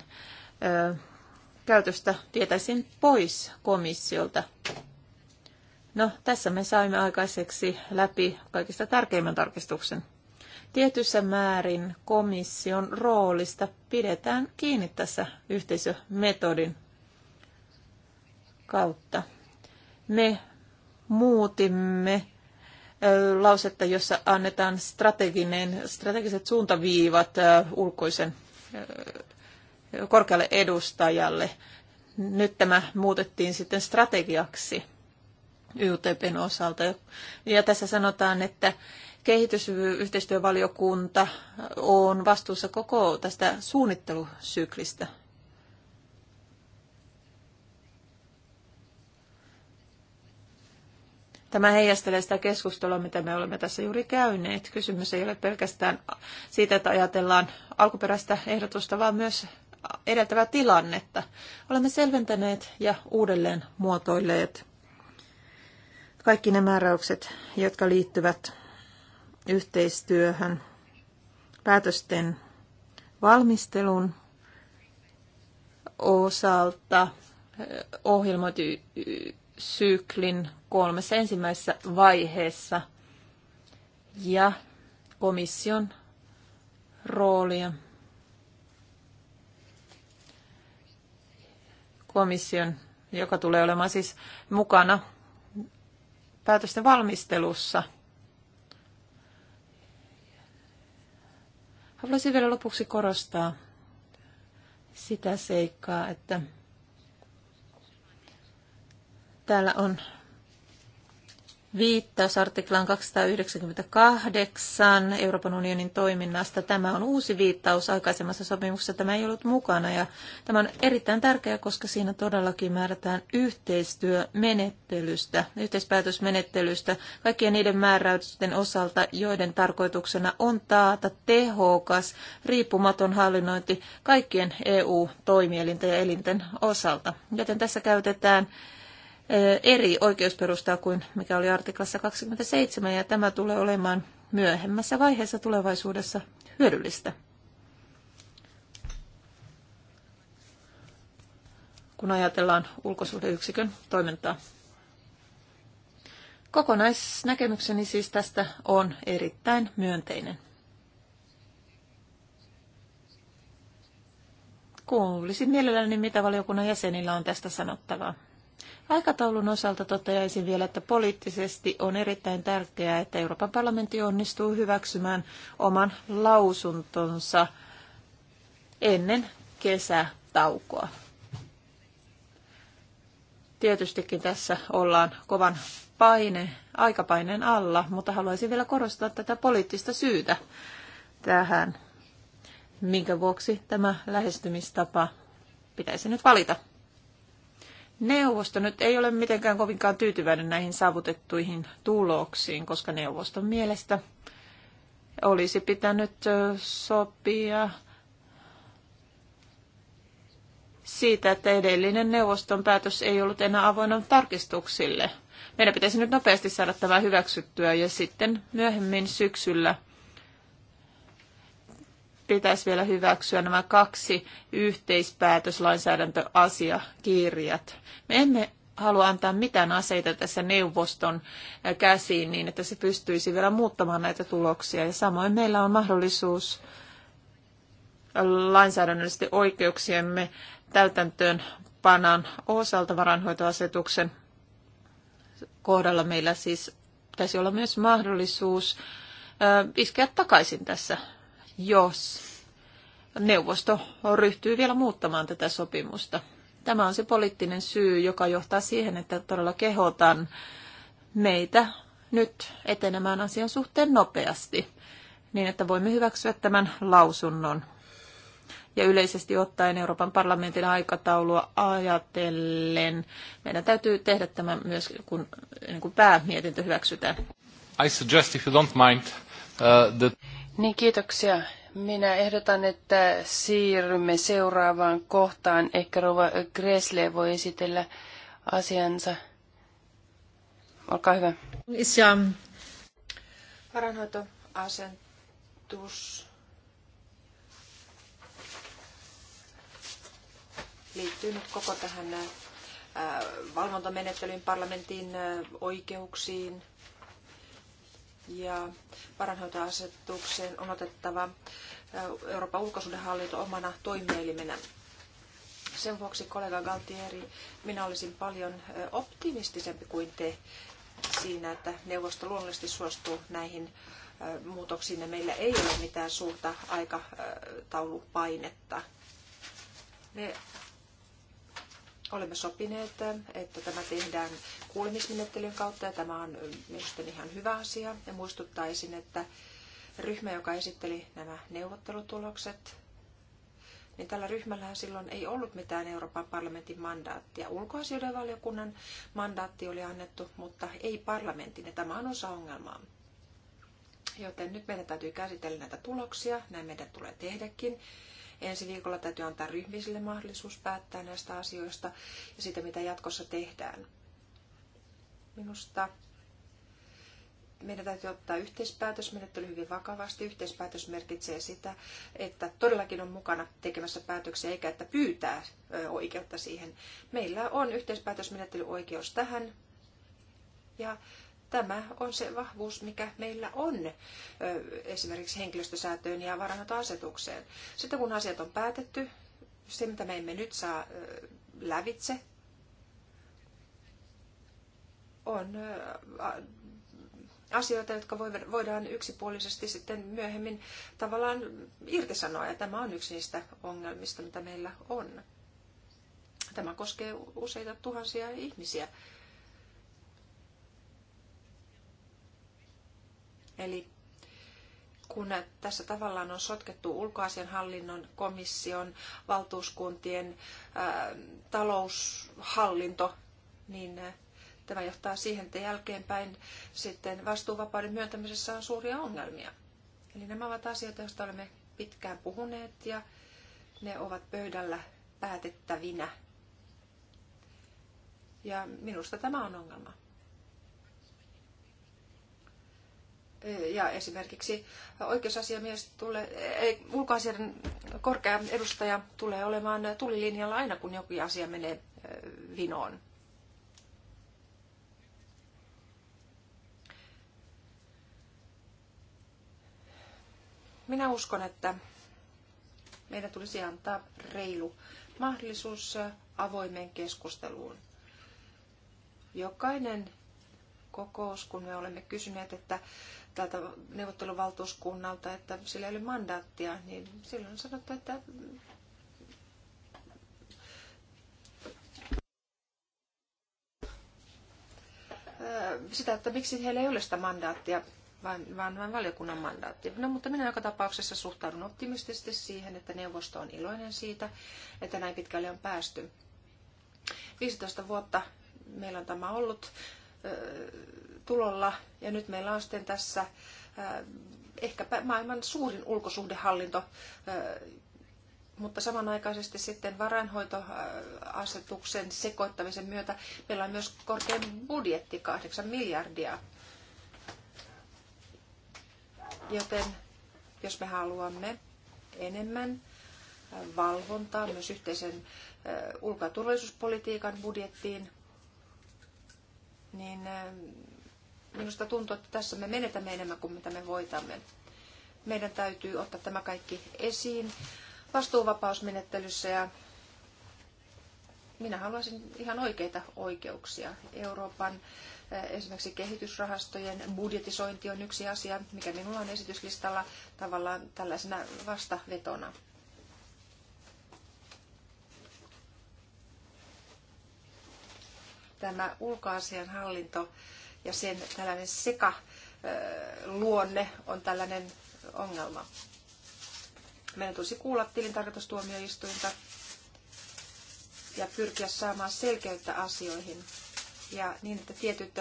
ö, käytöstä tietäisin pois komissiolta. No, tässä me saimme aikaiseksi läpi kaikista tärkeimmän tarkistuksen tietyssä määrin komission roolista pidetään kiinni tässä yhteisömetodin kautta. Me muutimme lausetta, jossa annetaan strateginen, strategiset suuntaviivat ulkoisen korkealle edustajalle. Nyt tämä muutettiin sitten strategiaksi YTPn osalta. Ja tässä sanotaan, että kehitysyhteistyövaliokunta on vastuussa koko tästä suunnittelusyklistä. Tämä heijastelee sitä keskustelua, mitä me olemme tässä juuri käyneet. Kysymys ei ole pelkästään siitä, että ajatellaan alkuperäistä ehdotusta, vaan myös edeltävää tilannetta. Olemme selventäneet ja uudelleen muotoilleet kaikki ne määräykset, jotka liittyvät yhteistyöhön, päätösten valmistelun osalta eh, ohjelmointisyklin kolmessa ensimmäisessä vaiheessa ja komission roolia. Komission, joka tulee olemaan siis mukana päätösten valmistelussa – Haluaisin vielä lopuksi korostaa sitä seikkaa, että täällä on viittaus artiklaan 298 Euroopan unionin toiminnasta. Tämä on uusi viittaus aikaisemmassa sopimuksessa. Tämä ei ollut mukana ja tämä on erittäin tärkeää, koska siinä todellakin määrätään yhteistyömenettelystä, yhteispäätösmenettelystä kaikkien niiden määräysten osalta, joiden tarkoituksena on taata tehokas, riippumaton hallinnointi kaikkien EU-toimielinten ja elinten osalta. Joten tässä käytetään eri oikeusperustaa kuin mikä oli artiklassa 27, ja tämä tulee olemaan myöhemmässä vaiheessa tulevaisuudessa hyödyllistä. kun ajatellaan ulkosuhdeyksikön toimintaa. Kokonaisnäkemykseni siis tästä on erittäin myönteinen. Kuulisin mielelläni, mitä valiokunnan jäsenillä on tästä sanottavaa. Aikataulun osalta toteaisin vielä, että poliittisesti on erittäin tärkeää, että Euroopan parlamentti onnistuu hyväksymään oman lausuntonsa ennen kesätaukoa. Tietystikin tässä ollaan kovan paine, aikapaineen alla, mutta haluaisin vielä korostaa tätä poliittista syytä tähän, minkä vuoksi tämä lähestymistapa pitäisi nyt valita. Neuvosto nyt ei ole mitenkään kovinkaan tyytyväinen näihin saavutettuihin tuloksiin, koska neuvoston mielestä olisi pitänyt sopia siitä, että edellinen neuvoston päätös ei ollut enää avoinna tarkistuksille. Meidän pitäisi nyt nopeasti saada tämä hyväksyttyä ja sitten myöhemmin syksyllä – pitäisi vielä hyväksyä nämä kaksi yhteispäätöslainsäädäntöasiakirjat. Me emme halua antaa mitään aseita tässä neuvoston käsiin niin, että se pystyisi vielä muuttamaan näitä tuloksia. Ja samoin meillä on mahdollisuus lainsäädännöllisesti oikeuksiemme täytäntöön panan osalta varanhoitoasetuksen kohdalla meillä siis pitäisi olla myös mahdollisuus iskeä takaisin tässä jos neuvosto ryhtyy vielä muuttamaan tätä sopimusta. Tämä on se poliittinen syy, joka johtaa siihen, että todella kehotan meitä nyt etenemään asian suhteen nopeasti, niin että voimme hyväksyä tämän lausunnon. Ja yleisesti ottaen Euroopan parlamentin aikataulua ajatellen, meidän täytyy tehdä tämä myös, kun, niin kuin päämietintö hyväksytään. I suggest, if you don't mind, uh, that... Niin, kiitoksia. Minä ehdotan, että siirrymme seuraavaan kohtaan. Ehkä Rova Gresle voi esitellä asiansa. Olkaa hyvä. Ja um, varanhoitoasentus liittyy nyt koko tähän äh, valvontamenettelyyn, parlamentin äh, oikeuksiin – ja varanhoitoasetukseen on otettava Euroopan ulkosuhdehallinto omana toimielimenä. Sen vuoksi kollega Galtieri, minä olisin paljon optimistisempi kuin te siinä, että neuvosto luonnollisesti suostuu näihin muutoksiin ja meillä ei ole mitään suurta aikataulupainetta. Me Olemme sopineet, että tämä tehdään kuulemismenettelyn kautta ja tämä on mielestäni ihan hyvä asia. Ja muistuttaisin, että ryhmä, joka esitteli nämä neuvottelutulokset, niin tällä ryhmällähän silloin ei ollut mitään Euroopan parlamentin mandaattia. Ulkoasioiden valiokunnan mandaatti oli annettu, mutta ei parlamentin, ja tämä on osa ongelmaa. Joten nyt meidän täytyy käsitellä näitä tuloksia, näin meidän tulee tehdäkin. Ensi viikolla täytyy antaa ryhmisille mahdollisuus päättää näistä asioista ja siitä, mitä jatkossa tehdään. Minusta meidän täytyy ottaa yhteispäätösmenettely hyvin vakavasti. Yhteispäätös merkitsee sitä, että todellakin on mukana tekemässä päätöksiä, eikä että pyytää oikeutta siihen. Meillä on yhteispäätösmenettely oikeus tähän. Ja tämä on se vahvuus, mikä meillä on esimerkiksi henkilöstösäätöön ja varainhoitoasetukseen. Sitten kun asiat on päätetty, se mitä me emme nyt saa lävitse, on asioita, jotka voidaan yksipuolisesti sitten myöhemmin tavallaan irtisanoa. Ja tämä on yksi niistä ongelmista, mitä meillä on. Tämä koskee useita tuhansia ihmisiä. Eli kun tässä tavallaan on sotkettu ulkoasianhallinnon, komission, valtuuskuntien ää, äh, taloushallinto, niin ää, äh, tämä johtaa siihen, että jälkeenpäin sitten vastuuvapauden myöntämisessä on suuria ongelmia. Eli nämä ovat asioita, joista olemme pitkään puhuneet ja ne ovat pöydällä päätettävinä. Ja minusta tämä on ongelma. ja esimerkiksi oikeusasiamies tulee, ei, ulkoasian korkea edustaja tulee olemaan tulilinjalla aina, kun joku asia menee vinoon. Minä uskon, että meidän tulisi antaa reilu mahdollisuus avoimeen keskusteluun. Jokainen kokous, kun me olemme kysyneet, että tältä neuvotteluvaltuuskunnalta, että sillä ei ole mandaattia, niin silloin sanotaan, että sitä, että miksi heillä ei ole sitä mandaattia, vaan, vaan, vaan valiokunnan mandaatti. No, mutta minä joka tapauksessa suhtaudun optimistisesti siihen, että neuvosto on iloinen siitä, että näin pitkälle on päästy. 15 vuotta meillä on tämä ollut tulolla. Ja nyt meillä on sitten tässä äh, ehkä maailman suurin ulkosuhdehallinto, äh, mutta samanaikaisesti sitten varainhoitoasetuksen sekoittamisen myötä meillä on myös korkein budjetti, 8 miljardia. Joten jos me haluamme enemmän äh, valvontaa myös yhteisen ulko- ja turvallisuuspolitiikan budjettiin, niin ähm, minusta tuntuu, että tässä me menetämme enemmän kuin mitä me voitamme. Meidän täytyy ottaa tämä kaikki esiin vastuuvapausmenettelyssä ja minä haluaisin ihan oikeita oikeuksia. Euroopan eh, esimerkiksi kehitysrahastojen budjetisointi on yksi asia, mikä minulla on esityslistalla tavallaan tällaisena vastavetona. Tämä ulkoasian hallinto ja sen tällainen seka luonne on tällainen ongelma. Meidän tulisi kuulla tilintarkastustuomioistuinta ja pyrkiä saamaan selkeyttä asioihin ja niin, että tietyt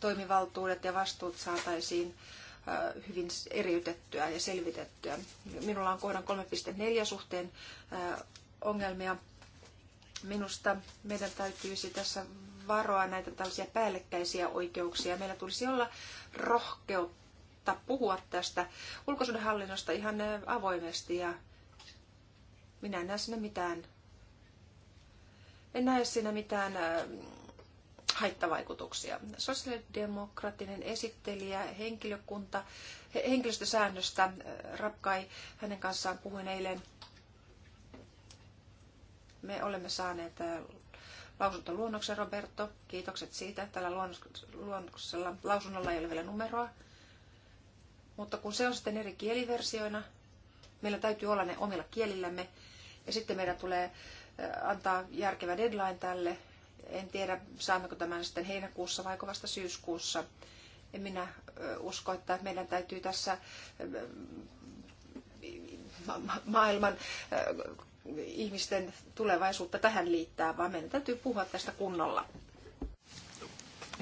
toimivaltuudet ja vastuut saataisiin hyvin eriytettyä ja selvitettyä. Minulla on kohdan 3.4 suhteen ongelmia. Minusta meidän täytyisi tässä varoa näitä tällaisia päällekkäisiä oikeuksia. Meillä tulisi olla rohkeutta puhua tästä ulkosuudenhallinnosta ihan avoimesti ja minä en näe siinä mitään, en näe siinä mitään haittavaikutuksia. Sosiaalidemokraattinen esittelijä henkilökunta, henkilöstösäännöstä Rapkai hänen kanssaan puhuin eilen. Me olemme saaneet lausuntoluonnoksen, Roberto. Kiitokset siitä. Tällä luonnoksella, lausunnolla ei ole vielä numeroa. Mutta kun se on sitten eri kieliversioina, meillä täytyy olla ne omilla kielillämme. Ja sitten meidän tulee äh, antaa järkevä deadline tälle. En tiedä, saammeko tämän sitten heinäkuussa vai vasta syyskuussa. En minä äh, usko, että meidän täytyy tässä äh, maailman ihmisten tulevaisuutta tähän liittää, vaan meidän täytyy puhua tästä kunnolla.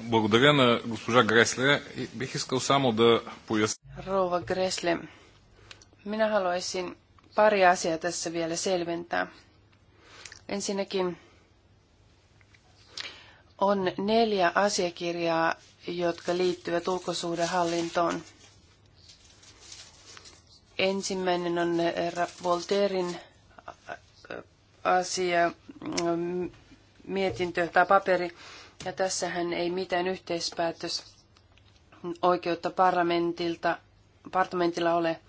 Благодаря на госпожа Гресле. Бих искал само да поясня. Rouva Gressle, minä haluaisin pari asiaa tässä vielä selventää. Ensinnäkin on neljä asiakirjaa, jotka liittyvät ulkosuhdehallintoon. Ensimmäinen on Voltairin asia, mm, mietintö tai paperi. Ja tässähän ei mitään yhteispäätös oikeutta parlamentilta, parlamentilla ole.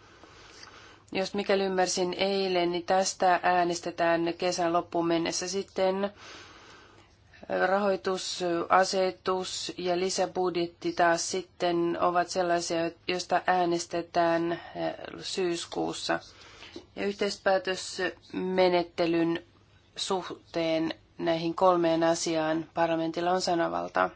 Jos mikäli ymmärsin eilen, niin tästä äänestetään kesän loppuun mennessä sitten rahoitusasetus ja lisäbudjetti taas sitten ovat sellaisia, joista äänestetään syyskuussa. Ja yhteispäätösmenettelyn suhteen näihin kolmeen asiaan parlamentilla on sanavalta.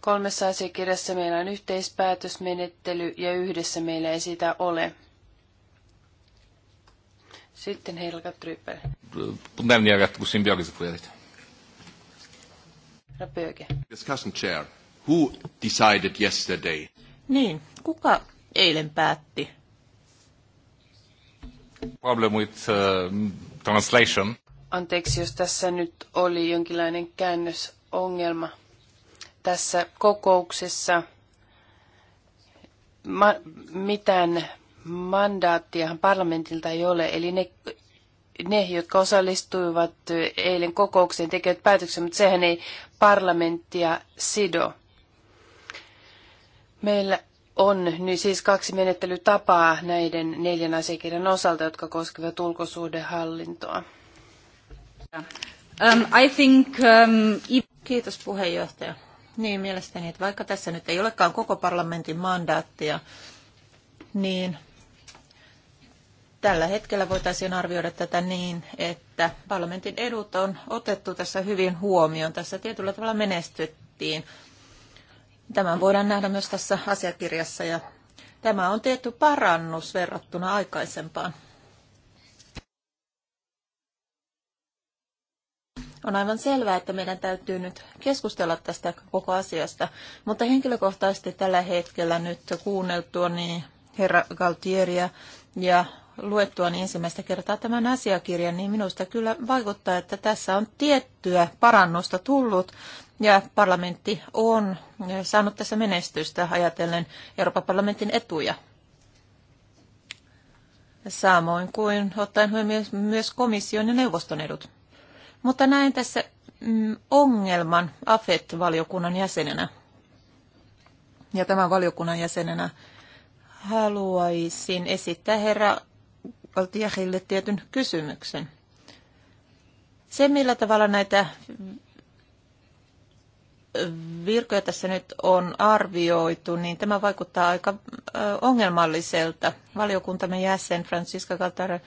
Kolmessa asiakirjassa meillä on yhteispäätösmenettely ja yhdessä meillä ei sitä ole. Sitten Helga Trypper. Den jagat Discussion chair. Who decided yesterday? Niin, kuka eilen päätti. Problem with uh, translation. Anteeksi, jos tässä nyt oli jonkinlainen käännösongelma. Tässä kokouksessa ma- mitään mandaattiahan parlamentilta ei ole, eli ne, ne, jotka osallistuivat eilen kokoukseen, tekevät päätöksen, mutta sehän ei parlamenttia sido. Meillä on nyt siis kaksi menettelytapaa näiden neljän asiakirjan osalta, jotka koskevat ulkosuhdehallintoa. Um, I think, um, if... Kiitos puheenjohtaja. Niin, mielestäni, että vaikka tässä nyt ei olekaan koko parlamentin mandaattia, niin tällä hetkellä voitaisiin arvioida tätä niin, että parlamentin edut on otettu tässä hyvin huomioon. Tässä tietyllä tavalla menestyttiin Tämän voidaan nähdä myös tässä asiakirjassa ja tämä on tietty parannus verrattuna aikaisempaan. On aivan selvää, että meidän täytyy nyt keskustella tästä koko asiasta, mutta henkilökohtaisesti tällä hetkellä nyt kuunneltua niin herra Galtieria ja luettua niin ensimmäistä kertaa tämän asiakirjan, niin minusta kyllä vaikuttaa, että tässä on tiettyä parannusta tullut ja parlamentti on saanut tässä menestystä ajatellen Euroopan parlamentin etuja. Samoin kuin ottaen huomioon myös komission ja neuvoston edut. Mutta näin tässä mm, ongelman AFET-valiokunnan jäsenenä. Ja tämän valiokunnan jäsenenä haluaisin esittää herra Valtiahille tietyn kysymyksen. Se, millä tavalla näitä virkoja tässä nyt on arvioitu, niin tämä vaikuttaa aika ongelmalliselta. Valiokuntamme jäsen Francisca Caltara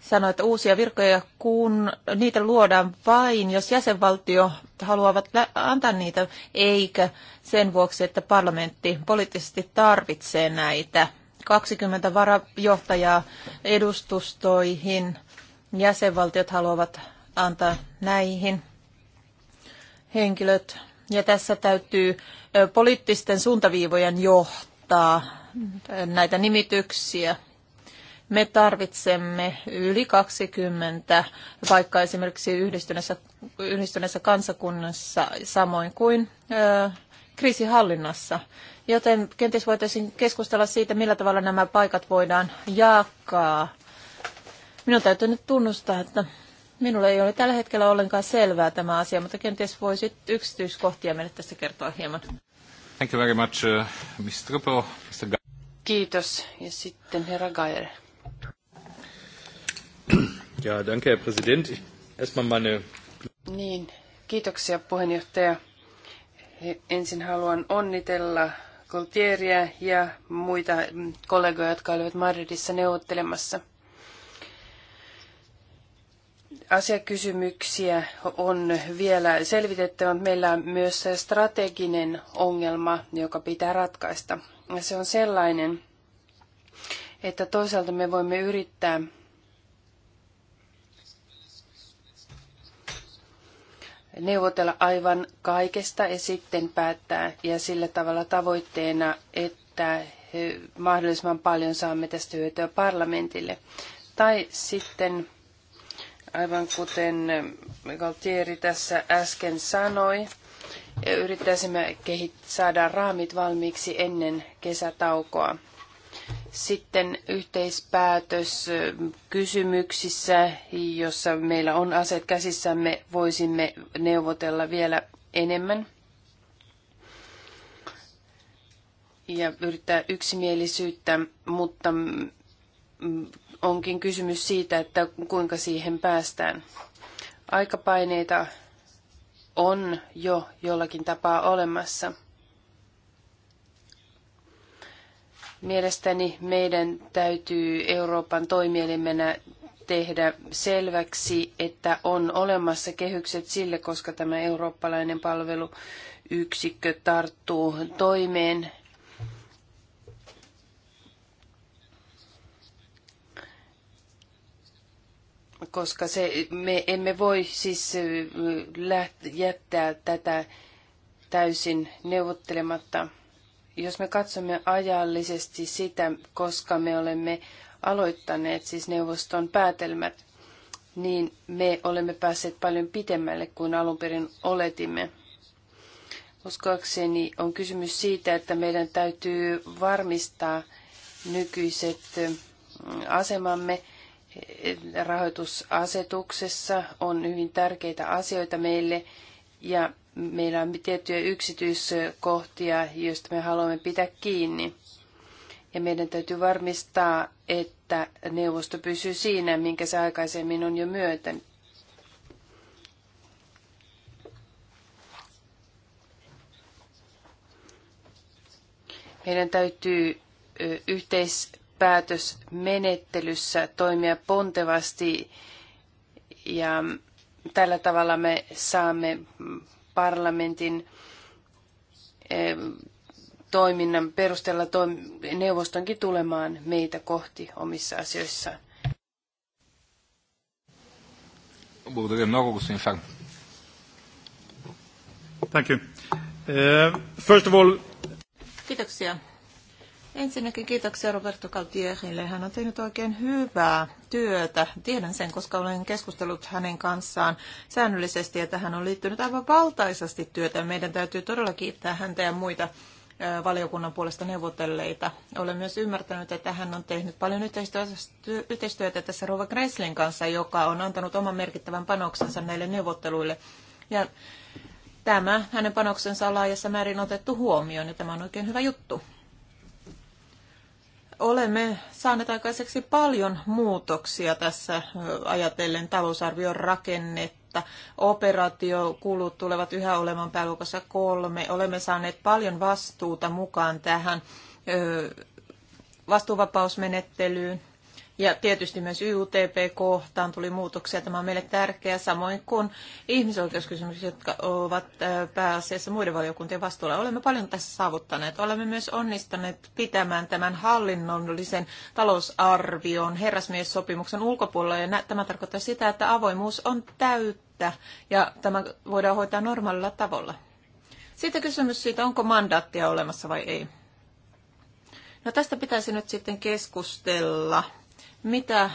sanoi, että uusia virkoja, kun niitä luodaan vain, jos jäsenvaltio haluavat antaa niitä, eikä sen vuoksi, että parlamentti poliittisesti tarvitsee näitä. 20 varajohtajaa edustustoihin jäsenvaltiot haluavat antaa näihin henkilöt. Ja tässä täytyy poliittisten suuntaviivojen johtaa näitä nimityksiä. Me tarvitsemme yli 20 vaikka esimerkiksi yhdistyneessä, yhdistyneessä kansakunnassa, samoin kuin ö, kriisihallinnassa. Joten kenties voitaisiin keskustella siitä, millä tavalla nämä paikat voidaan jakaa. Minun täytyy nyt tunnustaa, että Minulle ei ole tällä hetkellä ollenkaan selvää tämä asia, mutta kenties voisit yksityiskohtia mennä tässä kertoa hieman. Thank you very much, uh, Mr. Rupo, Mr. Kiitos. Ja sitten herra Geier. Ja, danke, Herr Präsident. Erstmal meine... Niin, kiitoksia puheenjohtaja. Ensin haluan onnitella Koltieria ja muita mm, kollegoja, jotka olivat Madridissa neuvottelemassa – asiakysymyksiä on vielä selvitettävä. Meillä on myös strateginen ongelma, joka pitää ratkaista. Se on sellainen, että toisaalta me voimme yrittää neuvotella aivan kaikesta ja sitten päättää ja sillä tavalla tavoitteena, että mahdollisimman paljon saamme tästä hyötyä parlamentille. Tai sitten Aivan kuten Galtieri tässä äsken sanoi, yrittäisimme kehit- saada raamit valmiiksi ennen kesätaukoa. Sitten yhteispäätös kysymyksissä, jossa meillä on aset käsissämme, voisimme neuvotella vielä enemmän ja yrittää yksimielisyyttä, mutta onkin kysymys siitä, että kuinka siihen päästään. Aikapaineita on jo jollakin tapaa olemassa. Mielestäni meidän täytyy Euroopan toimielimenä tehdä selväksi, että on olemassa kehykset sille, koska tämä eurooppalainen palveluyksikkö tarttuu toimeen koska se, me emme voi siis läht- jättää tätä täysin neuvottelematta. Jos me katsomme ajallisesti sitä, koska me olemme aloittaneet siis neuvoston päätelmät, niin me olemme päässeet paljon pitemmälle kuin alun perin oletimme. Uskoakseni on kysymys siitä, että meidän täytyy varmistaa nykyiset asemamme rahoitusasetuksessa on hyvin tärkeitä asioita meille ja meillä on tiettyjä yksityiskohtia, joista me haluamme pitää kiinni. Ja meidän täytyy varmistaa, että neuvosto pysyy siinä, minkä se aikaisemmin on jo myöten. Meidän täytyy yhteis päätösmenettelyssä toimia pontevasti ja tällä tavalla me saamme parlamentin eh, toiminnan perusteella neuvostonkin tulemaan meitä kohti omissa asioissaan. Thank you. Uh, first of all... Kiitoksia. Ensinnäkin kiitoksia Roberto Caltierille. Hän on tehnyt oikein hyvää työtä. Tiedän sen, koska olen keskustellut hänen kanssaan säännöllisesti ja tähän on liittynyt aivan valtaisasti työtä. Meidän täytyy todella kiittää häntä ja muita valiokunnan puolesta neuvotelleita. Olen myös ymmärtänyt, että hän on tehnyt paljon yhteistyötä tässä Rova Gresslin kanssa, joka on antanut oman merkittävän panoksensa näille neuvotteluille. Ja tämä hänen panoksensa on laajassa määrin otettu huomioon ja tämä on oikein hyvä juttu olemme saaneet aikaiseksi paljon muutoksia tässä ajatellen talousarvion rakennetta. Operaatiokulut tulevat yhä olemaan pääluokassa kolme. Olemme saaneet paljon vastuuta mukaan tähän vastuuvapausmenettelyyn ja tietysti myös YUTP-kohtaan tuli muutoksia. Tämä on meille tärkeää, samoin kuin ihmisoikeuskysymykset, jotka ovat äh, pääasiassa muiden valiokuntien vastuulla. Olemme paljon tässä saavuttaneet. Olemme myös onnistuneet pitämään tämän hallinnollisen talousarvion herrasmiessopimuksen ulkopuolella. Ja tämä tarkoittaa sitä, että avoimuus on täyttä ja tämä voidaan hoitaa normaalilla tavalla. Sitten kysymys siitä, onko mandaattia olemassa vai ei. No tästä pitäisi nyt sitten keskustella mitä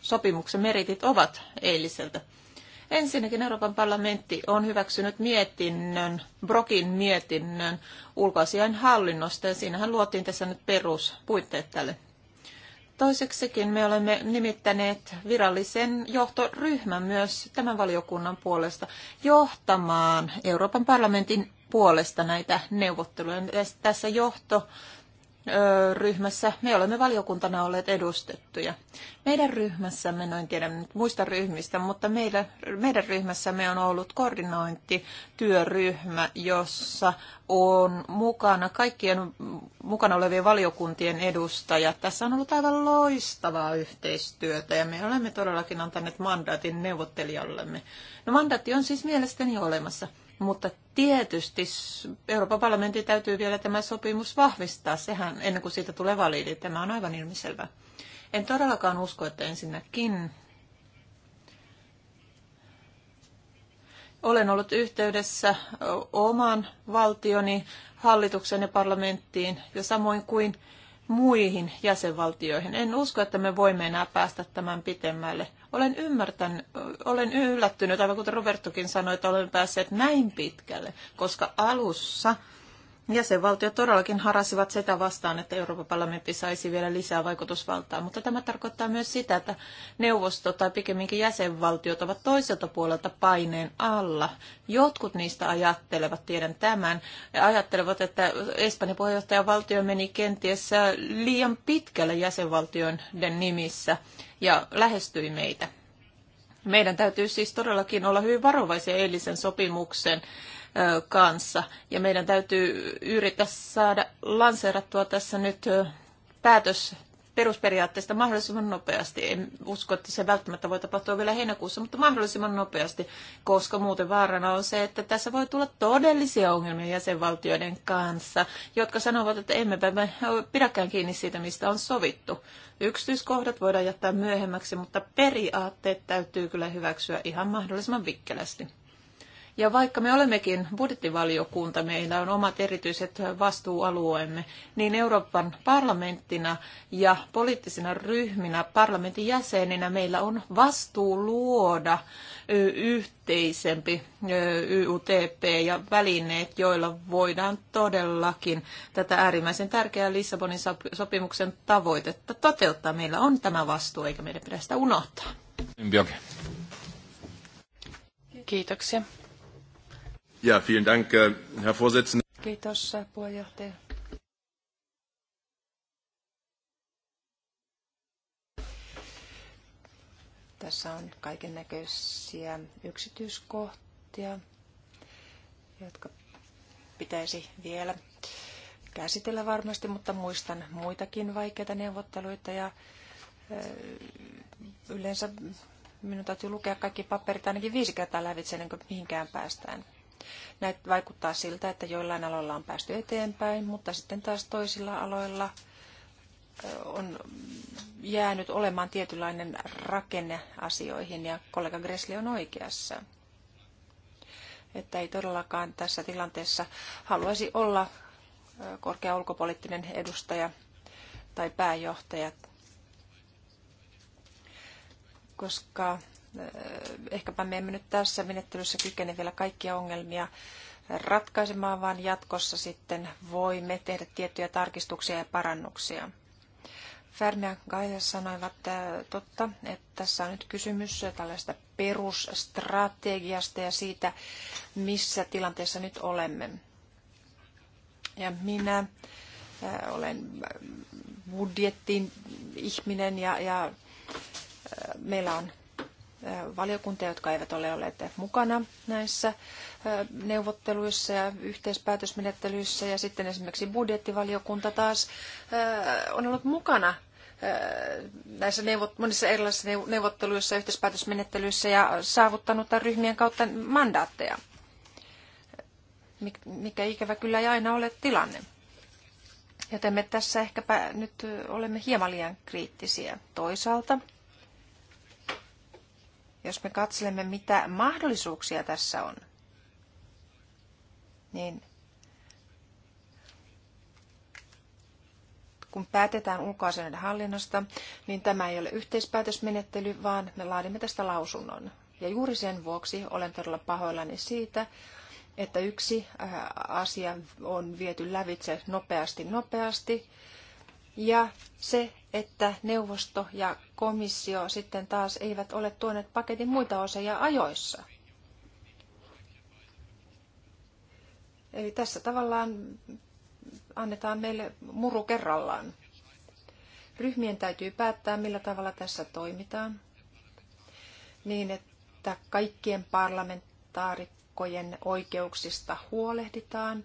sopimuksen meritit ovat eiliseltä. Ensinnäkin Euroopan parlamentti on hyväksynyt mietinnön, Brokin mietinnön ulkoasian hallinnosta ja siinähän luotiin tässä nyt peruspuitteet tälle. Toiseksikin me olemme nimittäneet virallisen johtoryhmän myös tämän valiokunnan puolesta johtamaan Euroopan parlamentin puolesta näitä neuvotteluja. Tässä johto ryhmässä me olemme valiokuntana olleet edustettuja. Meidän ryhmässämme, noin en tiedä nyt muista ryhmistä, mutta meidän, meidän ryhmässämme on ollut koordinointityöryhmä, jossa on mukana kaikkien mukana olevien valiokuntien edustajat. Tässä on ollut aivan loistavaa yhteistyötä ja me olemme todellakin antaneet mandaatin neuvottelijallemme. No mandaatti on siis mielestäni olemassa. Mutta tietysti Euroopan parlamentin täytyy vielä tämä sopimus vahvistaa, sehän ennen kuin siitä tulee validi. Tämä on aivan ilmiselvä. En todellakaan usko, että ensinnäkin olen ollut yhteydessä oman valtioni hallituksen ja parlamenttiin ja samoin kuin muihin jäsenvaltioihin. En usko, että me voimme enää päästä tämän pitemmälle – olen, ymmärtänyt, olen yllättynyt, aivan kuten Robertokin sanoi, että olen päässyt näin pitkälle, koska alussa – jäsenvaltiot todellakin harasivat sitä vastaan, että Euroopan parlamentti saisi vielä lisää vaikutusvaltaa, mutta tämä tarkoittaa myös sitä, että neuvosto tai pikemminkin jäsenvaltiot ovat toiselta puolelta paineen alla. Jotkut niistä ajattelevat, tiedän tämän, ja ajattelevat, että Espanjan puheenjohtajavaltio meni kenties liian pitkälle jäsenvaltioiden nimissä ja lähestyi meitä. Meidän täytyy siis todellakin olla hyvin varovaisia eilisen sopimuksen kanssa. Ja meidän täytyy yrittää saada lanseerattua tässä nyt päätös perusperiaatteista mahdollisimman nopeasti. En usko, että se välttämättä voi tapahtua vielä heinäkuussa, mutta mahdollisimman nopeasti, koska muuten vaarana on se, että tässä voi tulla todellisia ongelmia jäsenvaltioiden kanssa, jotka sanovat, että emme me pidäkään kiinni siitä, mistä on sovittu. Yksityiskohdat voidaan jättää myöhemmäksi, mutta periaatteet täytyy kyllä hyväksyä ihan mahdollisimman vikkelästi. Ja vaikka me olemmekin budjettivaliokunta, meillä on omat erityiset vastuualueemme, niin Euroopan parlamenttina ja poliittisina ryhminä, parlamentin jäseninä meillä on vastuu luoda yhteisempi YUTP ja välineet, joilla voidaan todellakin tätä äärimmäisen tärkeää Lissabonin sopimuksen tavoitetta toteuttaa. Meillä on tämä vastuu, eikä meidän pidä sitä unohtaa. Kiitoksia. Ja, vielen Dank, äh, Herr Vorsitzender. Kiitos, äh, puheenjohtaja. Tässä on kaiken näköisiä yksityiskohtia, jotka pitäisi vielä käsitellä varmasti, mutta muistan muitakin vaikeita neuvotteluita ja äh, yleensä minun täytyy lukea kaikki paperit ainakin viisi kertaa lävitse ennen kuin mihinkään päästään. Näitä vaikuttaa siltä, että joillain aloilla on päästy eteenpäin, mutta sitten taas toisilla aloilla on jäänyt olemaan tietynlainen rakenne asioihin ja kollega Gressli on oikeassa. Että ei todellakaan tässä tilanteessa haluaisi olla korkea ulkopoliittinen edustaja tai pääjohtaja, koska Äh, ehkäpä me emme nyt tässä menettelyssä kykene vielä kaikkia ongelmia ratkaisemaan, vaan jatkossa sitten voimme tehdä tiettyjä tarkistuksia ja parannuksia. Färmi ja Gaia sanoivat että äh, totta, että tässä on nyt kysymys tällaista perusstrategiasta ja siitä, missä tilanteessa nyt olemme. Ja minä äh, olen budjettin ihminen ja, ja meillä on valiokuntia, jotka eivät ole olleet mukana näissä neuvotteluissa ja yhteispäätösmenettelyissä. Ja sitten esimerkiksi budjettivaliokunta taas on ollut mukana näissä neuvot, monissa erilaisissa neuvotteluissa ja yhteispäätösmenettelyissä ja saavuttanut tämän ryhmien kautta mandaatteja, mikä ikävä kyllä ei aina ole tilanne. Joten me tässä ehkäpä nyt olemme hieman liian kriittisiä toisaalta. Jos me katselemme, mitä mahdollisuuksia tässä on, niin kun päätetään ulkoasioiden hallinnosta, niin tämä ei ole yhteispäätösmenettely, vaan me laadimme tästä lausunnon. Ja juuri sen vuoksi olen todella pahoillani siitä, että yksi äh, asia on viety lävitse nopeasti nopeasti, ja se että neuvosto ja komissio sitten taas eivät ole tuoneet paketin muita osia ajoissa. Eli tässä tavallaan annetaan meille muru kerrallaan. Ryhmien täytyy päättää, millä tavalla tässä toimitaan, niin että kaikkien parlamentaarikkojen oikeuksista huolehditaan.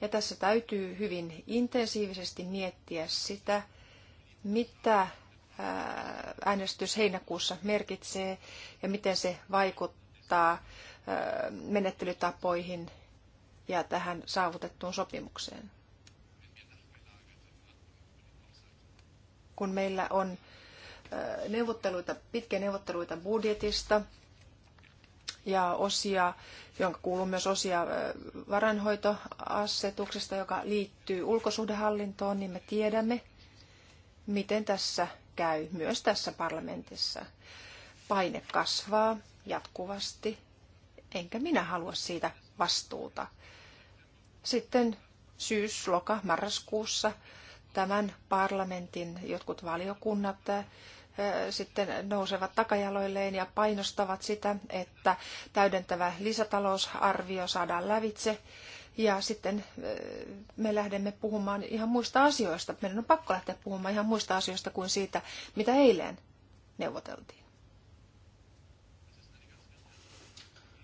Ja tässä täytyy hyvin intensiivisesti miettiä sitä, mitä äänestys heinäkuussa merkitsee ja miten se vaikuttaa menettelytapoihin ja tähän saavutettuun sopimukseen. Kun meillä on neuvotteluita, pitkiä neuvotteluita budjetista ja osia, jonka kuuluu myös osia varainhoitoasetuksesta, joka liittyy ulkosuhdehallintoon, niin me tiedämme, miten tässä käy myös tässä parlamentissa. Paine kasvaa jatkuvasti, enkä minä halua siitä vastuuta. Sitten syys, loka, marraskuussa tämän parlamentin jotkut valiokunnat äh, sitten nousevat takajaloilleen ja painostavat sitä, että täydentävä lisätalousarvio saadaan lävitse ja sitten eh, me lähdemme puhumaan ihan muista asioista. Meidän on pakko lähteä puhumaan ihan muista asioista kuin siitä, mitä eilen neuvoteltiin.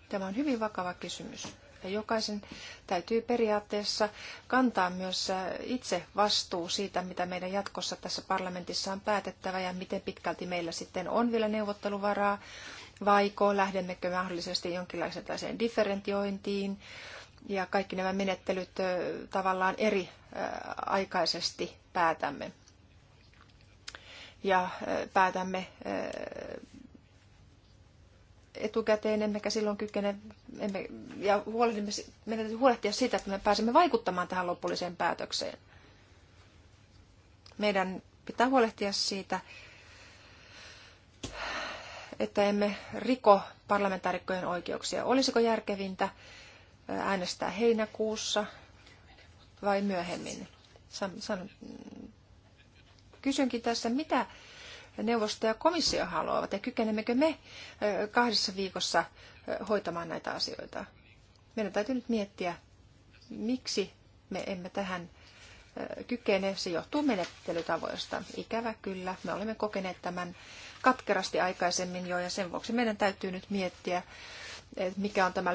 Tämä on hyvin vakava kysymys. Ja jokaisen täytyy periaatteessa kantaa myös eh, itse vastuu siitä, mitä meidän jatkossa tässä parlamentissa on päätettävä ja miten pitkälti meillä sitten on vielä neuvotteluvaraa, vaiko lähdemmekö mahdollisesti jonkinlaiseen tällaiseen differentiointiin, ja kaikki nämä menettelyt tavallaan eri aikaisesti päätämme. Ja päätämme etukäteen, emmekä silloin kykene, emme, ja huolehdimme, meidän täytyy huolehtia siitä, että me pääsemme vaikuttamaan tähän lopulliseen päätökseen. Meidän pitää huolehtia siitä, että emme riko parlamentaarikkojen oikeuksia. Olisiko järkevintä äänestää heinäkuussa vai myöhemmin? San, san, kysynkin tässä, mitä neuvosto ja komissio haluavat ja kykenemmekö me kahdessa viikossa hoitamaan näitä asioita. Meidän täytyy nyt miettiä, miksi me emme tähän kykene. Se johtuu menettelytavoista. Ikävä kyllä, me olemme kokeneet tämän katkerasti aikaisemmin jo ja sen vuoksi meidän täytyy nyt miettiä mikä on tämä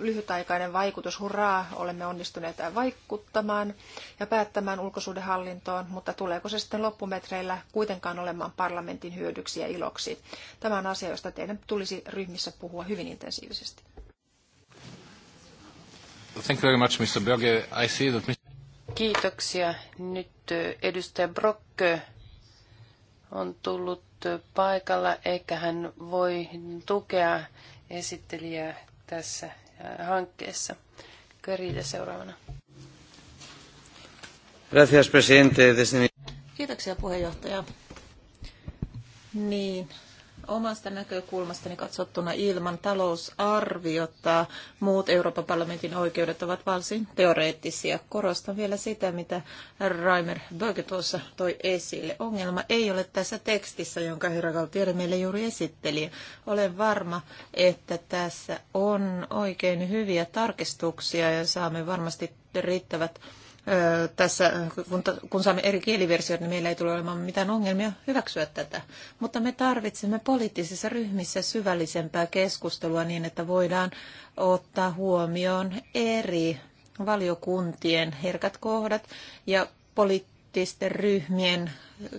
lyhytaikainen vaikutus. Hurraa, olemme onnistuneet vaikuttamaan ja päättämään ulkosuhdehallintoon, mutta tuleeko se sitten loppumetreillä kuitenkaan olemaan parlamentin hyödyksi ja iloksi? Tämä on asia, josta teidän tulisi ryhmissä puhua hyvin intensiivisesti. Thank you very much, Mr. Berge. I see that Mr. Kiitoksia. Nyt eh, edustaja Brock on tullut eh, paikalla, eikä hän voi tukea esittelijää tässä äh, hankkeessa. Körille seuraavana. Gracias, presidente. Kiitoksia puheenjohtaja. Niin, omasta näkökulmastani katsottuna ilman talousarviota muut Euroopan parlamentin oikeudet ovat varsin teoreettisia. Korostan vielä sitä, mitä Raimer Böge tuossa toi esille. Ongelma ei ole tässä tekstissä, jonka herra Galtieri meille juuri esitteli. Olen varma, että tässä on oikein hyviä tarkistuksia ja saamme varmasti riittävät tässä, kun, kun saamme eri kieliversioita, niin meillä ei tule olemaan mitään ongelmia hyväksyä tätä. Mutta me tarvitsemme poliittisissa ryhmissä syvällisempää keskustelua niin, että voidaan ottaa huomioon eri valiokuntien herkät kohdat ja poliittisten ryhmien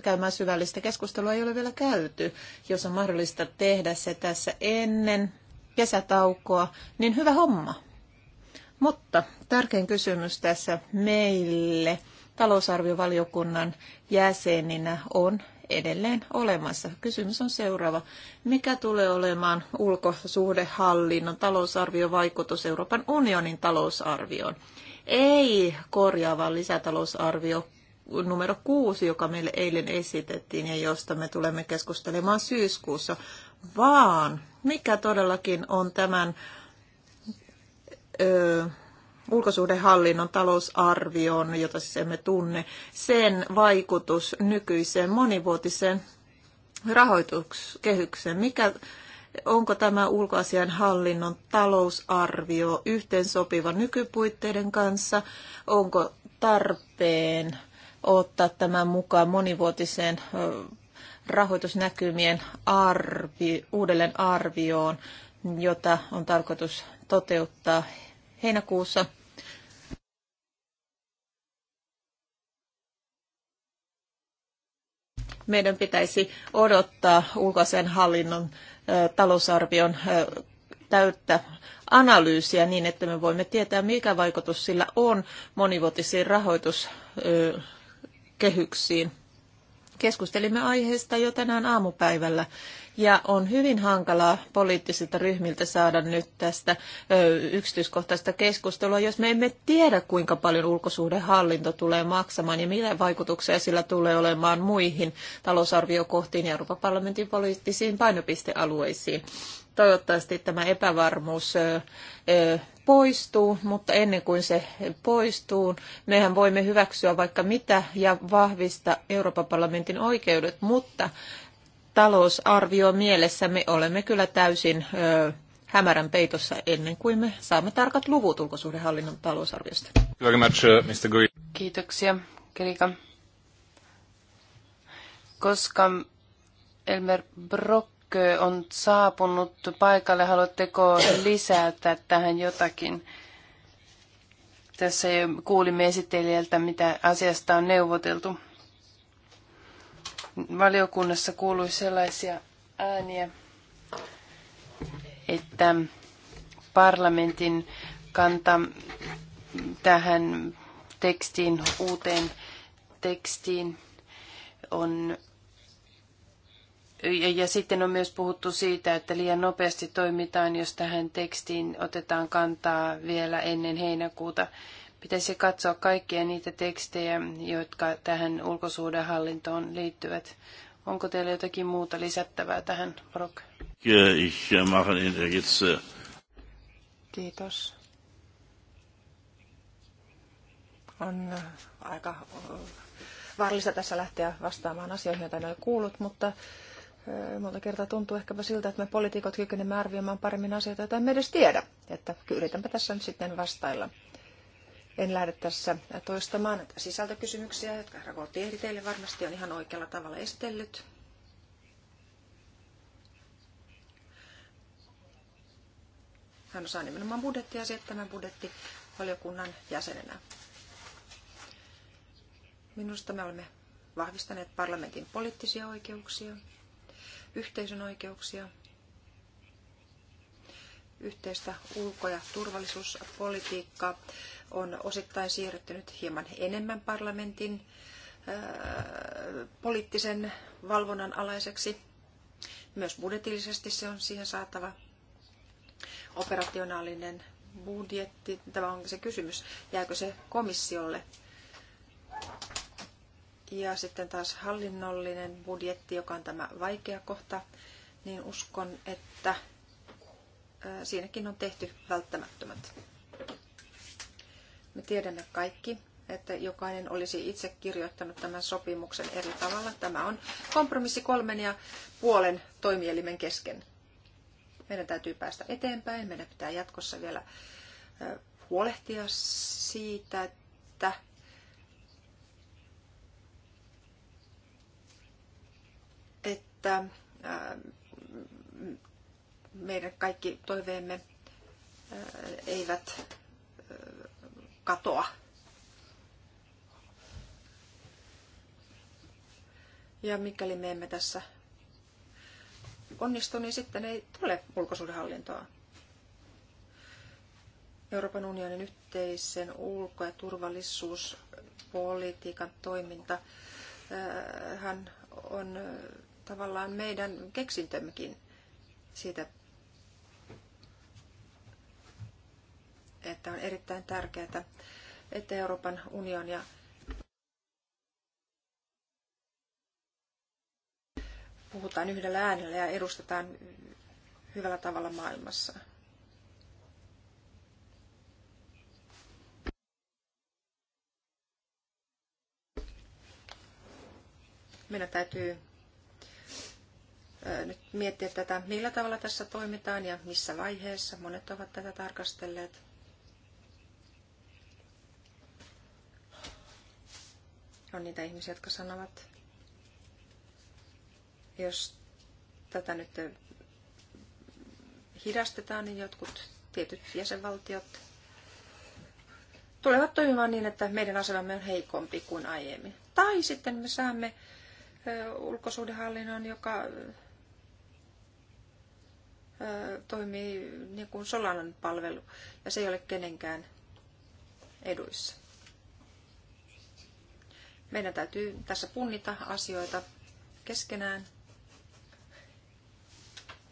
käymään syvällistä keskustelua ei ole vielä käyty. Jos on mahdollista tehdä se tässä ennen kesätaukoa, niin hyvä homma. Mutta tärkein kysymys tässä meille talousarviovaliokunnan jäseninä on edelleen olemassa. Kysymys on seuraava. Mikä tulee olemaan ulkosuhdehallinnon talousarviovaikutus Euroopan unionin talousarvioon? Ei korjaava lisätalousarvio numero kuusi, joka meille eilen esitettiin ja josta me tulemme keskustelemaan syyskuussa, vaan mikä todellakin on tämän ulkosuhdehallinnon talousarvioon, jota siis emme tunne, sen vaikutus nykyiseen monivuotiseen rahoituskehykseen. Mikä, onko tämä ulkoasian hallinnon talousarvio yhteensopiva nykypuitteiden kanssa? Onko tarpeen ottaa tämä mukaan monivuotiseen rahoitusnäkymien arvi, uudelleen arvioon, jota on tarkoitus toteuttaa heinäkuussa. Meidän pitäisi odottaa ulkoisen hallinnon talousarvion täyttä analyysiä niin, että me voimme tietää, mikä vaikutus sillä on monivuotisiin rahoituskehyksiin. Keskustelimme aiheesta jo tänään aamupäivällä ja on hyvin hankalaa poliittisilta ryhmiltä saada nyt tästä yksityiskohtaista keskustelua, jos me emme tiedä, kuinka paljon ulkosuhdehallinto tulee maksamaan ja mitä vaikutuksia sillä tulee olemaan muihin talousarviokohtiin ja Euroopan parlamentin poliittisiin painopistealueisiin. Toivottavasti tämä epävarmuus poistuu, mutta ennen kuin se poistuu, mehän voimme hyväksyä vaikka mitä ja vahvista Euroopan parlamentin oikeudet, mutta talousarvio mielessä me olemme kyllä täysin ö, hämärän peitossa ennen kuin me saamme tarkat luvut ulkosuhdehallinnon talousarviosta. Very much, uh, Mr. Kiitoksia, Kerika. Koska Elmer Brock on saapunut paikalle, haluatteko lisätä tähän jotakin? Tässä kuulimme esittelijältä, mitä asiasta on neuvoteltu valiokunnassa kuului sellaisia ääniä, että parlamentin kanta tähän tekstiin, uuteen tekstiin on ja, sitten on myös puhuttu siitä, että liian nopeasti toimitaan, jos tähän tekstiin otetaan kantaa vielä ennen heinäkuuta. Pitäisi katsoa kaikkia niitä tekstejä, jotka tähän ulkosuhdehallintoon liittyvät. Onko teillä jotakin muuta lisättävää tähän, Brock? Äh, äh, Kiitos. On äh, aika vaarallista tässä lähteä vastaamaan asioihin, joita en ole kuullut, mutta monta kertaa tuntuu ehkäpä siltä, että me poliitikot kykenemme arvioimaan paremmin asioita, joita emme edes tiedä. Että yritänpä tässä nyt sitten vastailla. En lähde tässä toistamaan sisältökysymyksiä, jotka herra Goltieri teille varmasti on ihan oikealla tavalla esitellyt. Hän osaa nimenomaan budjettiasiat tämän budjettivaliokunnan jäsenenä. Minusta me olemme vahvistaneet parlamentin poliittisia oikeuksia, yhteisön oikeuksia, yhteistä ulko- ja turvallisuuspolitiikkaa on osittain nyt hieman enemmän parlamentin äh, poliittisen valvonnan alaiseksi. Myös budjetillisesti se on siihen saatava operationaalinen budjetti. Tämä on se kysymys, jääkö se komissiolle. Ja sitten taas hallinnollinen budjetti, joka on tämä vaikea kohta, niin uskon, että siinäkin on tehty välttämättömät. Me tiedämme kaikki, että jokainen olisi itse kirjoittanut tämän sopimuksen eri tavalla. Tämä on kompromissi kolmen ja puolen toimielimen kesken. Meidän täytyy päästä eteenpäin. Meidän pitää jatkossa vielä huolehtia siitä, että että meidän kaikki toiveemme eivät katoa. Ja mikäli me emme tässä onnistu, niin sitten ei tule ulkosuhdehallintoa. Euroopan unionin yhteisen ulko- ja turvallisuuspolitiikan toiminta hän on tavallaan meidän keksintömmekin. Siitä että on erittäin tärkeää, että Euroopan ja puhutaan yhdellä äänellä ja edustetaan hyvällä tavalla maailmassa. Meidän täytyy nyt miettiä tätä, millä tavalla tässä toimitaan ja missä vaiheessa. Monet ovat tätä tarkastelleet. On niitä ihmisiä, jotka sanovat, jos tätä nyt hidastetaan, niin jotkut tietyt jäsenvaltiot tulevat toimimaan niin, että meidän asemamme on heikompi kuin aiemmin. Tai sitten me saamme ulkosuhdehallinnon, joka toimii niin kuin Solanan palvelu, ja se ei ole kenenkään eduissa. Meidän täytyy tässä punnita asioita keskenään.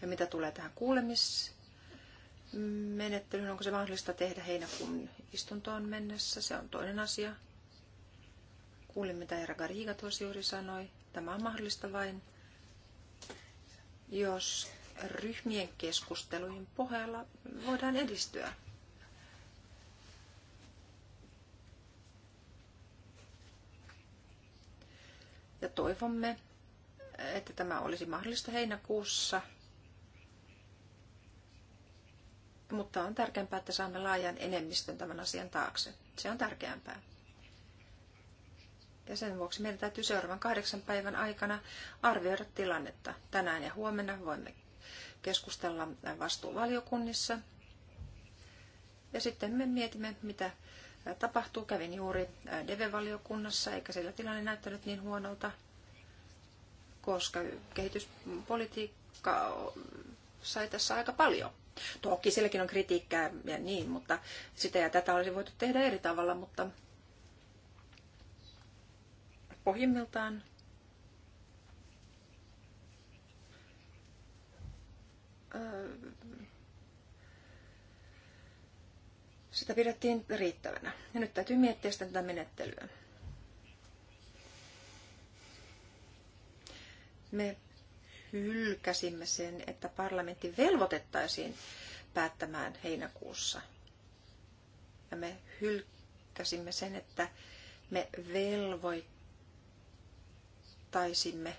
Ja mitä tulee tähän kuulemismenettelyyn, onko se mahdollista tehdä heinäkuun istuntoon mennessä, se on toinen asia. Kuulin, mitä Era Gariga tuossa juuri sanoi. Tämä on mahdollista vain, jos ryhmien keskustelujen pohjalla voidaan edistyä. Ja toivomme, että tämä olisi mahdollista heinäkuussa. Mutta on tärkeämpää, että saamme laajan enemmistön tämän asian taakse. Se on tärkeämpää. Ja sen vuoksi meidän täytyy seuraavan kahdeksan päivän aikana arvioida tilannetta. Tänään ja huomenna voimme keskustella vastuuvaliokunnissa. Ja sitten me mietimme, mitä tapahtuu. Kävin juuri DEVE-valiokunnassa, eikä sillä tilanne näyttänyt niin huonolta, koska kehityspolitiikka sai tässä aika paljon. Toki sielläkin on kritiikkää ja niin, mutta sitä ja tätä olisi voitu tehdä eri tavalla, mutta pohjimmiltaan Sitä pidettiin riittävänä. Ja nyt täytyy miettiä sitten tätä menettelyä. Me hylkäsimme sen, että parlamentti velvoitettaisiin päättämään heinäkuussa. Ja me hylkäsimme sen, että me velvoittaisimme äh,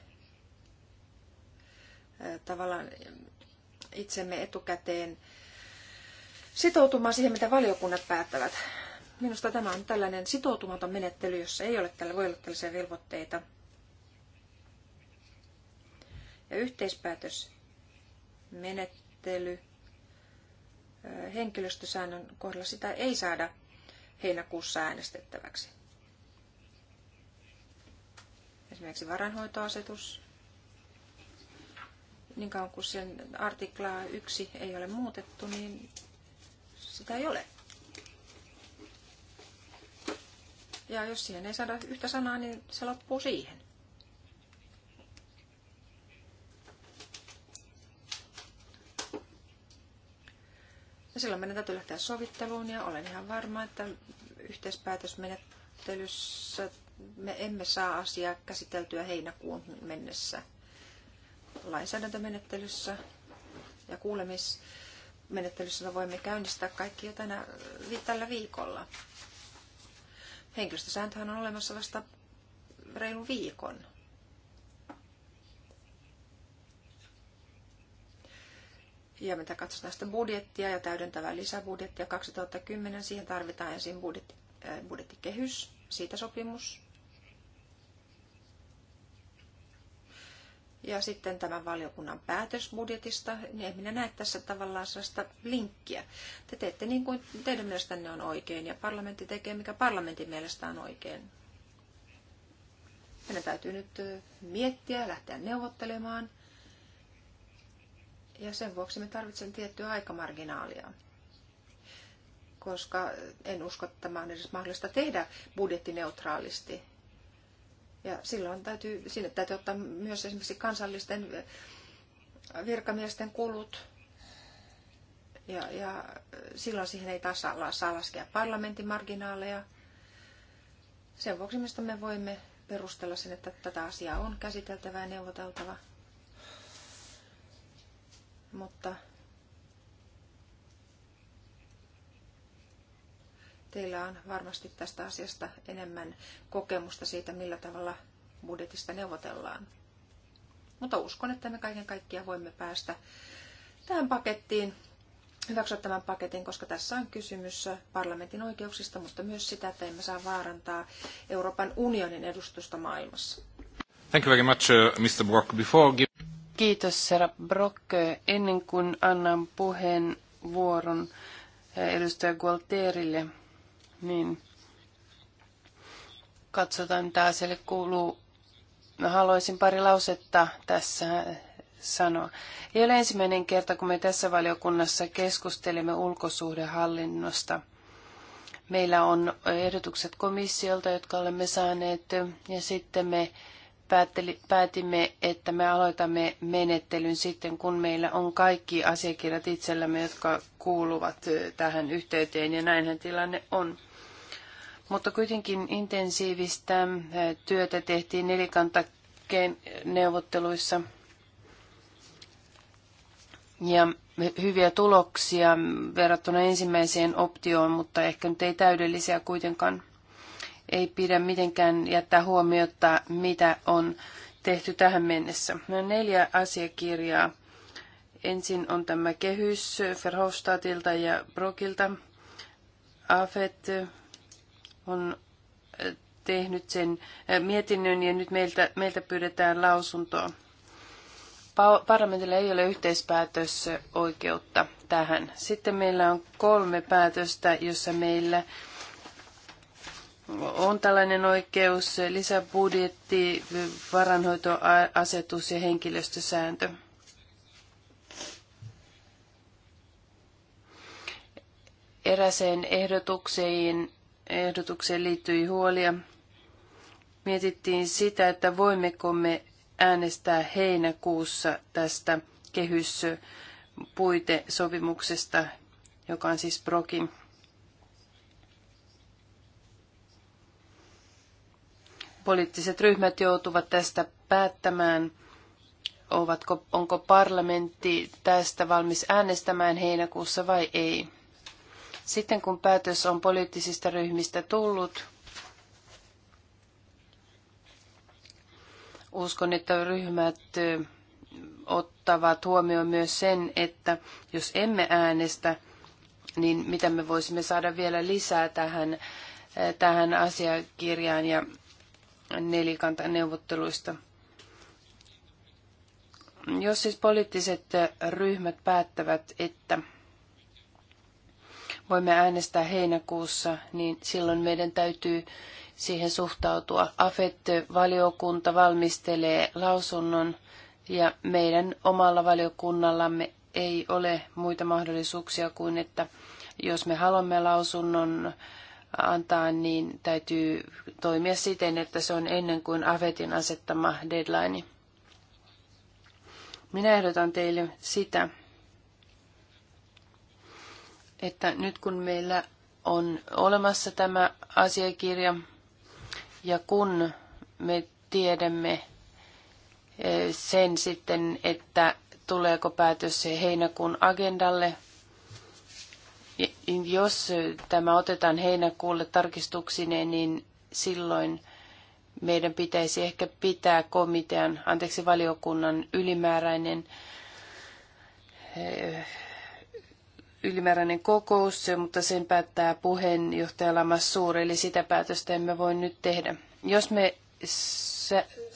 tavallaan itsemme etukäteen sitoutumaan siihen, mitä valiokunnat päättävät. Minusta tämä on tällainen sitoutumaton menettely, jossa ei ole tällä voi olla tällaisia velvoitteita. Ja yhteispäätösmenettely henkilöstösäännön kohdalla sitä ei saada heinäkuussa äänestettäväksi. Esimerkiksi varanhoitoasetus, niin kauan kuin sen artiklaa yksi ei ole muutettu, niin sitä ei ole. Ja jos siihen ei saada yhtä sanaa, niin se loppuu siihen. Ja silloin meidän täytyy lähteä sovitteluun ja olen ihan varma, että yhteispäätösmenettelyssä me emme saa asiaa käsiteltyä heinäkuun mennessä lainsäädäntömenettelyssä ja kuulemis- menettelyssä voimme käynnistää kaikki jo tänä, tällä viikolla. Henkilöstösääntöhän on olemassa vasta reilu viikon. Ja mitä katsotaan sitten budjettia ja täydentävää lisäbudjettia 2010, siihen tarvitaan ensin budjetti, äh, budjettikehys, siitä sopimus. ja sitten tämän valiokunnan päätös budjetista, niin en minä näe tässä tavallaan sellaista linkkiä. Te teette niin kuin teidän mielestänne on oikein ja parlamentti tekee, mikä parlamentin mielestä on oikein. Meidän täytyy nyt miettiä, lähteä neuvottelemaan. Ja sen vuoksi me tarvitsemme tiettyä aikamarginaalia. Koska en usko, että tämä on edes mahdollista tehdä budjettineutraalisti ja silloin täytyy, sinne täytyy ottaa myös esimerkiksi kansallisten virkamiesten kulut. Ja, ja silloin siihen ei taas saa, saa laskea parlamentin marginaaleja. Sen vuoksi mistä me voimme perustella sen, että tätä asiaa on käsiteltävä ja neuvoteltava. Mutta Teillä on varmasti tästä asiasta enemmän kokemusta siitä, millä tavalla budjetista neuvotellaan. Mutta uskon, että me kaiken kaikkiaan voimme päästä tähän pakettiin, hyväksyä tämän paketin, koska tässä on kysymys parlamentin oikeuksista, mutta myös sitä, että emme saa vaarantaa Euroopan unionin edustusta maailmassa. Thank you very much, uh, Mr. Brock. Before give... Kiitos, herra Brock. Ennen kuin annan puheenvuoron uh, edustaja Gualterille, niin katsotaan, mitä asialle kuuluu. Mä haluaisin pari lausetta tässä sanoa. Ei ole ensimmäinen kerta, kun me tässä valiokunnassa keskustelemme ulkosuhdehallinnosta. Meillä on ehdotukset komissiolta, jotka olemme saaneet, ja sitten me päätteli, päätimme, että me aloitamme menettelyn sitten, kun meillä on kaikki asiakirjat itsellämme, jotka kuuluvat tähän yhteyteen, ja näinhän tilanne on. Mutta kuitenkin intensiivistä työtä tehtiin nelikantakkeen neuvotteluissa. Ja hyviä tuloksia verrattuna ensimmäiseen optioon, mutta ehkä nyt ei täydellisiä kuitenkaan. Ei pidä mitenkään jättää huomiota, mitä on tehty tähän mennessä. No, neljä asiakirjaa. Ensin on tämä kehys Verhofstadtilta ja Brokilta. AFET on äh, tehnyt sen äh, mietinnön ja nyt meiltä, meiltä pyydetään lausuntoa. Parlamentilla ei ole yhteispäätösoikeutta tähän. Sitten meillä on kolme päätöstä, jossa meillä on tällainen oikeus, lisäbudjetti, varanhoitoasetus ja henkilöstösääntö. Eräseen ehdotukseen ehdotukseen liittyi huolia. Mietittiin sitä, että voimmeko me äänestää heinäkuussa tästä kehyspuitesopimuksesta, joka on siis Brokin. Poliittiset ryhmät joutuvat tästä päättämään, ovatko, onko parlamentti tästä valmis äänestämään heinäkuussa vai ei. Sitten kun päätös on poliittisista ryhmistä tullut, uskon, että ryhmät ottavat huomioon myös sen, että jos emme äänestä, niin mitä me voisimme saada vielä lisää tähän, tähän asiakirjaan ja nelikantaneuvotteluista. Jos siis poliittiset ryhmät päättävät, että voimme äänestää heinäkuussa, niin silloin meidän täytyy siihen suhtautua. AFET-valiokunta valmistelee lausunnon ja meidän omalla valiokunnallamme ei ole muita mahdollisuuksia kuin, että jos me haluamme lausunnon antaa, niin täytyy toimia siten, että se on ennen kuin AFETin asettama deadline. Minä ehdotan teille sitä, että nyt kun meillä on olemassa tämä asiakirja ja kun me tiedämme eh, sen sitten, että tuleeko päätös se heinäkuun agendalle, jos tämä otetaan heinäkuulle tarkistuksineen, niin silloin meidän pitäisi ehkä pitää komitean, anteeksi valiokunnan ylimääräinen eh, ylimääräinen kokous, mutta sen päättää puheenjohtaja Lamas Suuri, eli sitä päätöstä emme voi nyt tehdä. Jos me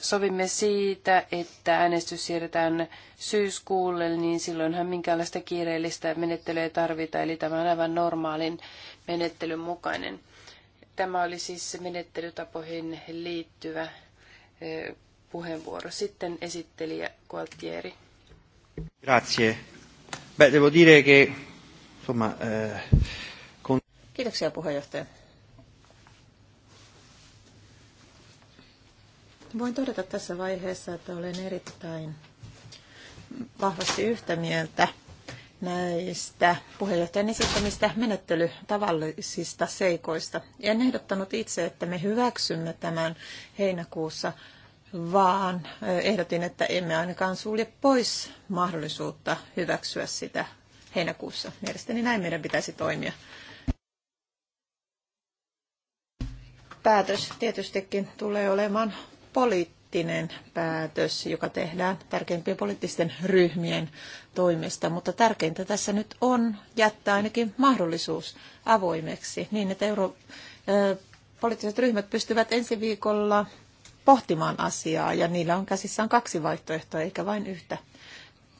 sovimme siitä, että äänestys siirretään syyskuulle, niin silloinhan minkäänlaista kiireellistä menettelyä ei tarvita, eli tämä on aivan normaalin menettelyn mukainen. Tämä oli siis menettelytapoihin liittyvä puheenvuoro. Sitten esittelijä Gualtieri. Grazie. Beh, devo dire che Insomma, eh, Kiitoksia puheenjohtaja. Voin todeta tässä vaiheessa, että olen erittäin vahvasti yhtä mieltä näistä puheenjohtajan esittämistä menettelytavallisista seikoista. En ehdottanut itse, että me hyväksymme tämän heinäkuussa, vaan eh, ehdotin, että emme ainakaan sulje pois mahdollisuutta hyväksyä sitä heinäkuussa. Mielestäni näin meidän pitäisi toimia. Päätös tietystikin tulee olemaan poliittinen päätös, joka tehdään tärkeimpien poliittisten ryhmien toimesta, mutta tärkeintä tässä nyt on jättää ainakin mahdollisuus avoimeksi niin, että euro, poliittiset ryhmät pystyvät ensi viikolla pohtimaan asiaa ja niillä on käsissään kaksi vaihtoehtoa eikä vain yhtä.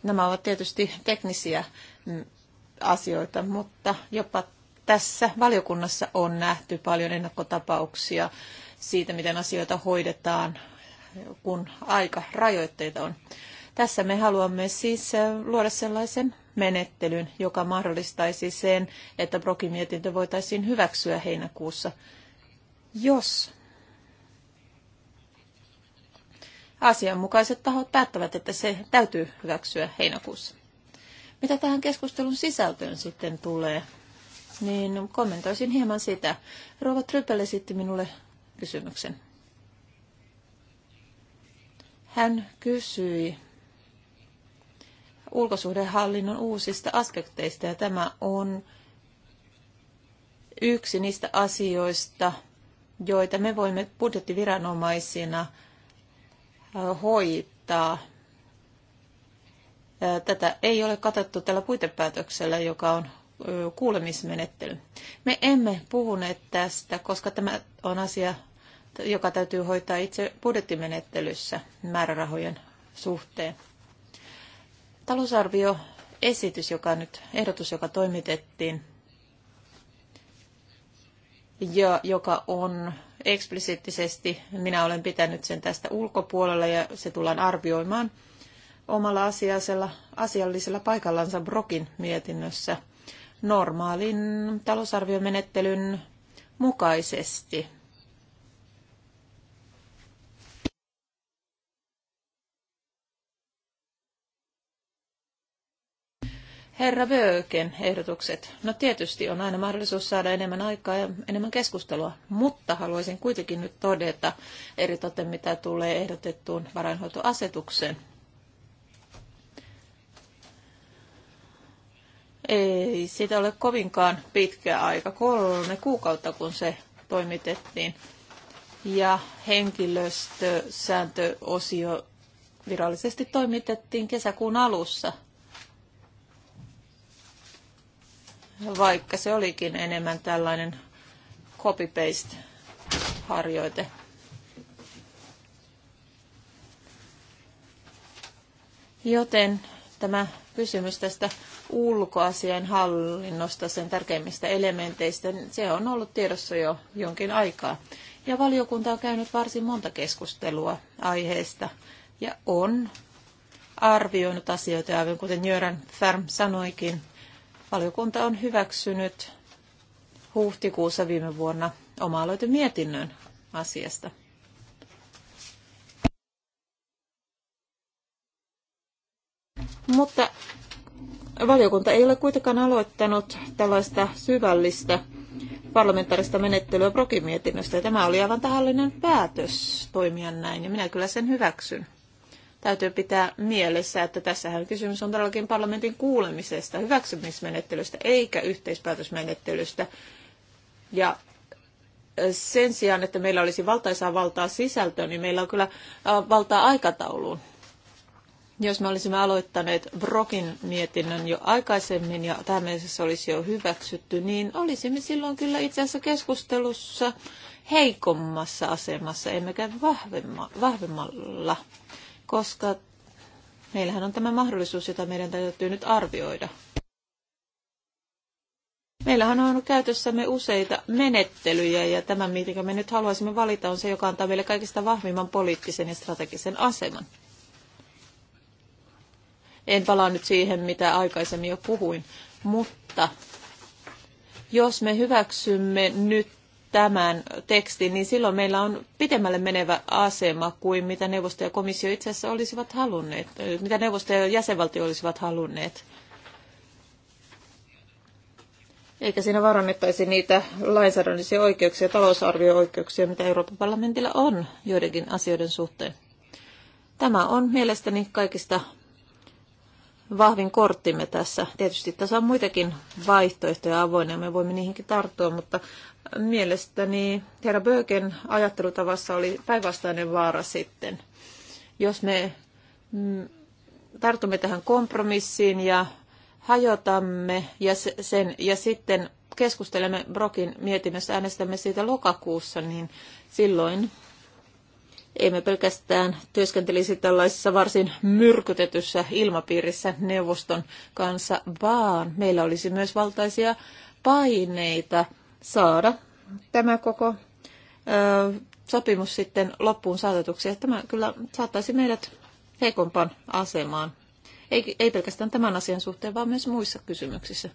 Nämä ovat tietysti teknisiä asioita, mutta jopa tässä valiokunnassa on nähty paljon ennakkotapauksia siitä, miten asioita hoidetaan, kun aika rajoitteita on. Tässä me haluamme siis luoda sellaisen menettelyn, joka mahdollistaisi sen, että Brokin voitaisiin hyväksyä heinäkuussa, jos asianmukaiset tahot päättävät, että se täytyy hyväksyä heinäkuussa. Mitä tähän keskustelun sisältöön sitten tulee, niin kommentoisin hieman sitä. Rova Trypel esitti minulle kysymyksen. Hän kysyi ulkosuhdehallinnon uusista aspekteista ja tämä on yksi niistä asioista, joita me voimme budjettiviranomaisina hoitaa Tätä ei ole katettu tällä puitepäätöksellä, joka on kuulemismenettely. Me emme puhuneet tästä, koska tämä on asia, joka täytyy hoitaa itse budjettimenettelyssä määrärahojen suhteen. Talousarvio esitys, joka nyt, ehdotus, joka toimitettiin, ja joka on eksplisiittisesti, minä olen pitänyt sen tästä ulkopuolella ja se tullaan arvioimaan omalla asiallisella, asiallisella paikallansa Brokin mietinnössä normaalin talousarviomenettelyn mukaisesti. Herra Vöken ehdotukset. No tietysti on aina mahdollisuus saada enemmän aikaa ja enemmän keskustelua, mutta haluaisin kuitenkin nyt todeta eri toten, mitä tulee ehdotettuun varainhoitoasetukseen. Ei siitä ole kovinkaan pitkä aika, kolme kuukautta kun se toimitettiin. Ja henkilöstösääntöosio virallisesti toimitettiin kesäkuun alussa. Vaikka se olikin enemmän tällainen copy-paste-harjoite. Joten tämä kysymys tästä ulkoasian hallinnosta, sen tärkeimmistä elementeistä. Se on ollut tiedossa jo jonkin aikaa. Ja valiokunta on käynyt varsin monta keskustelua aiheesta ja on arvioinut asioita, aivan kuten Jörän Färm sanoikin. Valiokunta on hyväksynyt huhtikuussa viime vuonna oma mietinnön asiasta. Mutta Valiokunta ei ole kuitenkaan aloittanut tällaista syvällistä parlamentaarista menettelyä prokimietinnöstä. Ja tämä oli aivan tahallinen päätös toimia näin, ja minä kyllä sen hyväksyn. Täytyy pitää mielessä, että tässähän kysymys on todellakin parlamentin kuulemisesta, hyväksymismenettelystä, eikä yhteispäätösmenettelystä. Ja sen sijaan, että meillä olisi valtaisaa valtaa sisältöön, niin meillä on kyllä valtaa aikatauluun jos me olisimme aloittaneet Brokin mietinnön jo aikaisemmin ja tähän mennessä se olisi jo hyväksytty, niin olisimme silloin kyllä itse asiassa keskustelussa heikommassa asemassa, emmekä vahvemma, vahvemmalla, koska meillähän on tämä mahdollisuus, jota meidän täytyy nyt arvioida. Meillähän on ollut käytössämme useita menettelyjä ja tämä, minkä me nyt haluaisimme valita, on se, joka antaa meille kaikista vahvimman poliittisen ja strategisen aseman. En palaa nyt siihen, mitä aikaisemmin jo puhuin, mutta jos me hyväksymme nyt tämän tekstin, niin silloin meillä on pitemmälle menevä asema kuin mitä neuvosto ja komissio itse asiassa olisivat halunneet, mitä neuvosto ja jäsenvaltio olisivat halunneet. Eikä siinä varannettaisi niitä lainsäädännöllisiä oikeuksia, talousarvio-oikeuksia, mitä Euroopan parlamentilla on joidenkin asioiden suhteen. Tämä on mielestäni kaikista vahvin korttimme tässä. Tietysti tässä on muitakin vaihtoehtoja avoinna ja me voimme niihinkin tarttua, mutta mielestäni herra Böken ajattelutavassa oli päinvastainen vaara sitten. Jos me mm, tartumme tähän kompromissiin ja hajotamme ja, sen, ja sitten keskustelemme Brokin mietinnössä, äänestämme siitä lokakuussa, niin silloin emme pelkästään työskentelisi tällaisessa varsin myrkytetyssä ilmapiirissä neuvoston kanssa, vaan meillä olisi myös valtaisia paineita saada tämä koko ö, sopimus sitten loppuun saatetuksi. Tämä kyllä saattaisi meidät heikompaan asemaan, ei, ei pelkästään tämän asian suhteen, vaan myös muissa kysymyksissä.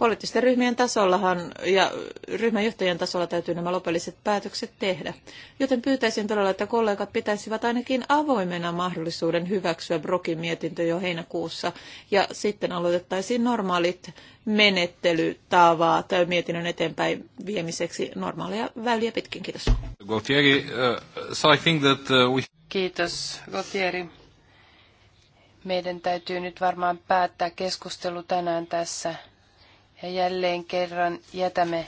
Poliittisten ryhmien tasollahan ja ryhmänjohtajien tasolla täytyy nämä lopulliset päätökset tehdä. Joten pyytäisin todella, että kollegat pitäisivät ainakin avoimena mahdollisuuden hyväksyä Brokin mietintö jo heinäkuussa. Ja sitten aloitettaisiin normaalit menettelytavat mietinnön eteenpäin viemiseksi normaaleja väliä pitkin. Kiitos. Gautieri, uh, so I think that, uh, we... Kiitos, Gautieri. Meidän täytyy nyt varmaan päättää keskustelu tänään tässä ja jälleen kerran jätämme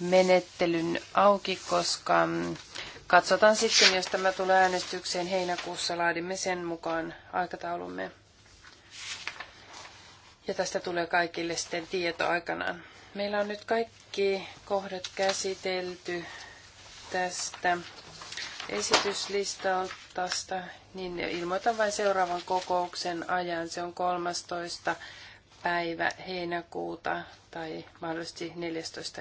menettelyn auki, koska katsotaan sitten, jos tämä tulee äänestykseen heinäkuussa, laadimme sen mukaan aikataulumme. Ja tästä tulee kaikille sitten tieto aikanaan. Meillä on nyt kaikki kohdat käsitelty tästä esityslistalta, niin ilmoitan vain seuraavan kokouksen ajan. Se on 13 päivä heinäkuuta tai mahdollisesti 14.